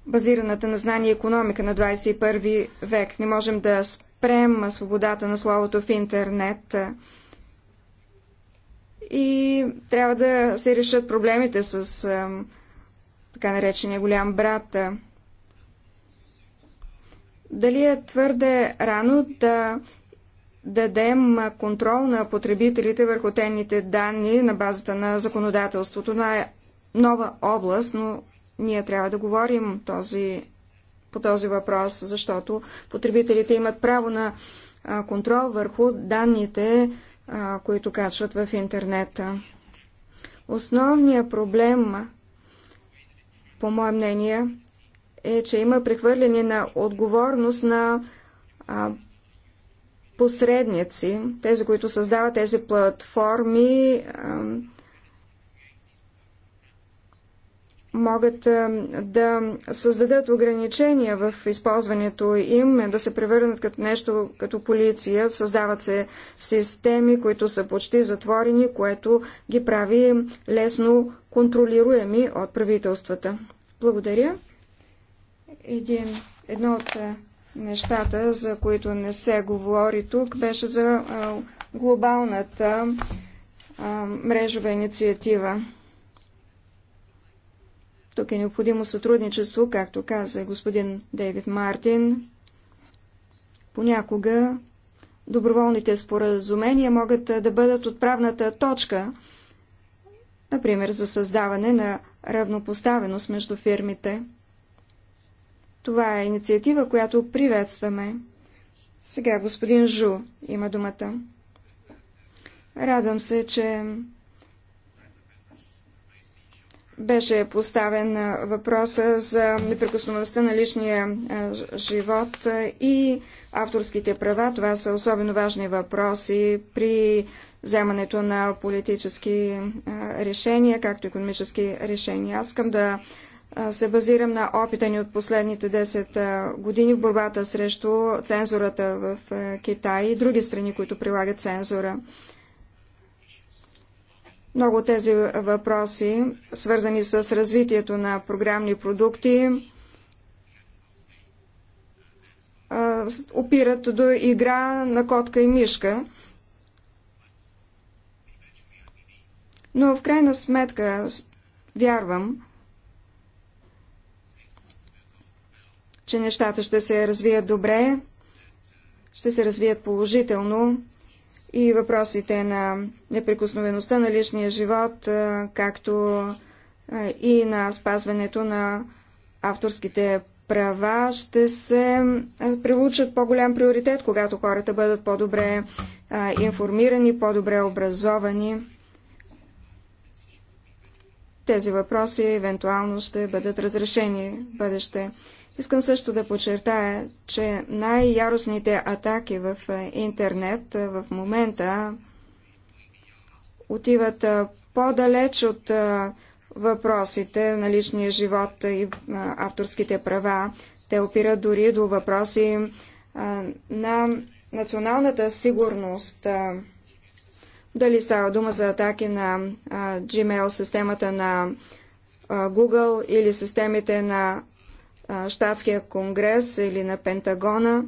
базираната на знание економика на 21 век. Не можем да спрем свободата на словото в интернет е, и трябва да се решат проблемите с така наречения голям брат дали е твърде рано да дадем контрол на потребителите върху тенните данни на базата на законодателството. Това е нова област, но ние трябва да говорим този, по този въпрос, защото потребителите имат право на контрол върху данните, които качват в интернета. Основният проблем, по мое мнение, е, че има прехвърляне на отговорност на а, посредници, тези, които създават тези платформи, а, могат а, да създадат ограничения в използването им, да се превърнат като нещо като полиция. Създават се системи, които са почти затворени, което ги прави лесно контролируеми от правителствата. Благодаря. Един, едно от нещата, за които не се говори тук, беше за глобалната мрежова инициатива. Тук е необходимо сътрудничество, както каза господин Дейвид Мартин. Понякога доброволните споразумения могат да бъдат отправната точка, например за създаване на равнопоставеност между фирмите. Това е инициатива, която приветстваме. Сега господин Жу има думата. Радвам се, че беше поставен въпроса за неприкосновеността на личния живот и авторските права. Това са особено важни въпроси при вземането на политически решения, както и економически решения. Аз искам да се базирам на опита ни от последните 10 години в борбата срещу цензурата в Китай и други страни, които прилагат цензура. Много от тези въпроси, свързани с развитието на програмни продукти, опират до игра на котка и мишка. Но в крайна сметка вярвам, че нещата ще се развият добре, ще се развият положително и въпросите на неприкосновеността на личния живот, както и на спазването на авторските права ще се прилучат по-голям приоритет, когато хората бъдат по-добре информирани, по-добре образовани. Тези въпроси евентуално ще бъдат разрешени в бъдеще. Искам също да подчертая, че най-яростните атаки в интернет в момента отиват по-далеч от въпросите на личния живот и авторските права. Те опират дори до въпроси на националната сигурност. Дали става дума за атаки на Gmail, системата на Google или системите на Штатския конгрес или на Пентагона.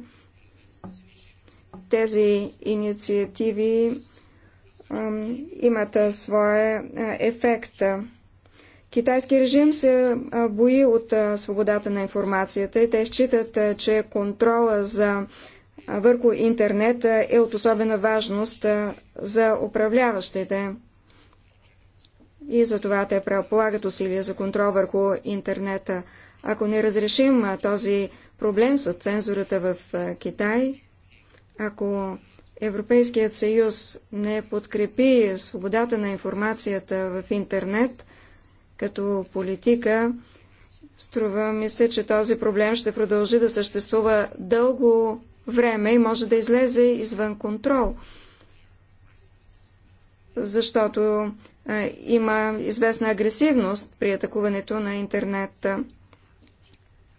Тези инициативи имат своя ефект. Китайски режим се бои от свободата на информацията и те считат, че контрола за върху интернет е от особена важност за управляващите. И за това те предполагат усилия за контрол върху интернета. Ако не разрешим този проблем с цензурата в Китай, ако Европейският съюз не подкрепи свободата на информацията в интернет като политика, струва ми се, че този проблем ще продължи да съществува дълго време и може да излезе извън контрол, защото а, има известна агресивност при атакуването на интернет.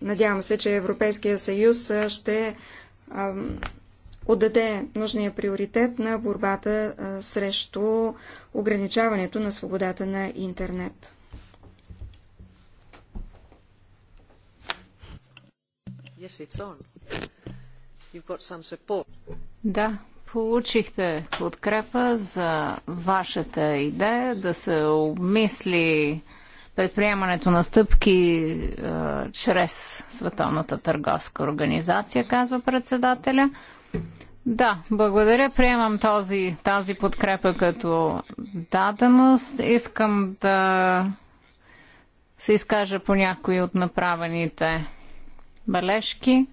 Надявам се, че Европейския съюз ще отдаде нужния приоритет на борбата срещу ограничаването на свободата на интернет. Yes, да, получихте подкрепа за вашата идея да се обмисли предприемането на стъпки а, е, чрез Световната търговска организация, казва председателя. Да, благодаря. Приемам този, тази подкрепа като даденост. Искам да се изкажа по някои от направените бележки.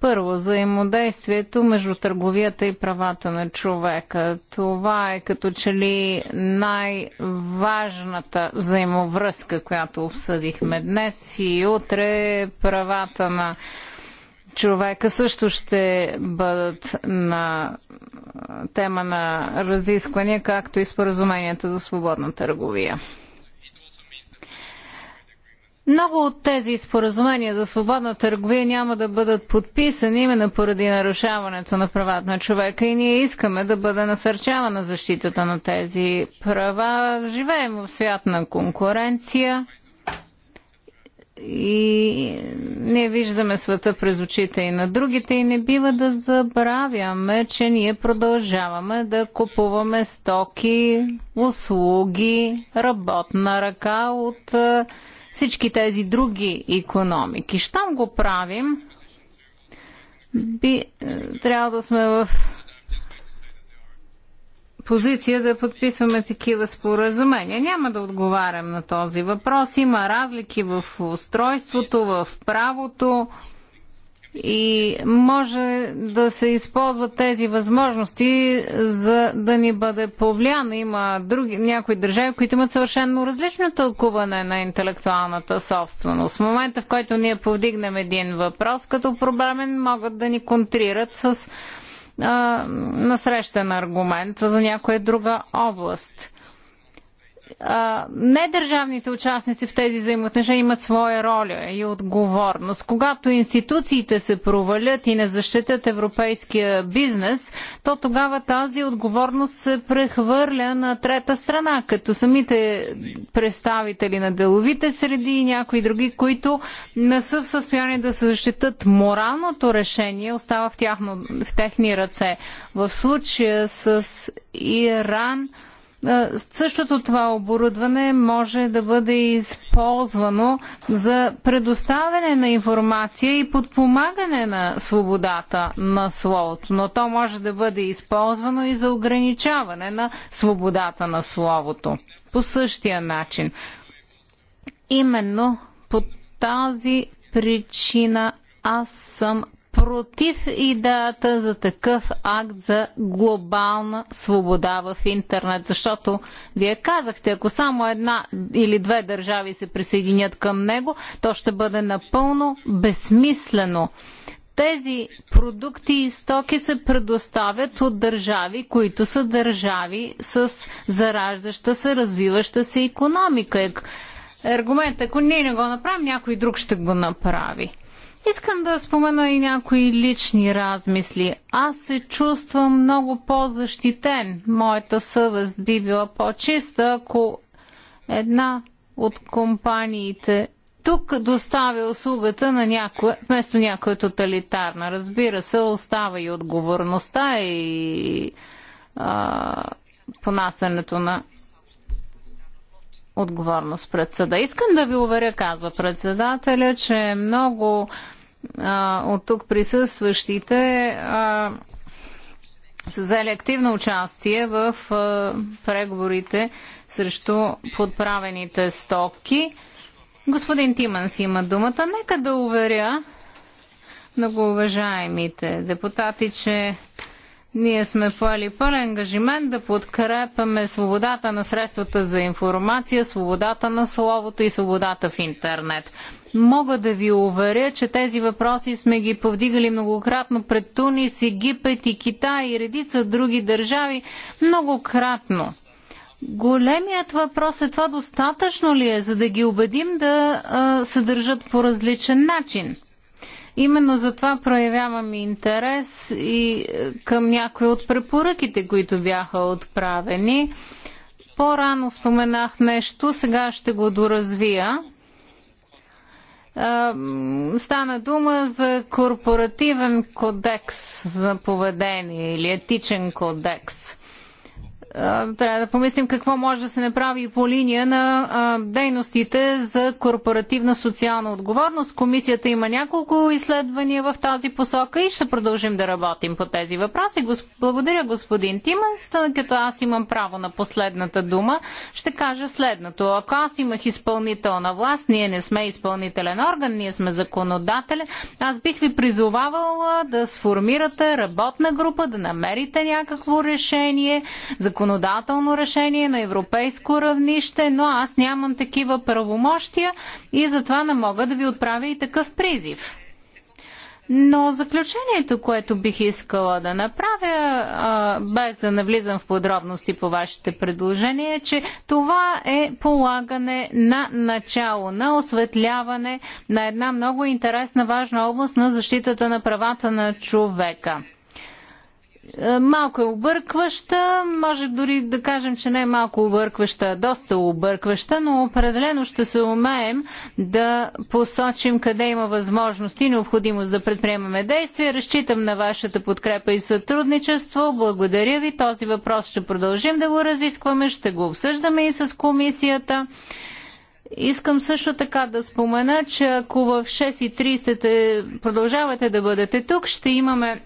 Първо, взаимодействието между търговията и правата на човека. Това е като че ли най-важната взаимовръзка, която обсъдихме днес и утре правата на човека също ще бъдат на тема на разисквания, както и споразуменията за свободна търговия. Много от тези споразумения за свободна търговия няма да бъдат подписани именно поради нарушаването на правата на човека и ние искаме да бъде насърчавана защитата на тези права. Живеем в свят на конкуренция и ние виждаме света през очите и на другите и не бива да забравяме, че ние продължаваме да купуваме стоки, услуги, работна ръка от всички тези други економики. Щом го правим, би, е, трябва да сме в позиция да подписваме такива споразумения. Няма да отговарям на този въпрос. Има разлики в устройството, в правото и може да се използват тези възможности за да ни бъде повлияно. Има други, някои държави, които имат съвършенно различно тълкуване на интелектуалната собственост. В момента, в който ние повдигнем един въпрос като проблемен, могат да ни контрират с а, насрещен аргумент за някоя друга област недържавните участници в тези взаимоотношения имат своя роля и отговорност. Когато институциите се провалят и не защитят европейския бизнес, то тогава тази отговорност се прехвърля на трета страна, като самите представители на деловите среди и някои други, които не са в състояние да се защитат. Моралното решение остава в, тяхно, в техни ръце. В случая с Иран е, същото това оборудване може да бъде използвано за предоставяне на информация и подпомагане на свободата на словото, но то може да бъде използвано и за ограничаване на свободата на словото. По същия начин. Именно по тази причина аз съм против идеята за такъв акт за глобална свобода в интернет, защото вие казахте, ако само една или две държави се присъединят към него, то ще бъде напълно безсмислено тези продукти и стоки се предоставят от държави, които са държави с зараждаща се, развиваща се економика. Аргумент, ако ние не го направим, някой друг ще го направи. Искам да спомена и някои лични размисли. Аз се чувствам много по-защитен. Моята съвест би била по-чиста, ако една от компаниите тук доставя услугата на някоя, вместо някоя тоталитарна. Разбира се, остава и отговорността и а, понасянето на отговорност пред съда. Искам да ви уверя, казва председателя, че много а, от тук присъстващите а, са взели активно участие в а, преговорите срещу подправените стопки. Господин Тиманс има думата. Нека да уверя многоуважаемите депутати, че ние сме поели пълен ангажимент да подкрепяме свободата на средствата за информация, свободата на словото и свободата в интернет. Мога да ви уверя, че тези въпроси сме ги повдигали многократно пред Тунис, Египет и Китай и редица други държави. Многократно. Големият въпрос е това достатъчно ли е, за да ги убедим да а, се държат по различен начин. Именно за това проявявам интерес и е, към някои от препоръките, които бяха отправени. По-рано споменах нещо, сега ще го доразвия. Е, стана дума за корпоративен кодекс за поведение или етичен кодекс трябва да помислим какво може да се направи по линия на дейностите за корпоративна социална отговорност. Комисията има няколко изследвания в тази посока и ще продължим да работим по тези въпроси. Благодаря, господин Тиманс, като аз имам право на последната дума, ще кажа следното. Ако аз имах изпълнителна власт, ние не сме изпълнителен орган, ние сме законодателен, аз бих ви призовавала да сформирате работна група, да намерите някакво решение, закон законодателно решение на европейско равнище, но аз нямам такива правомощия и затова не мога да ви отправя и такъв призив. Но заключението, което бих искала да направя, а, без да навлизам в подробности по вашите предложения, е, че това е полагане на начало, на осветляване на една много интересна, важна област на защитата на правата на човека. Е, малко е объркваща, може дори да кажем, че не е малко объркваща, а доста объркваща, но определено ще се умеем да посочим къде има възможности и необходимост да предприемаме действия. Разчитам на вашата подкрепа и сътрудничество. Благодаря ви. Този въпрос ще продължим да го разискваме, ще го обсъждаме и с комисията. Искам също така да спомена, че ако в 6.30 е- продължавате да бъдете тук, ще имаме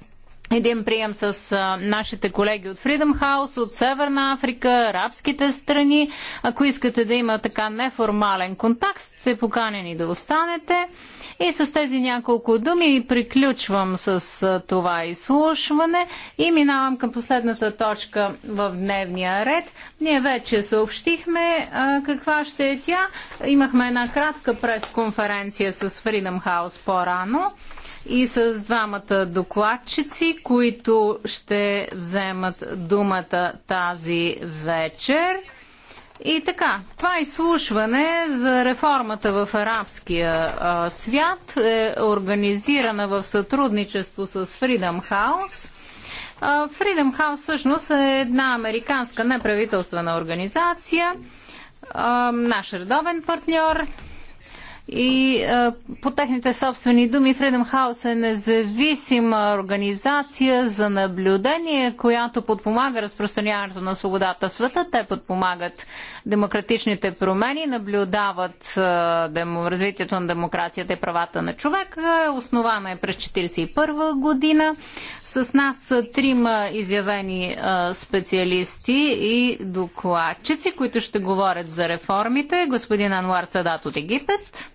един прием с а, нашите колеги от Freedom House, от Северна Африка, арабските страни. Ако искате да има така неформален контакт, сте поканени да останете. И с тези няколко думи приключвам с а, това изслушване и минавам към последната точка в дневния ред. Ние вече съобщихме а, каква ще е тя. Имахме една кратка пресконференция с Freedom House по-рано и с двамата докладчици, които ще вземат думата тази вечер. И така, това изслушване за реформата в арабския а, свят е организирана в сътрудничество с Freedom House. А, Freedom House всъщност е една американска неправителствена организация, а, наш редовен партньор и а, е, по техните собствени думи Freedom House е независима организация за наблюдение, която подпомага разпространяването на свободата в света. Те подпомагат демократичните промени, наблюдават а, е, демо, развитието на демокрацията и правата на човека. Основана е през 1941 година. С нас са трима изявени а, е, специалисти и докладчици, които ще говорят за реформите. Господин Ануар Садат от Египет.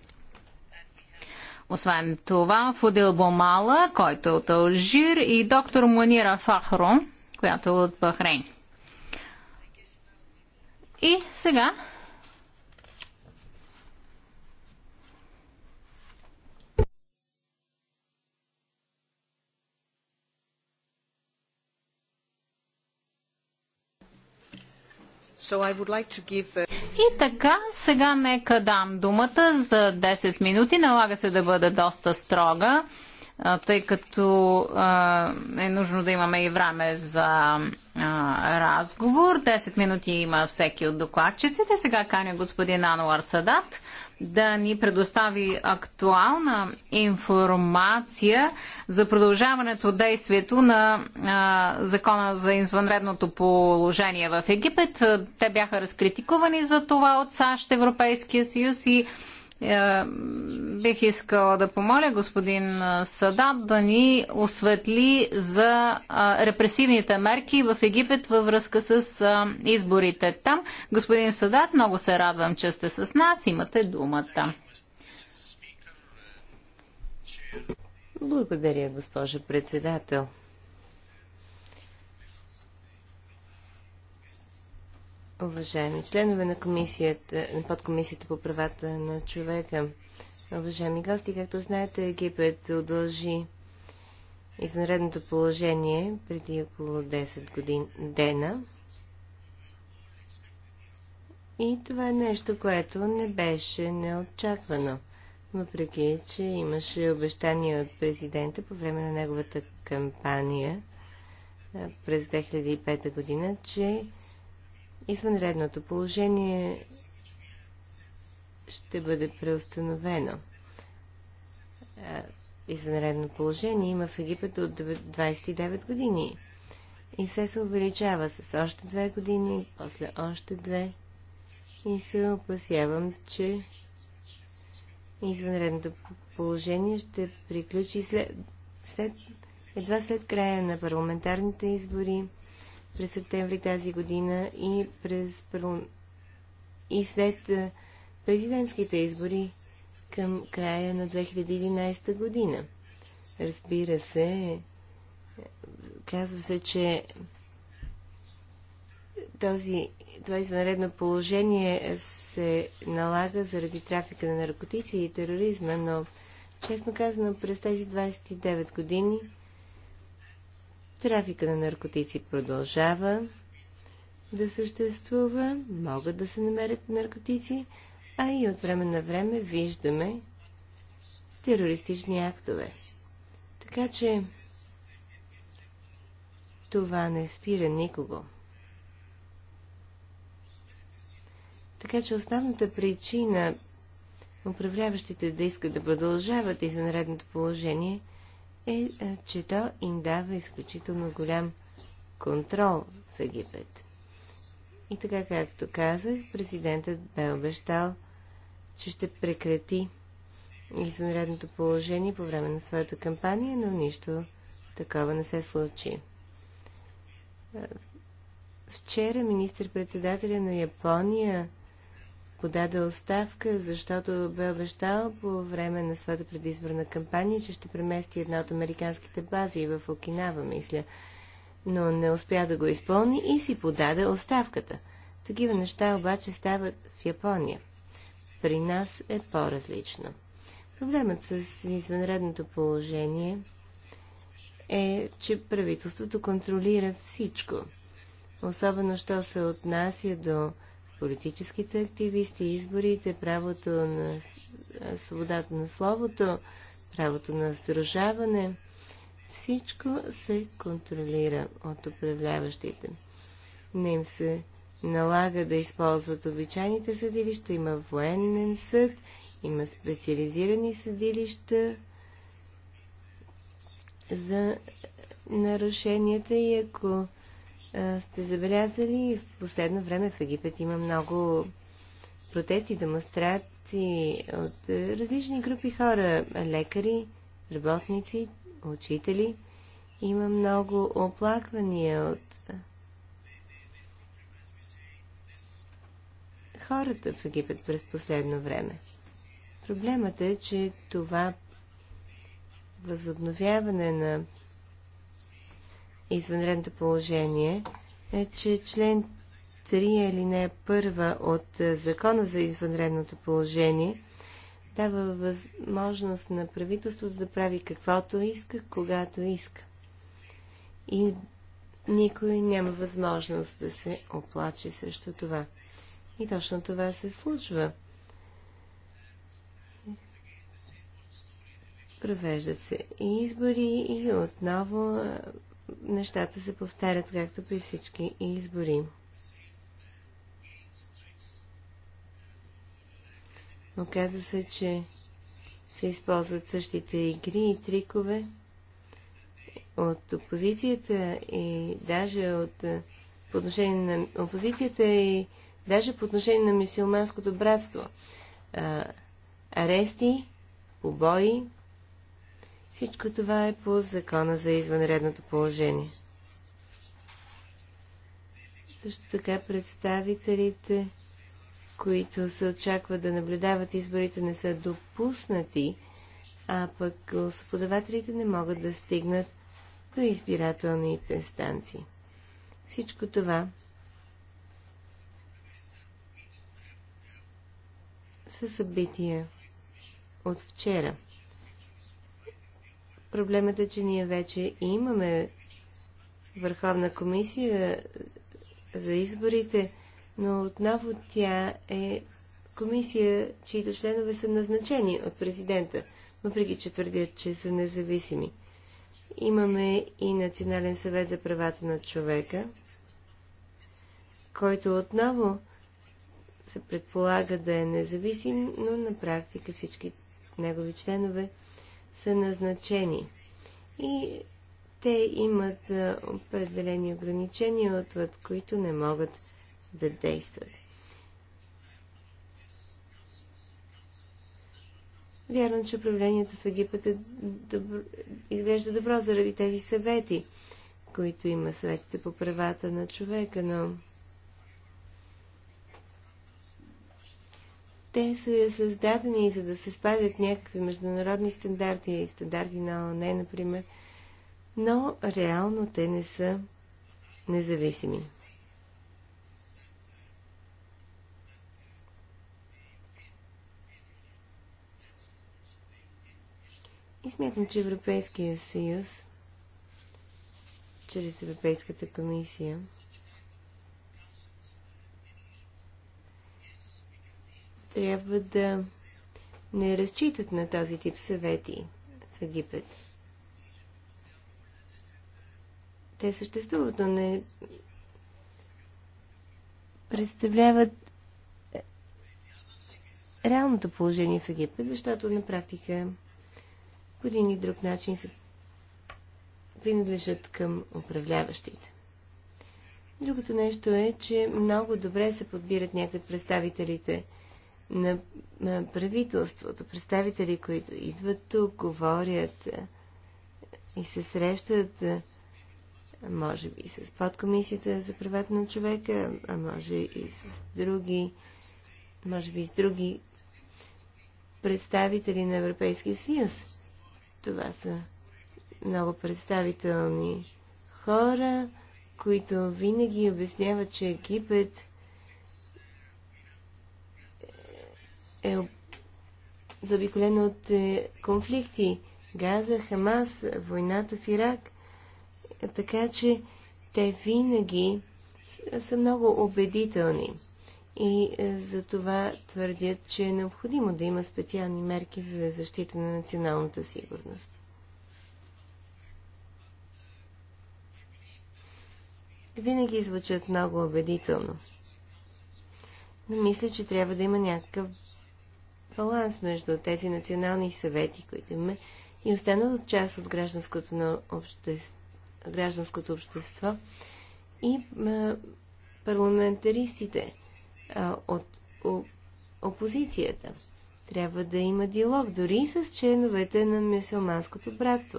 Освен това, Фудил Бомала, който е от Алжир, и доктор Мунира Фахро, която е от Бахрейн. И сега Uh, и така, сега нека дам думата за 10 минути. Налага се да бъда доста строга, тъй като е нужно да имаме и време за разговор. 10 минути има всеки от докладчиците. Сега каня господин Ануар Садат да ни предостави актуална информация за продължаването действието на а, закона за извънредното положение в Египет. Те бяха разкритикувани за това от САЩ, Европейския съюз и е, бих искала да помоля господин е, Садат да ни осветли за е, репресивните мерки в Египет във връзка с изборите там. Господин Садат, много се радвам, че сте с нас. Имате думата. Благодаря, госпожо председател. Уважаеми членове на комисията, на подкомисията по правата на човека, уважаеми гости, както знаете, Египет удължи извънредното положение преди около 10 годин, дена. И това е нещо, което не беше неочаквано, въпреки че имаше обещания от президента по време на неговата кампания през 2005 година, че извънредното положение ще бъде преустановено. Извънредно положение има в Египет от 29 години. И все се увеличава с още две години, после още две. И се опасявам, че извънредното положение ще приключи след, след, едва след края на парламентарните избори през септември тази година и, през, и след президентските избори към края на 2011 година. Разбира се, казва се, че този, това извънредно положение се налага заради трафика на наркотици и тероризма, но честно казано през тези 29 години Трафика на наркотици продължава да съществува, могат да се намерят наркотици, а и от време на време виждаме терористични актове. Така че това не спира никого. Така че основната причина управляващите да искат да продължават извънредното положение – е, е, че то им дава изключително голям контрол в Египет. И така, както казах, президентът бе обещал, че ще прекрати извънредното положение по време на своята кампания, но нищо такова не се случи. Е, вчера министр-председателя на Япония подаде оставка, защото бе обещал по време на своята предизборна кампания, че ще премести една от американските бази в Окинава, мисля. Но не успя да го изпълни и си подаде оставката. Такива неща обаче стават в Япония. При нас е по-различно. Проблемът с извънредното положение е, че правителството контролира всичко. Особено, що се отнася до политическите активисти, изборите, правото на свободата на словото, правото на сдружаване. Всичко се контролира от управляващите. Не им се налага да използват обичайните съдилища. Има военен съд, има специализирани съдилища за нарушенията и ако сте забелязали, в последно време в Египет има много протести, демонстрации от различни групи хора, лекари, работници, учители. Има много оплаквания от хората в Египет през последно време. Проблемът е, че това възобновяване на извънредното положение е, че член 3 или не първа от е, Закона за извънредното положение дава възможност на правителството да прави каквото иска, когато иска. И никой няма възможност да се оплаче срещу това. И точно това се случва. Провеждат се и избори и отново е, нещата се повтарят както при всички избори. Оказва се, че се използват същите игри и трикове от опозицията и даже от е, подношение на опозицията и даже по отношение на мисиоманското братство. А, е, арести, побои, всичко това е по закона за извънредното положение. Също така представителите, които се очаква да наблюдават изборите, не са допуснати, а пък гласоподавателите не могат да стигнат до избирателните станции. Всичко това са събития от вчера – Проблемът е, че ние вече имаме Върховна комисия за изборите, но отново тя е комисия, чието членове са назначени от президента, въпреки че твърдят, че са независими. Имаме и Национален съвет за правата на човека, който отново се предполага да е независим, но на практика всички негови членове са назначени. И те имат определени ограничения, отвъд които не могат да действат. Вярвам, че управлението в Египет е добро, изглежда добро заради тези съвети, които има съветите по правата на човека, но Те са създадени за да се спазят някакви международни стандарти и стандарти на ООН, например, но реално те не са независими. И смятам, че Европейския съюз, чрез Европейската комисия, трябва да не разчитат на този тип съвети в Египет. Те съществуват, но не представляват реалното положение в Египет, защото на практика по един или друг начин се принадлежат към управляващите. Другото нещо е, че много добре се подбират някак представителите на, на правителството. Представители, които идват тук, говорят е, и се срещат, е, може би с подкомисията за правата на човека, а може и с други, може би с други представители на Европейския съюз. Това са много представителни хора, които винаги обясняват, че Египет е забиколена от е, конфликти. Газа, Хамас, войната в Ирак. Така че те винаги са много убедителни. И е, за това твърдят, че е необходимо да има специални мерки за защита на националната сигурност. Винаги звучат много убедително. Но мисля, че трябва да има някакъв баланс между тези национални съвети, които имаме, и останалата част от гражданското, на обществ... гражданското общество и а, парламентаристите а, от о, опозицията. Трябва да има диалог, дори с членовете на мюсюлманското братство.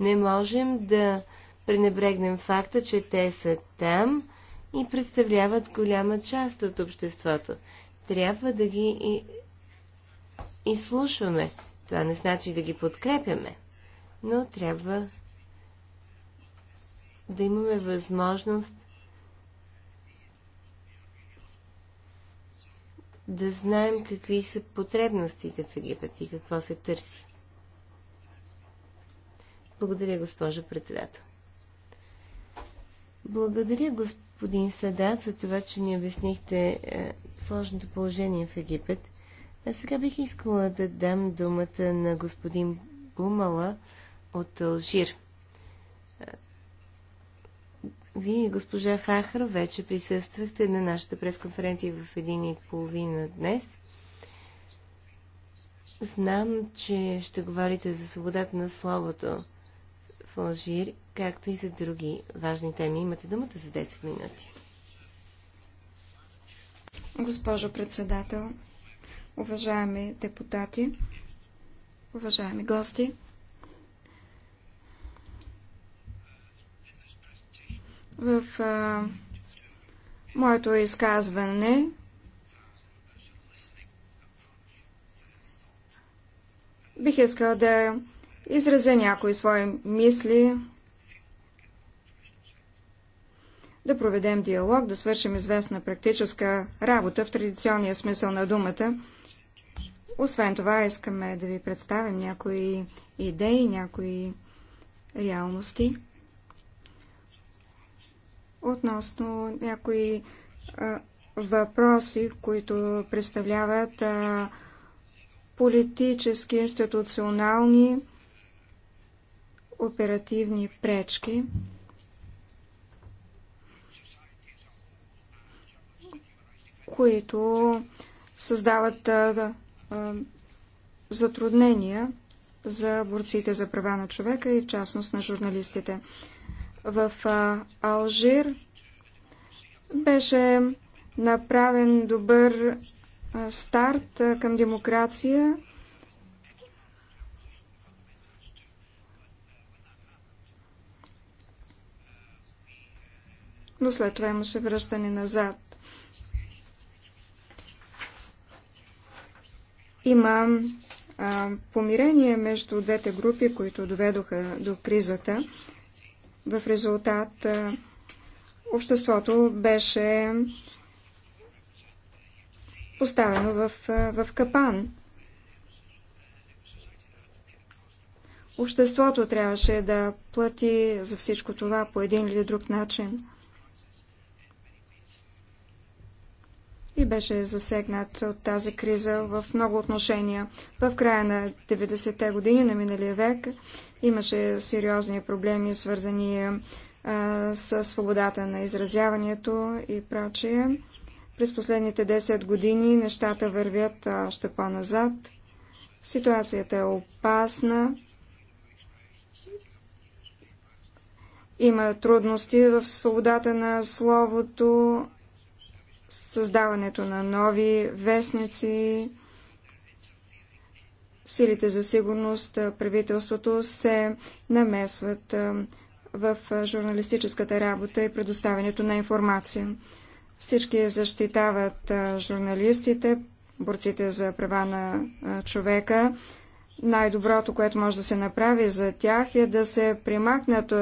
Не можем да пренебрегнем факта, че те са там и представляват голяма част от обществото. Трябва да ги и слушваме. Това не значи да ги подкрепяме, но трябва да имаме възможност да знаем какви са потребностите в Египет и какво се търси. Благодаря, госпожо председател. Благодаря, господин Садат, за това, че ни обяснихте е, сложното положение в Египет. А сега бих искала да дам думата на господин Бумала от Алжир. Вие, госпожа Фахар, вече присъствахте на нашата пресконференция в един и половина днес. Знам, че ще говорите за свободата на словото в Алжир, както и за други важни теми. Имате думата за 10 минути. Госпожо председател, уважаеми депутати, уважаеми гости. В а, моето изказване бих искал да изразя някои свои мисли, да проведем диалог, да свършим известна практическа работа в традиционния смисъл на думата. Освен това, искаме да ви представим някои идеи, някои реалности относно някои а, въпроси, които представляват а, политически, институционални, оперативни пречки. които създават а, затруднения за борците за права на човека и в частност на журналистите. В Алжир беше направен добър старт към демокрация. Но след това имаше връщане назад. Има а, помирение между двете групи, които доведоха до кризата. В резултат а, обществото беше поставено в, в капан. Обществото трябваше да плати за всичко това по един или друг начин. и беше засегнат от тази криза в много отношения. В края на 90-те години на миналия век имаше сериозни проблеми, свързани а, с свободата на изразяването и прочее. През последните 10 години нещата вървят още по-назад. Ситуацията е опасна. Има трудности в свободата на словото, създаването на нови вестници, силите за сигурност, правителството се намесват в журналистическата работа и предоставянето на информация. Всички защитават журналистите, борците за права на човека. Най-доброто, което може да се направи за тях е да се примахнат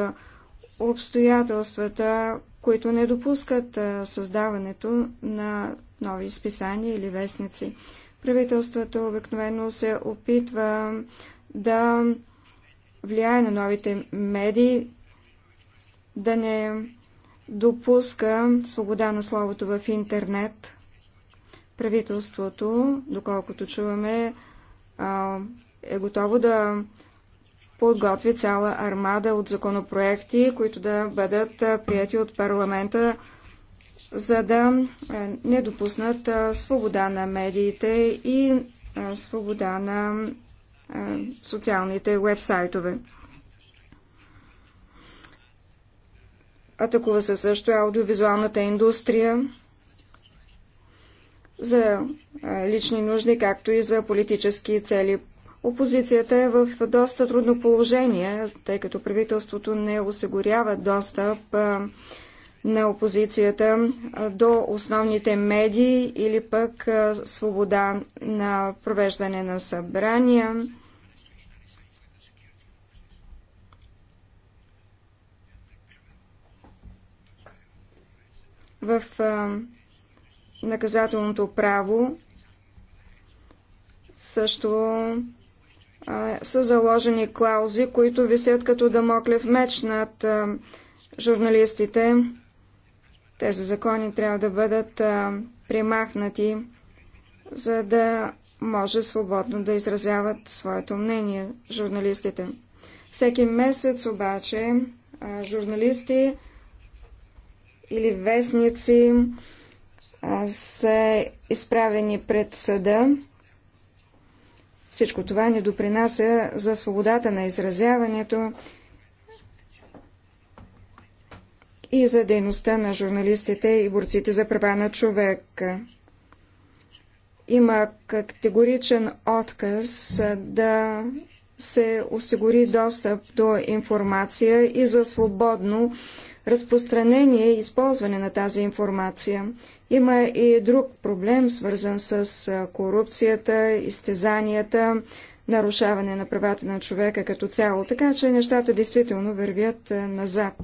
обстоятелствата, които не допускат създаването на нови списания или вестници. Правителството обикновено се опитва да влияе на новите медии, да не допуска свобода на словото в интернет. Правителството, доколкото чуваме, е готово да подготви цяла армада от законопроекти, които да бъдат прияти от парламента, за да не допуснат свобода на медиите и свобода на социалните вебсайтове. Атакува се също аудиовизуалната индустрия за лични нужди, както и за политически цели. Опозицията е в доста трудно положение, тъй като правителството не осигурява достъп на опозицията до основните медии или пък свобода на провеждане на събрания. В наказателното право също са заложени клаузи, които висят като дамоклев меч над журналистите. Тези закони трябва да бъдат примахнати, за да може свободно да изразяват своето мнение журналистите. Всеки месец обаче журналисти или вестници са изправени пред съда всичко това не допринася за свободата на изразяването и за дейността на журналистите и борците за права на човека. Има категоричен отказ да се осигури достъп до информация и за свободно разпространение и използване на тази информация. Има и друг проблем, свързан с корупцията, изтезанията, нарушаване на правата на човека като цяло, така че нещата действително вървят назад.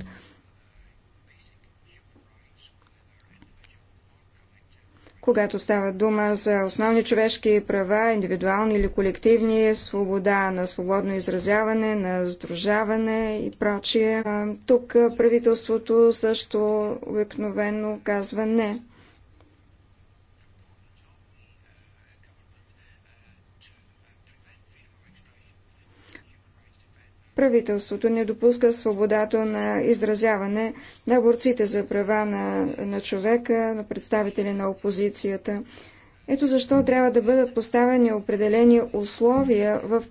когато става дума за основни човешки права, индивидуални или колективни, свобода на свободно изразяване, на сдружаване и прочие. Тук правителството също обикновено казва не. Правителството не допуска свободата на изразяване на борците за права на, на човека, на представители на опозицията. Ето защо трябва да бъдат поставени определени условия в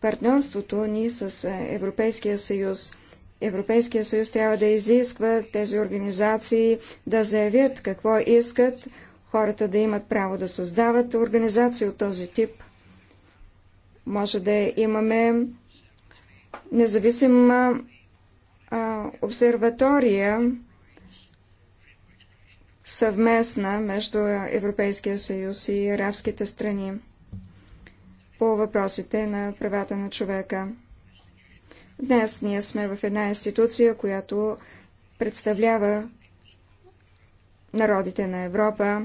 партньорството ни с Европейския съюз. Европейския съюз трябва да изисква тези организации да заявят какво искат, хората да имат право да създават организации от този тип. Може да имаме независима обсерватория съвместна между Европейския съюз и арабските страни по въпросите на правата на човека. Днес ние сме в една институция, която представлява народите на Европа.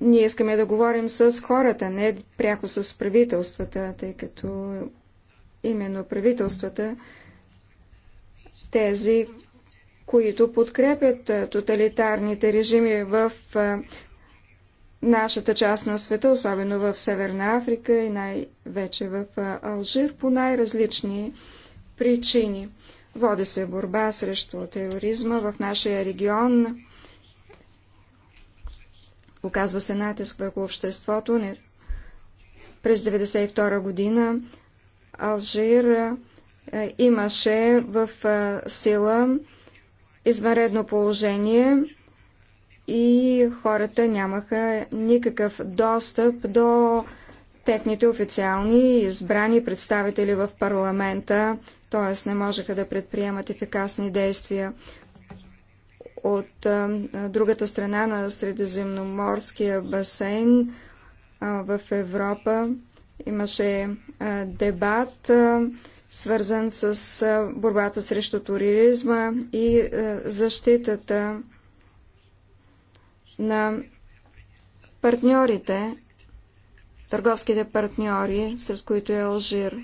Ние искаме да говорим с хората, не пряко с правителствата, тъй като именно правителствата, тези, които подкрепят тоталитарните режими в нашата част на света, особено в Северна Африка и най-вече в Алжир, по най-различни причини. Води се борба срещу тероризма в нашия регион. Оказва се натиск върху обществото. През 1992 година Алжир е, имаше в е, сила извънредно положение и хората нямаха никакъв достъп до техните официални избрани представители в парламента, т.е. не можеха да предприемат ефикасни действия. От е, другата страна на Средиземноморския басейн в Европа Имаше дебат, свързан с борбата срещу туризма и защитата на партньорите, търговските партньори, сред които е Алжир.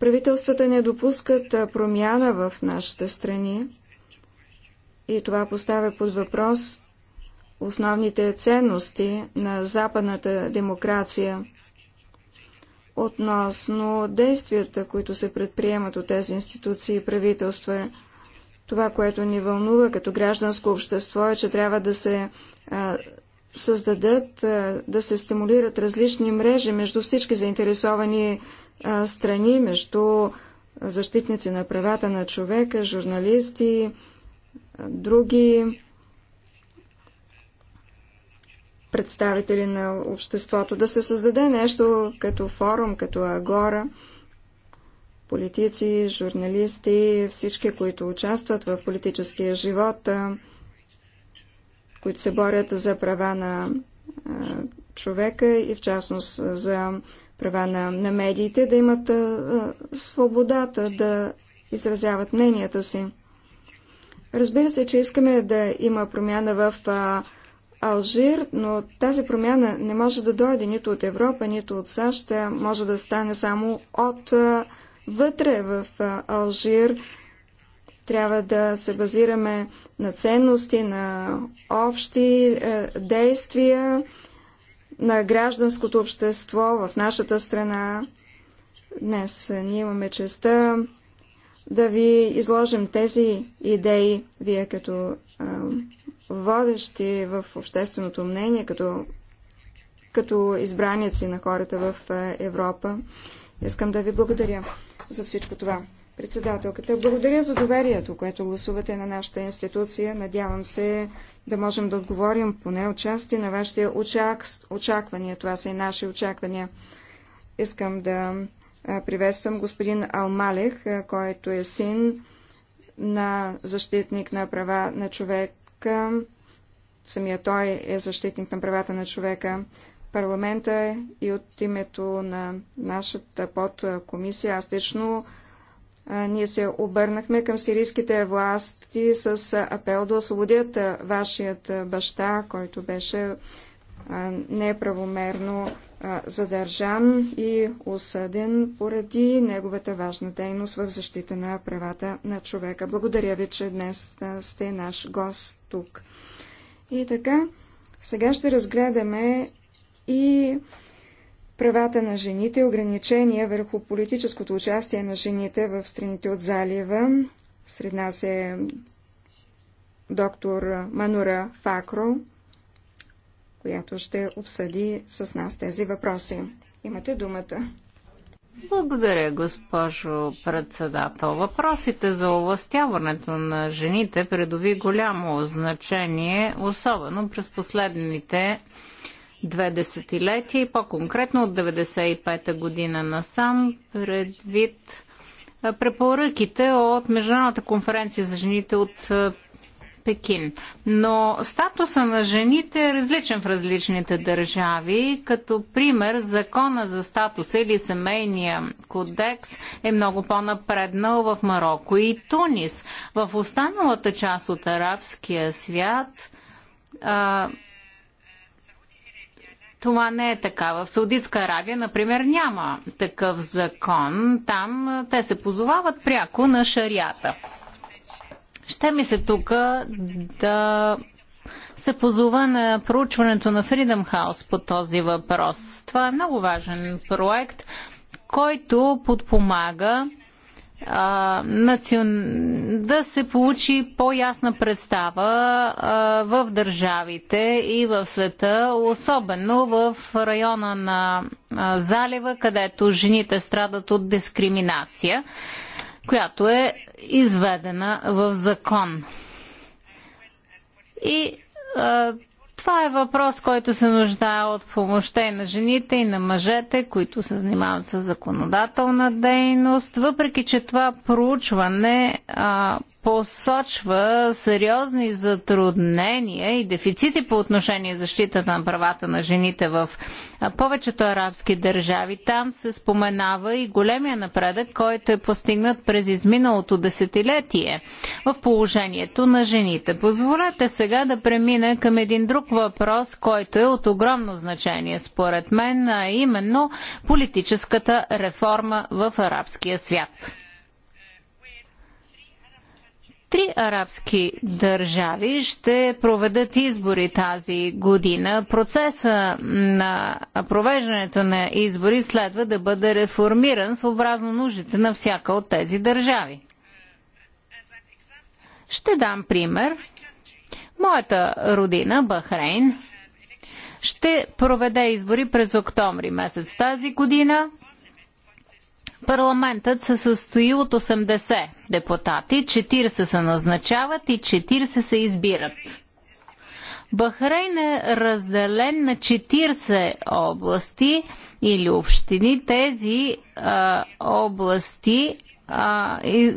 Правителствата не допускат промяна в нашите страни и това поставя под въпрос основните ценности на западната демокрация относно действията, които се предприемат от тези институции и правителства. Това, което ни вълнува като гражданско общество е, че трябва да се създадат, да се стимулират различни мрежи между всички заинтересовани страни, между защитници на правата на човека, журналисти, други представители на обществото, да се създаде нещо като форум, като агора, политици, журналисти, всички, които участват в политическия живот, които се борят за права на човека и в частност за права на, на медиите, да имат свободата да изразяват мненията си. Разбира се, че искаме да има промяна в а, Алжир, но тази промяна не може да дойде нито от Европа, нито от САЩ. Може да стане само от вътре в Алжир. Трябва да се базираме на ценности, на общи е, действия, на гражданското общество в нашата страна. Днес ние имаме честа да ви изложим тези идеи, вие като водещи в общественото мнение, като, като избраници на хората в е, Европа. Искам да ви благодаря за всичко това. Председателката, благодаря за доверието, което гласувате на нашата институция. Надявам се да можем да отговорим поне отчасти на вашите очак... очаквания. Това са и наши очаквания. Искам да е, приветствам господин Алмалех, е, който е син на защитник на права на човек Самия той е защитник на правата на човека. Парламента е и от името на нашата подкомисия, аз лично, ние се обърнахме към сирийските власти с апел да освободят вашият баща, който беше неправомерно задържан и осъден поради неговата важна дейност в защита на правата на човека. Благодаря ви, че днес сте наш гост тук. И така, сега ще разгледаме и правата на жените, ограничения върху политическото участие на жените в страните от залива. Сред нас е доктор Манура Факро, която ще обсъди с нас тези въпроси. Имате думата. Благодаря, госпожо председател. Въпросите за овластяването на жените предови голямо значение, особено през последните две десетилетия и по-конкретно от 1995-та година насам, предвид препоръките от Международната конференция за жените от Пекин. Но статуса на жените е различен в различните държави. Като пример, закона за статуса или семейния кодекс е много по-напреднал в Марокко и Тунис. В останалата част от арабския свят а, това не е така. В Саудитска Аравия, например, няма такъв закон. Там те се позовават пряко на шарията. Ще ми се тук да се позова на проучването на Freedom House по този въпрос. Това е много важен проект, който подпомага а, национ... да се получи по-ясна представа а, в държавите и в света, особено в района на а, залива, където жените страдат от дискриминация която е изведена в закон. И а, това е въпрос, който се нуждае от помощта и на жените, и на мъжете, които се занимават с законодателна дейност. Въпреки, че това проучване а, посочва сериозни затруднения и дефицити по отношение защитата на правата на жените в повечето арабски държави. Там се споменава и големия напредък, който е постигнат през изминалото десетилетие в положението на жените. Позволете сега да премина към един друг въпрос, който е от огромно значение според мен, а именно политическата реформа в арабския свят. Три арабски държави ще проведат избори тази година. Процеса на провеждането на избори следва да бъде реформиран съобразно нуждите на всяка от тези държави. Ще дам пример. Моята родина, Бахрейн, ще проведе избори през октомври месец тази година – Парламентът се състои от 80 депутати, 40 се назначават и 40 се избират. Бахрейн е разделен на 40 области или общини. Тези а, области а, и,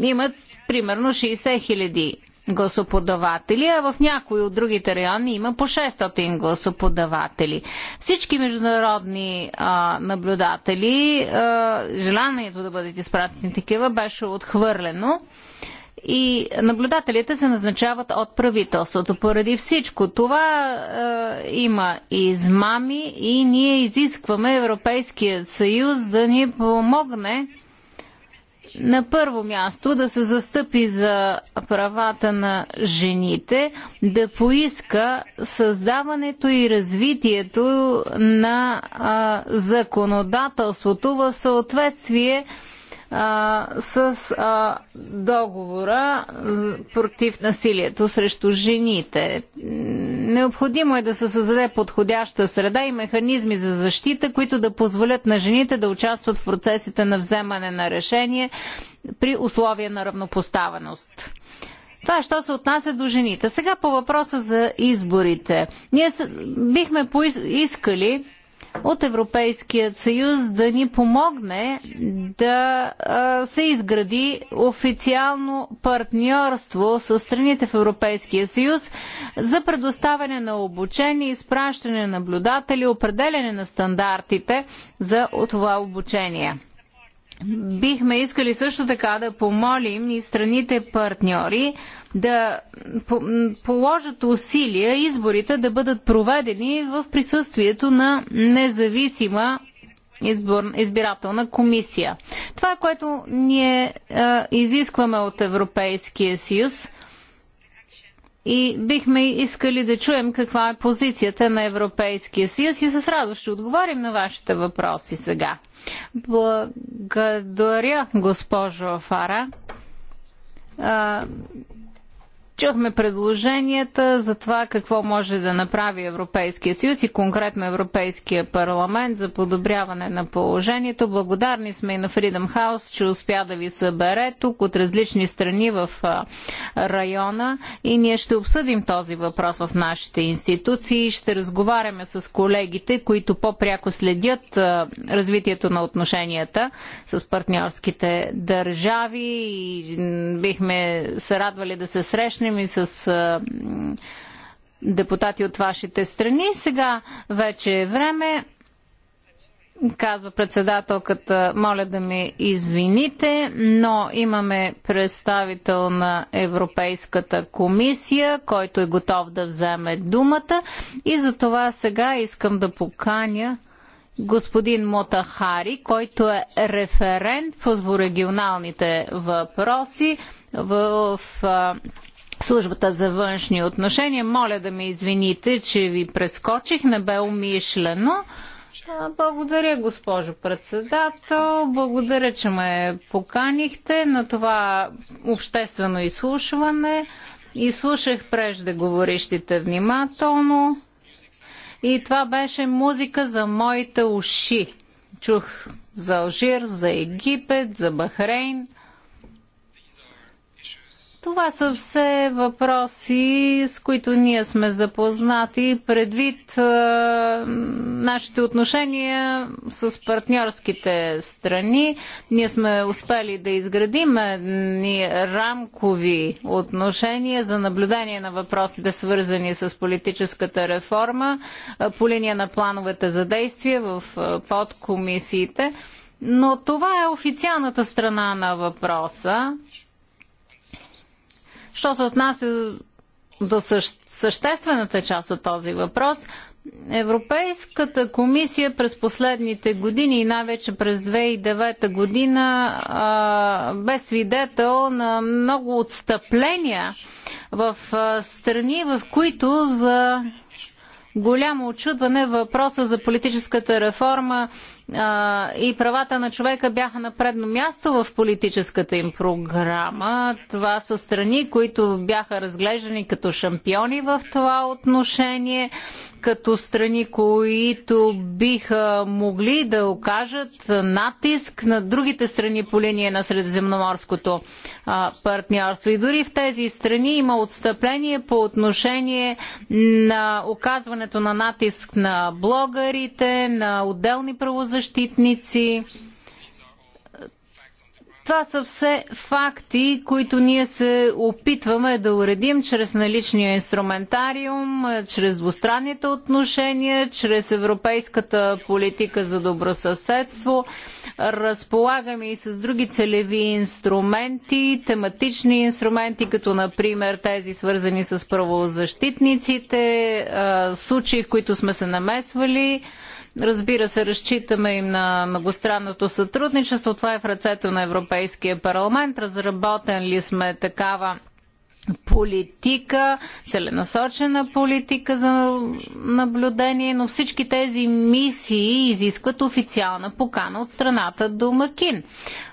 имат примерно 60 хиляди гласоподаватели, а в някои от другите райони има по 600 гласоподаватели. Всички международни а, наблюдатели, а, желанието да бъдат изпратени такива беше отхвърлено и наблюдателите се назначават от правителството. Поради всичко това е, има и измами и ние изискваме Европейският съюз да ни помогне на първо място да се застъпи за правата на жените, да поиска създаването и развитието на а, законодателството в съответствие с с а, договора против насилието срещу жените. Необходимо е да се създаде подходяща среда и механизми за защита, които да позволят на жените да участват в процесите на вземане на решение при условия на равнопоставеност. Това, е, що се отнася до жените. Сега по въпроса за изборите. Ние бихме поискали от Европейският съюз да ни помогне да се изгради официално партньорство с страните в Европейския съюз за предоставяне на обучение, изпращане на наблюдатели, определяне на стандартите за това обучение. Бихме искали също така да помолим и страните партньори да положат усилия изборите да бъдат проведени в присъствието на независима избор, избирателна комисия. Това което ние изискваме от Европейския съюз – и бихме искали да чуем каква е позицията на Европейския съюз и с радост ще отговорим на вашите въпроси сега. Благодаря, госпожо Фара. Чухме предложенията за това какво може да направи Европейския съюз и конкретно Европейския парламент за подобряване на положението. Благодарни сме и на Freedom House, че успя да ви събере тук от различни страни в района и ние ще обсъдим този въпрос в нашите институции. Ще разговаряме с колегите, които по-пряко следят развитието на отношенията с партньорските държави и бихме се радвали да се срещнем говорим и с а, депутати от вашите страни. Сега вече е време казва председателката, моля да ми извините, но имаме представител на Европейската комисия, който е готов да вземе думата и за това сега искам да поканя господин Мотахари, който е референт по регионалните въпроси в службата за външни отношения. Моля да ме извините, че ви прескочих, не бе умишлено. Благодаря, госпожо председател. Благодаря, че ме поканихте на това обществено изслушване. Изслушах преждеговорищите внимателно. И това беше музика за моите уши. Чух за Алжир, за Египет, за Бахрейн – това са все въпроси, с които ние сме запознати предвид е, нашите отношения с партньорските страни. Ние сме успели да изградим ни рамкови отношения за наблюдение на въпросите, свързани с политическата реформа е, по линия на плановете за действие в е, подкомисиите. Но това е официалната страна на въпроса. Що се отнася до съществената част от този въпрос, Европейската комисия през последните години и най-вече през 2009 година а, бе свидетел на много отстъпления в а, страни, в които за голямо очудване въпроса за политическата реформа а, и правата на човека бяха на предно място в политическата им програма. Това са страни, които бяха разглеждани като шампиони в това отношение, като страни, които биха могли да окажат натиск на другите страни по линия на средиземноморското а, партньорство. И дори в тези страни има отстъпление по отношение на оказването на натиск на блогърите, на отделни правозащитни защитници. Това са все факти, които ние се опитваме да уредим чрез наличния инструментариум, чрез двустранните отношения, чрез европейската политика за добросъседство. Разполагаме и с други целеви инструменти, тематични инструменти, като например тези свързани с правозащитниците, случаи, в които сме се намесвали Разбира се, разчитаме им на многостранното сътрудничество. Това е в ръцете на Европейския парламент. Разработен ли сме такава политика, целенасочена политика за наблюдение, но всички тези мисии изискват официална покана от страната до Макин,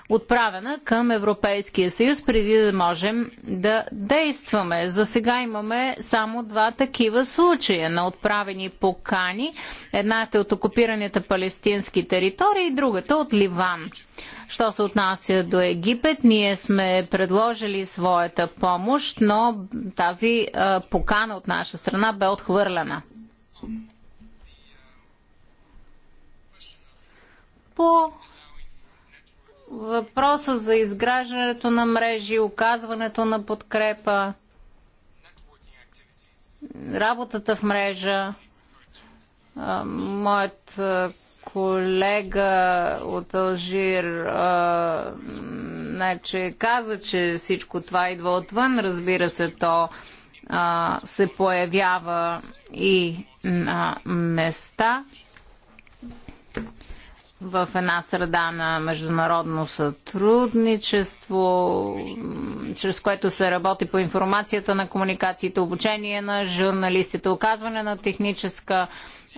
отправена към Европейския съюз, преди да можем да действаме. За сега имаме само два такива случая на отправени покани. Едната е от окупираните палестински територии, другата от Ливан. Що се отнася до Египет, ние сме предложили своята помощ, но тази покана от наша страна бе отхвърлена. По въпроса за изграждането на мрежи, оказването на подкрепа, работата в мрежа, моят колега от Алжир а, значи, каза, че всичко това идва отвън. Разбира се, то а, се появява и на места в една среда на международно сътрудничество, чрез което се работи по информацията на комуникациите, обучение на журналистите, оказване на техническа а,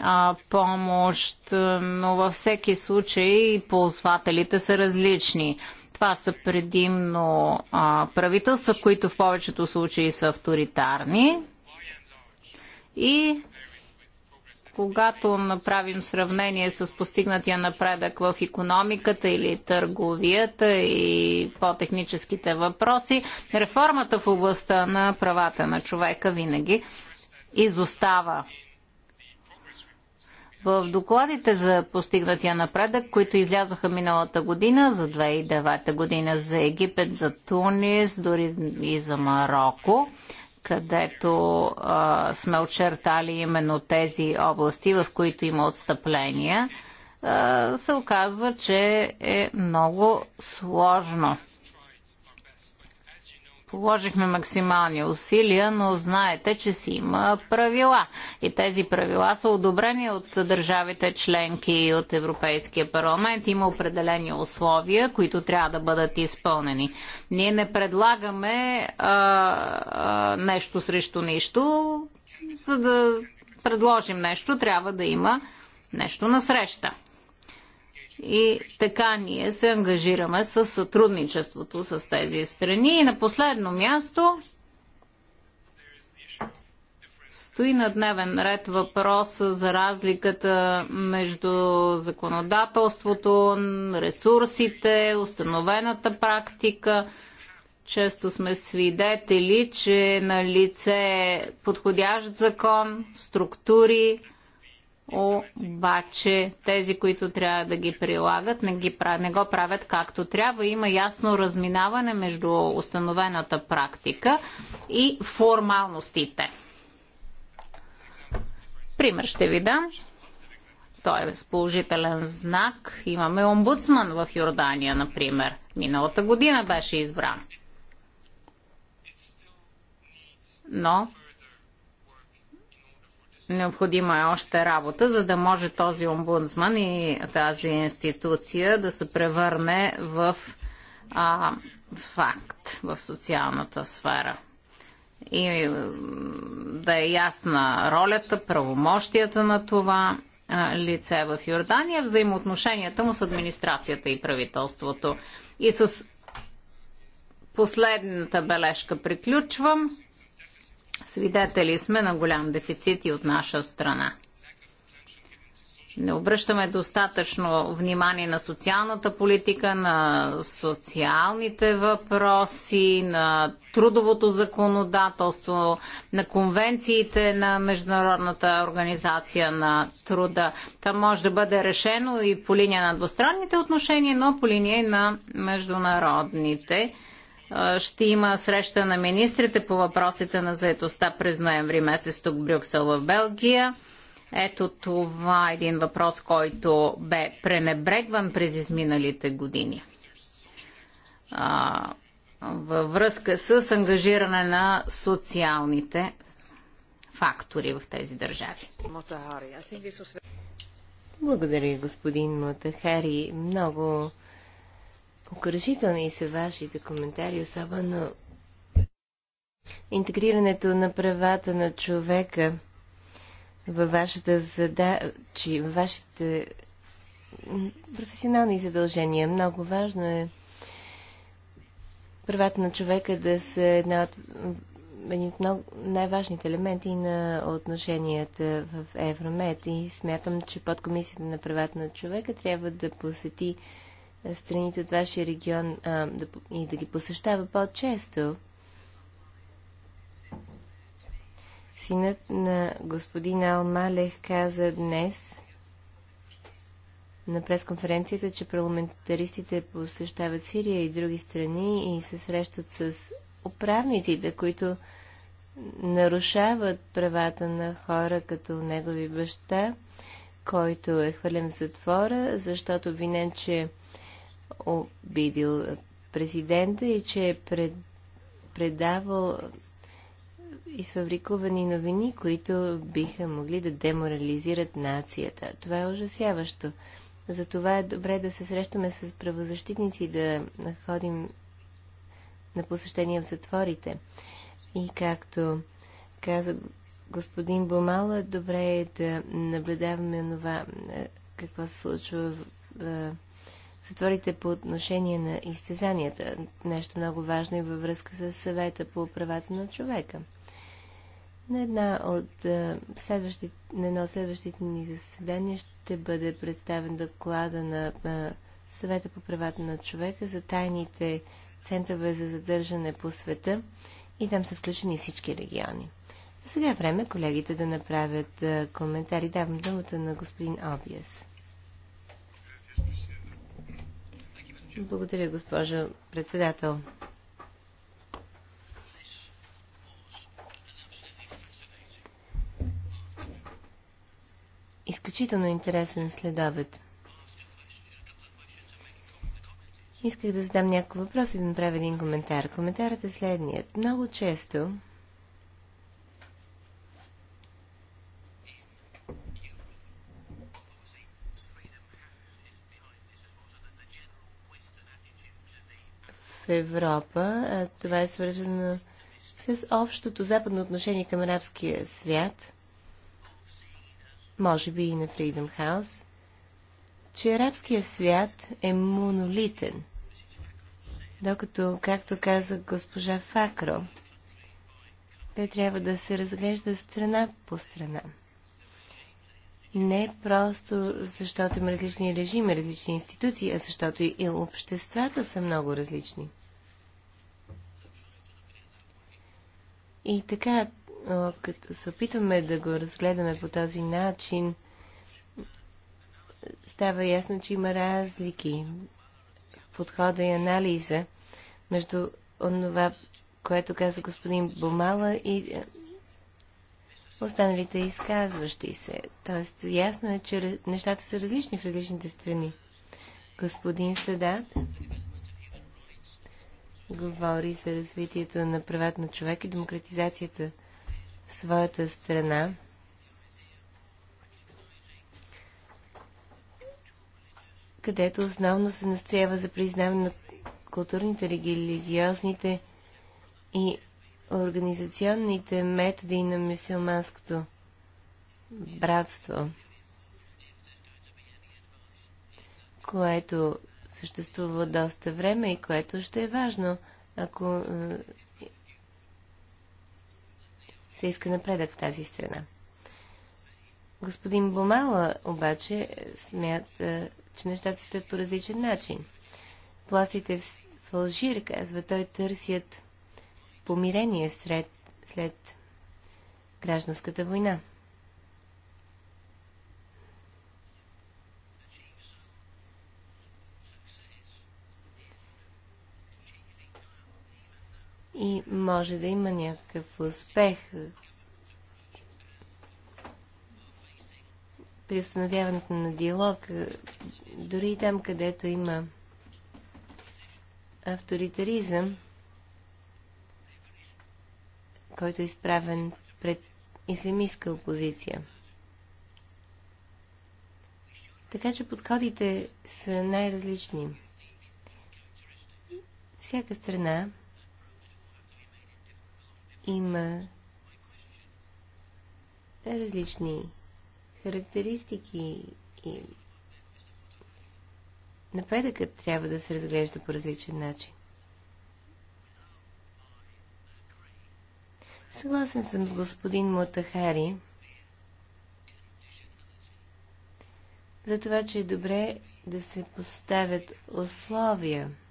а, помощ, но във всеки случай ползвателите са различни. Това са предимно а, правителства, които в повечето случаи са авторитарни. И когато направим сравнение с постигнатия напредък в економиката или търговията и по-техническите въпроси, реформата в областта на правата на човека винаги изостава в докладите за постигнатия напредък, които излязоха миналата година, за 2009 година за Египет, за Тунис, дори и за Марокко, където а, сме очертали именно тези области, в които има отстъпления, а, се оказва, че е много сложно положихме максимални усилия, но знаете, че си има правила. И тези правила са одобрени от държавите членки и от Европейския парламент. Има определени условия, които трябва да бъдат изпълнени. Ние не предлагаме а, а, нещо срещу нищо. За да предложим нещо, трябва да има нещо на среща. И така ние се ангажираме с сътрудничеството с тези страни. И на последно място стои на дневен ред въпроса за разликата между законодателството, ресурсите, установената практика. Често сме свидетели, че на лице е подходящ закон, структури, обаче тези, които трябва да ги прилагат, не, ги, не го правят както трябва. Има ясно разминаване между установената практика и формалностите. Пример ще ви дам. Той е с положителен знак. Имаме омбудсман в Йордания, например. Миналата година беше избран. Но Необходима е още работа, за да може този омбудсман и тази институция да се превърне в а, факт в социалната сфера. И да е ясна ролята, правомощията на това лице в Йордания, взаимоотношенията му с администрацията и правителството. И с последната бележка приключвам. Свидетели сме на голям дефицит и от наша страна. Не обръщаме достатъчно внимание на социалната политика, на социалните въпроси, на трудовото законодателство, на конвенциите на Международната организация на труда. Това може да бъде решено и по линия на двустранните отношения, но по линия и на международните ще има среща на министрите по въпросите на заедостта през ноември месец тук в Брюксел в Белгия. Ето това е един въпрос, който бе пренебрегван през изминалите години. А, във връзка с ангажиране на социалните фактори в тези държави. Благодаря, господин Мотахари. Много Окръжителни са вашите коментари, особено интегрирането на правата на човека във вашата задача, във вашите професионални задължения. Много важно е правата на човека да са една от, най-важните елементи на отношенията в Евромед и смятам, че подкомисията на правата на човека трябва да посети страните от вашия регион а, да, и да ги посещава по-често. Синът на господин Алмалех каза днес на пресконференцията, че парламентаристите посещават Сирия и други страни и се срещат с управниците, които нарушават правата на хора като негови баща, който е хвърлен в затвора, защото винен, че обидил президента и че е пред, предавал изфабрикувани новини, които биха могли да деморализират нацията. Това е ужасяващо. Затова е добре да се срещаме с правозащитници, да ходим на посещения в затворите. И както каза господин Бомала, добре е да наблюдаваме това, е, какво се случва в, е, затворите по отношение на изтезанията. Нещо много важно и във връзка с съвета по правата на човека. На, една от, следващите, на следващите ни заседания ще бъде представен доклада на съвета по правата на човека за тайните центрове за задържане по света и там са включени всички региони. Сега е време колегите да направят коментари. Давам думата на господин Обиас. Благодаря, госпожа председател. Изключително интересен следобед. Исках да задам някои въпроси и да направя един коментар. Коментарът е следният. Много често Европа. а Това е свързано с общото западно отношение към арабския свят, може би и на Freedom House, че арабския свят е монолитен. Докато, както каза госпожа Факро, той трябва да се разглежда страна по страна. Не просто защото има различни режими, различни институции, а защото и обществата са много различни. И така, като се опитваме да го разгледаме по този начин, става ясно, че има разлики в подхода и анализа между онова, което каза господин Бомала и останалите изказващи се. Тоест, ясно е, че нещата са различни в различните страни. Господин Седат говори за развитието на правата на човек и демократизацията в своята страна. където основно се настоява за признаване на културните, религиозните и организационните методи на мусулманското братство, което съществува доста време и което ще е важно, ако е, се иска напредък в тази страна. Господин Бомала обаче смята, че нещата стоят по различен начин. Властите в, в Алжир, казва той, търсят помирение сред, след гражданската война. и може да има някакъв успех при установяването на диалог, е, дори и там, където има авторитаризъм, който е изправен пред ислемистска опозиция. Така че подходите са най-различни. Всяка страна има различни характеристики и напредъкът трябва да се разглежда по различен начин. Съгласен съм с господин Мотахари за това, че е добре да се поставят условия –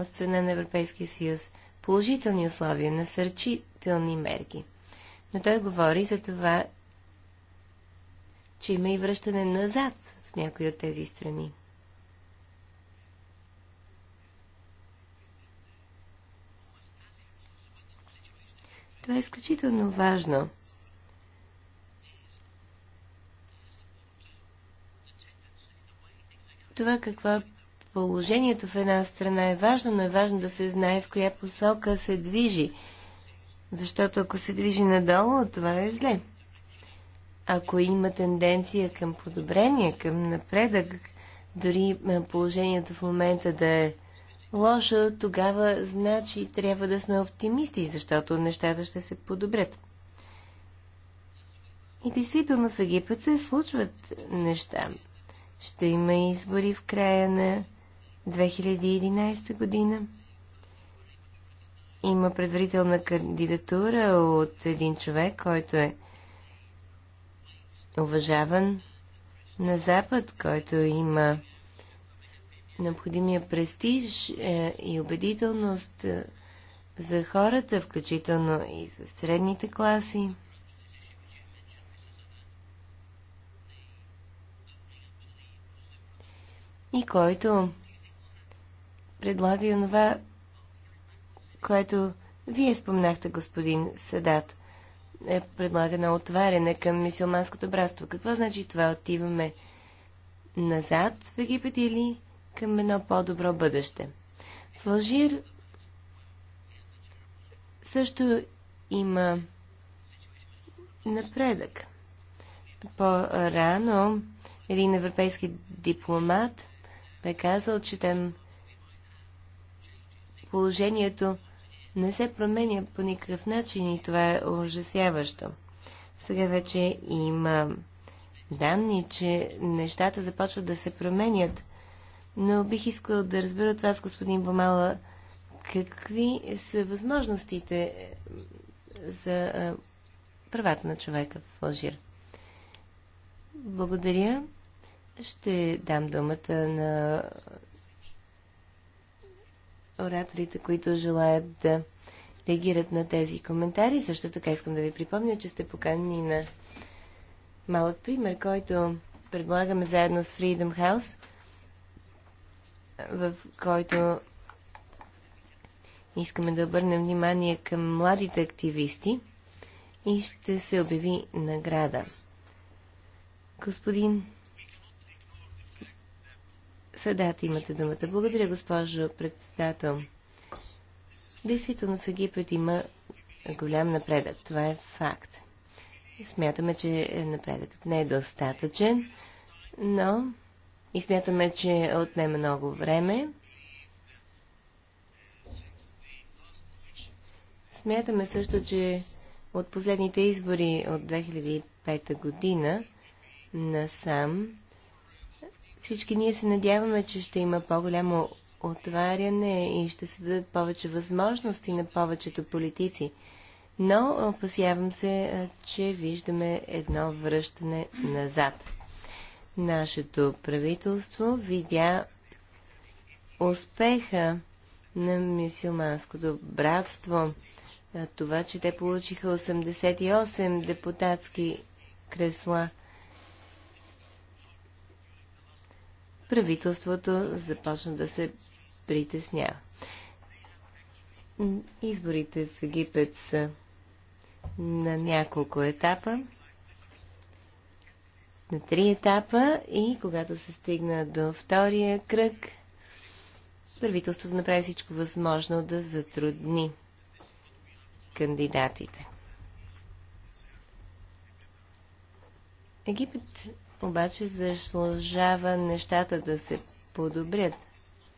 от страна на Европейския съюз положителни условия, насърчителни мерки. Но той говори за това, че има и връщане назад в някои от тези страни. Това е изключително важно. Това какво е положението в една страна е важно, но е важно да се знае в коя посока се движи. Защото ако се движи надолу, това е зле. Ако има тенденция към подобрение, към напредък, дори положението в момента да е лошо, тогава значи трябва да сме оптимисти, защото нещата ще се подобрят. И действително в Египет се случват неща. Ще има избори в края на 2011 година. Има предварителна кандидатура от един човек, който е уважаван на Запад, който има необходимия престиж е, и убедителност е, за хората, включително и за средните класи. И който предлага и онова, което вие спомнахте, господин Седат. Е, предлага на отваряне към мисиоманското братство. Какво значи това? Отиваме назад в Египет или към едно по-добро бъдеще? В Алжир също има напредък. По-рано един европейски дипломат бе казал, че там положението не се променя по никакъв начин и това е ужасяващо. Сега вече има данни, че нещата започват да се променят. Но бих искал да разбера от вас, господин Бомала, какви са възможностите е, за е, правата на човека в Алжир. Благодаря. Ще дам думата на ораторите, които желаят да реагират на тези коментари. Също така искам да ви припомня, че сте поканени на малък пример, който предлагаме заедно с Freedom House, в който искаме да обърнем внимание към младите активисти и ще се обяви награда. Господин Съдата имате думата. Благодаря, госпожо председател. Действително в Египет има голям напредък. Това е факт. Смятаме, че напредъкът не е достатъчен, но и смятаме, че отнема много време. Смятаме също, че от последните избори от 2005 година насам всички ние се надяваме, че ще има по-голямо отваряне и ще се дадат повече възможности на повечето политици. Но опасявам се, че виждаме едно връщане назад. Нашето правителство видя успеха на мюсюлманското братство. Това, че те получиха 88 депутатски кресла правителството започна да се притеснява. Изборите в Египет са на няколко етапа, на три етапа и когато се стигна до втория кръг, правителството направи всичко възможно да затрудни кандидатите. Египет обаче заслужава нещата да се подобрят.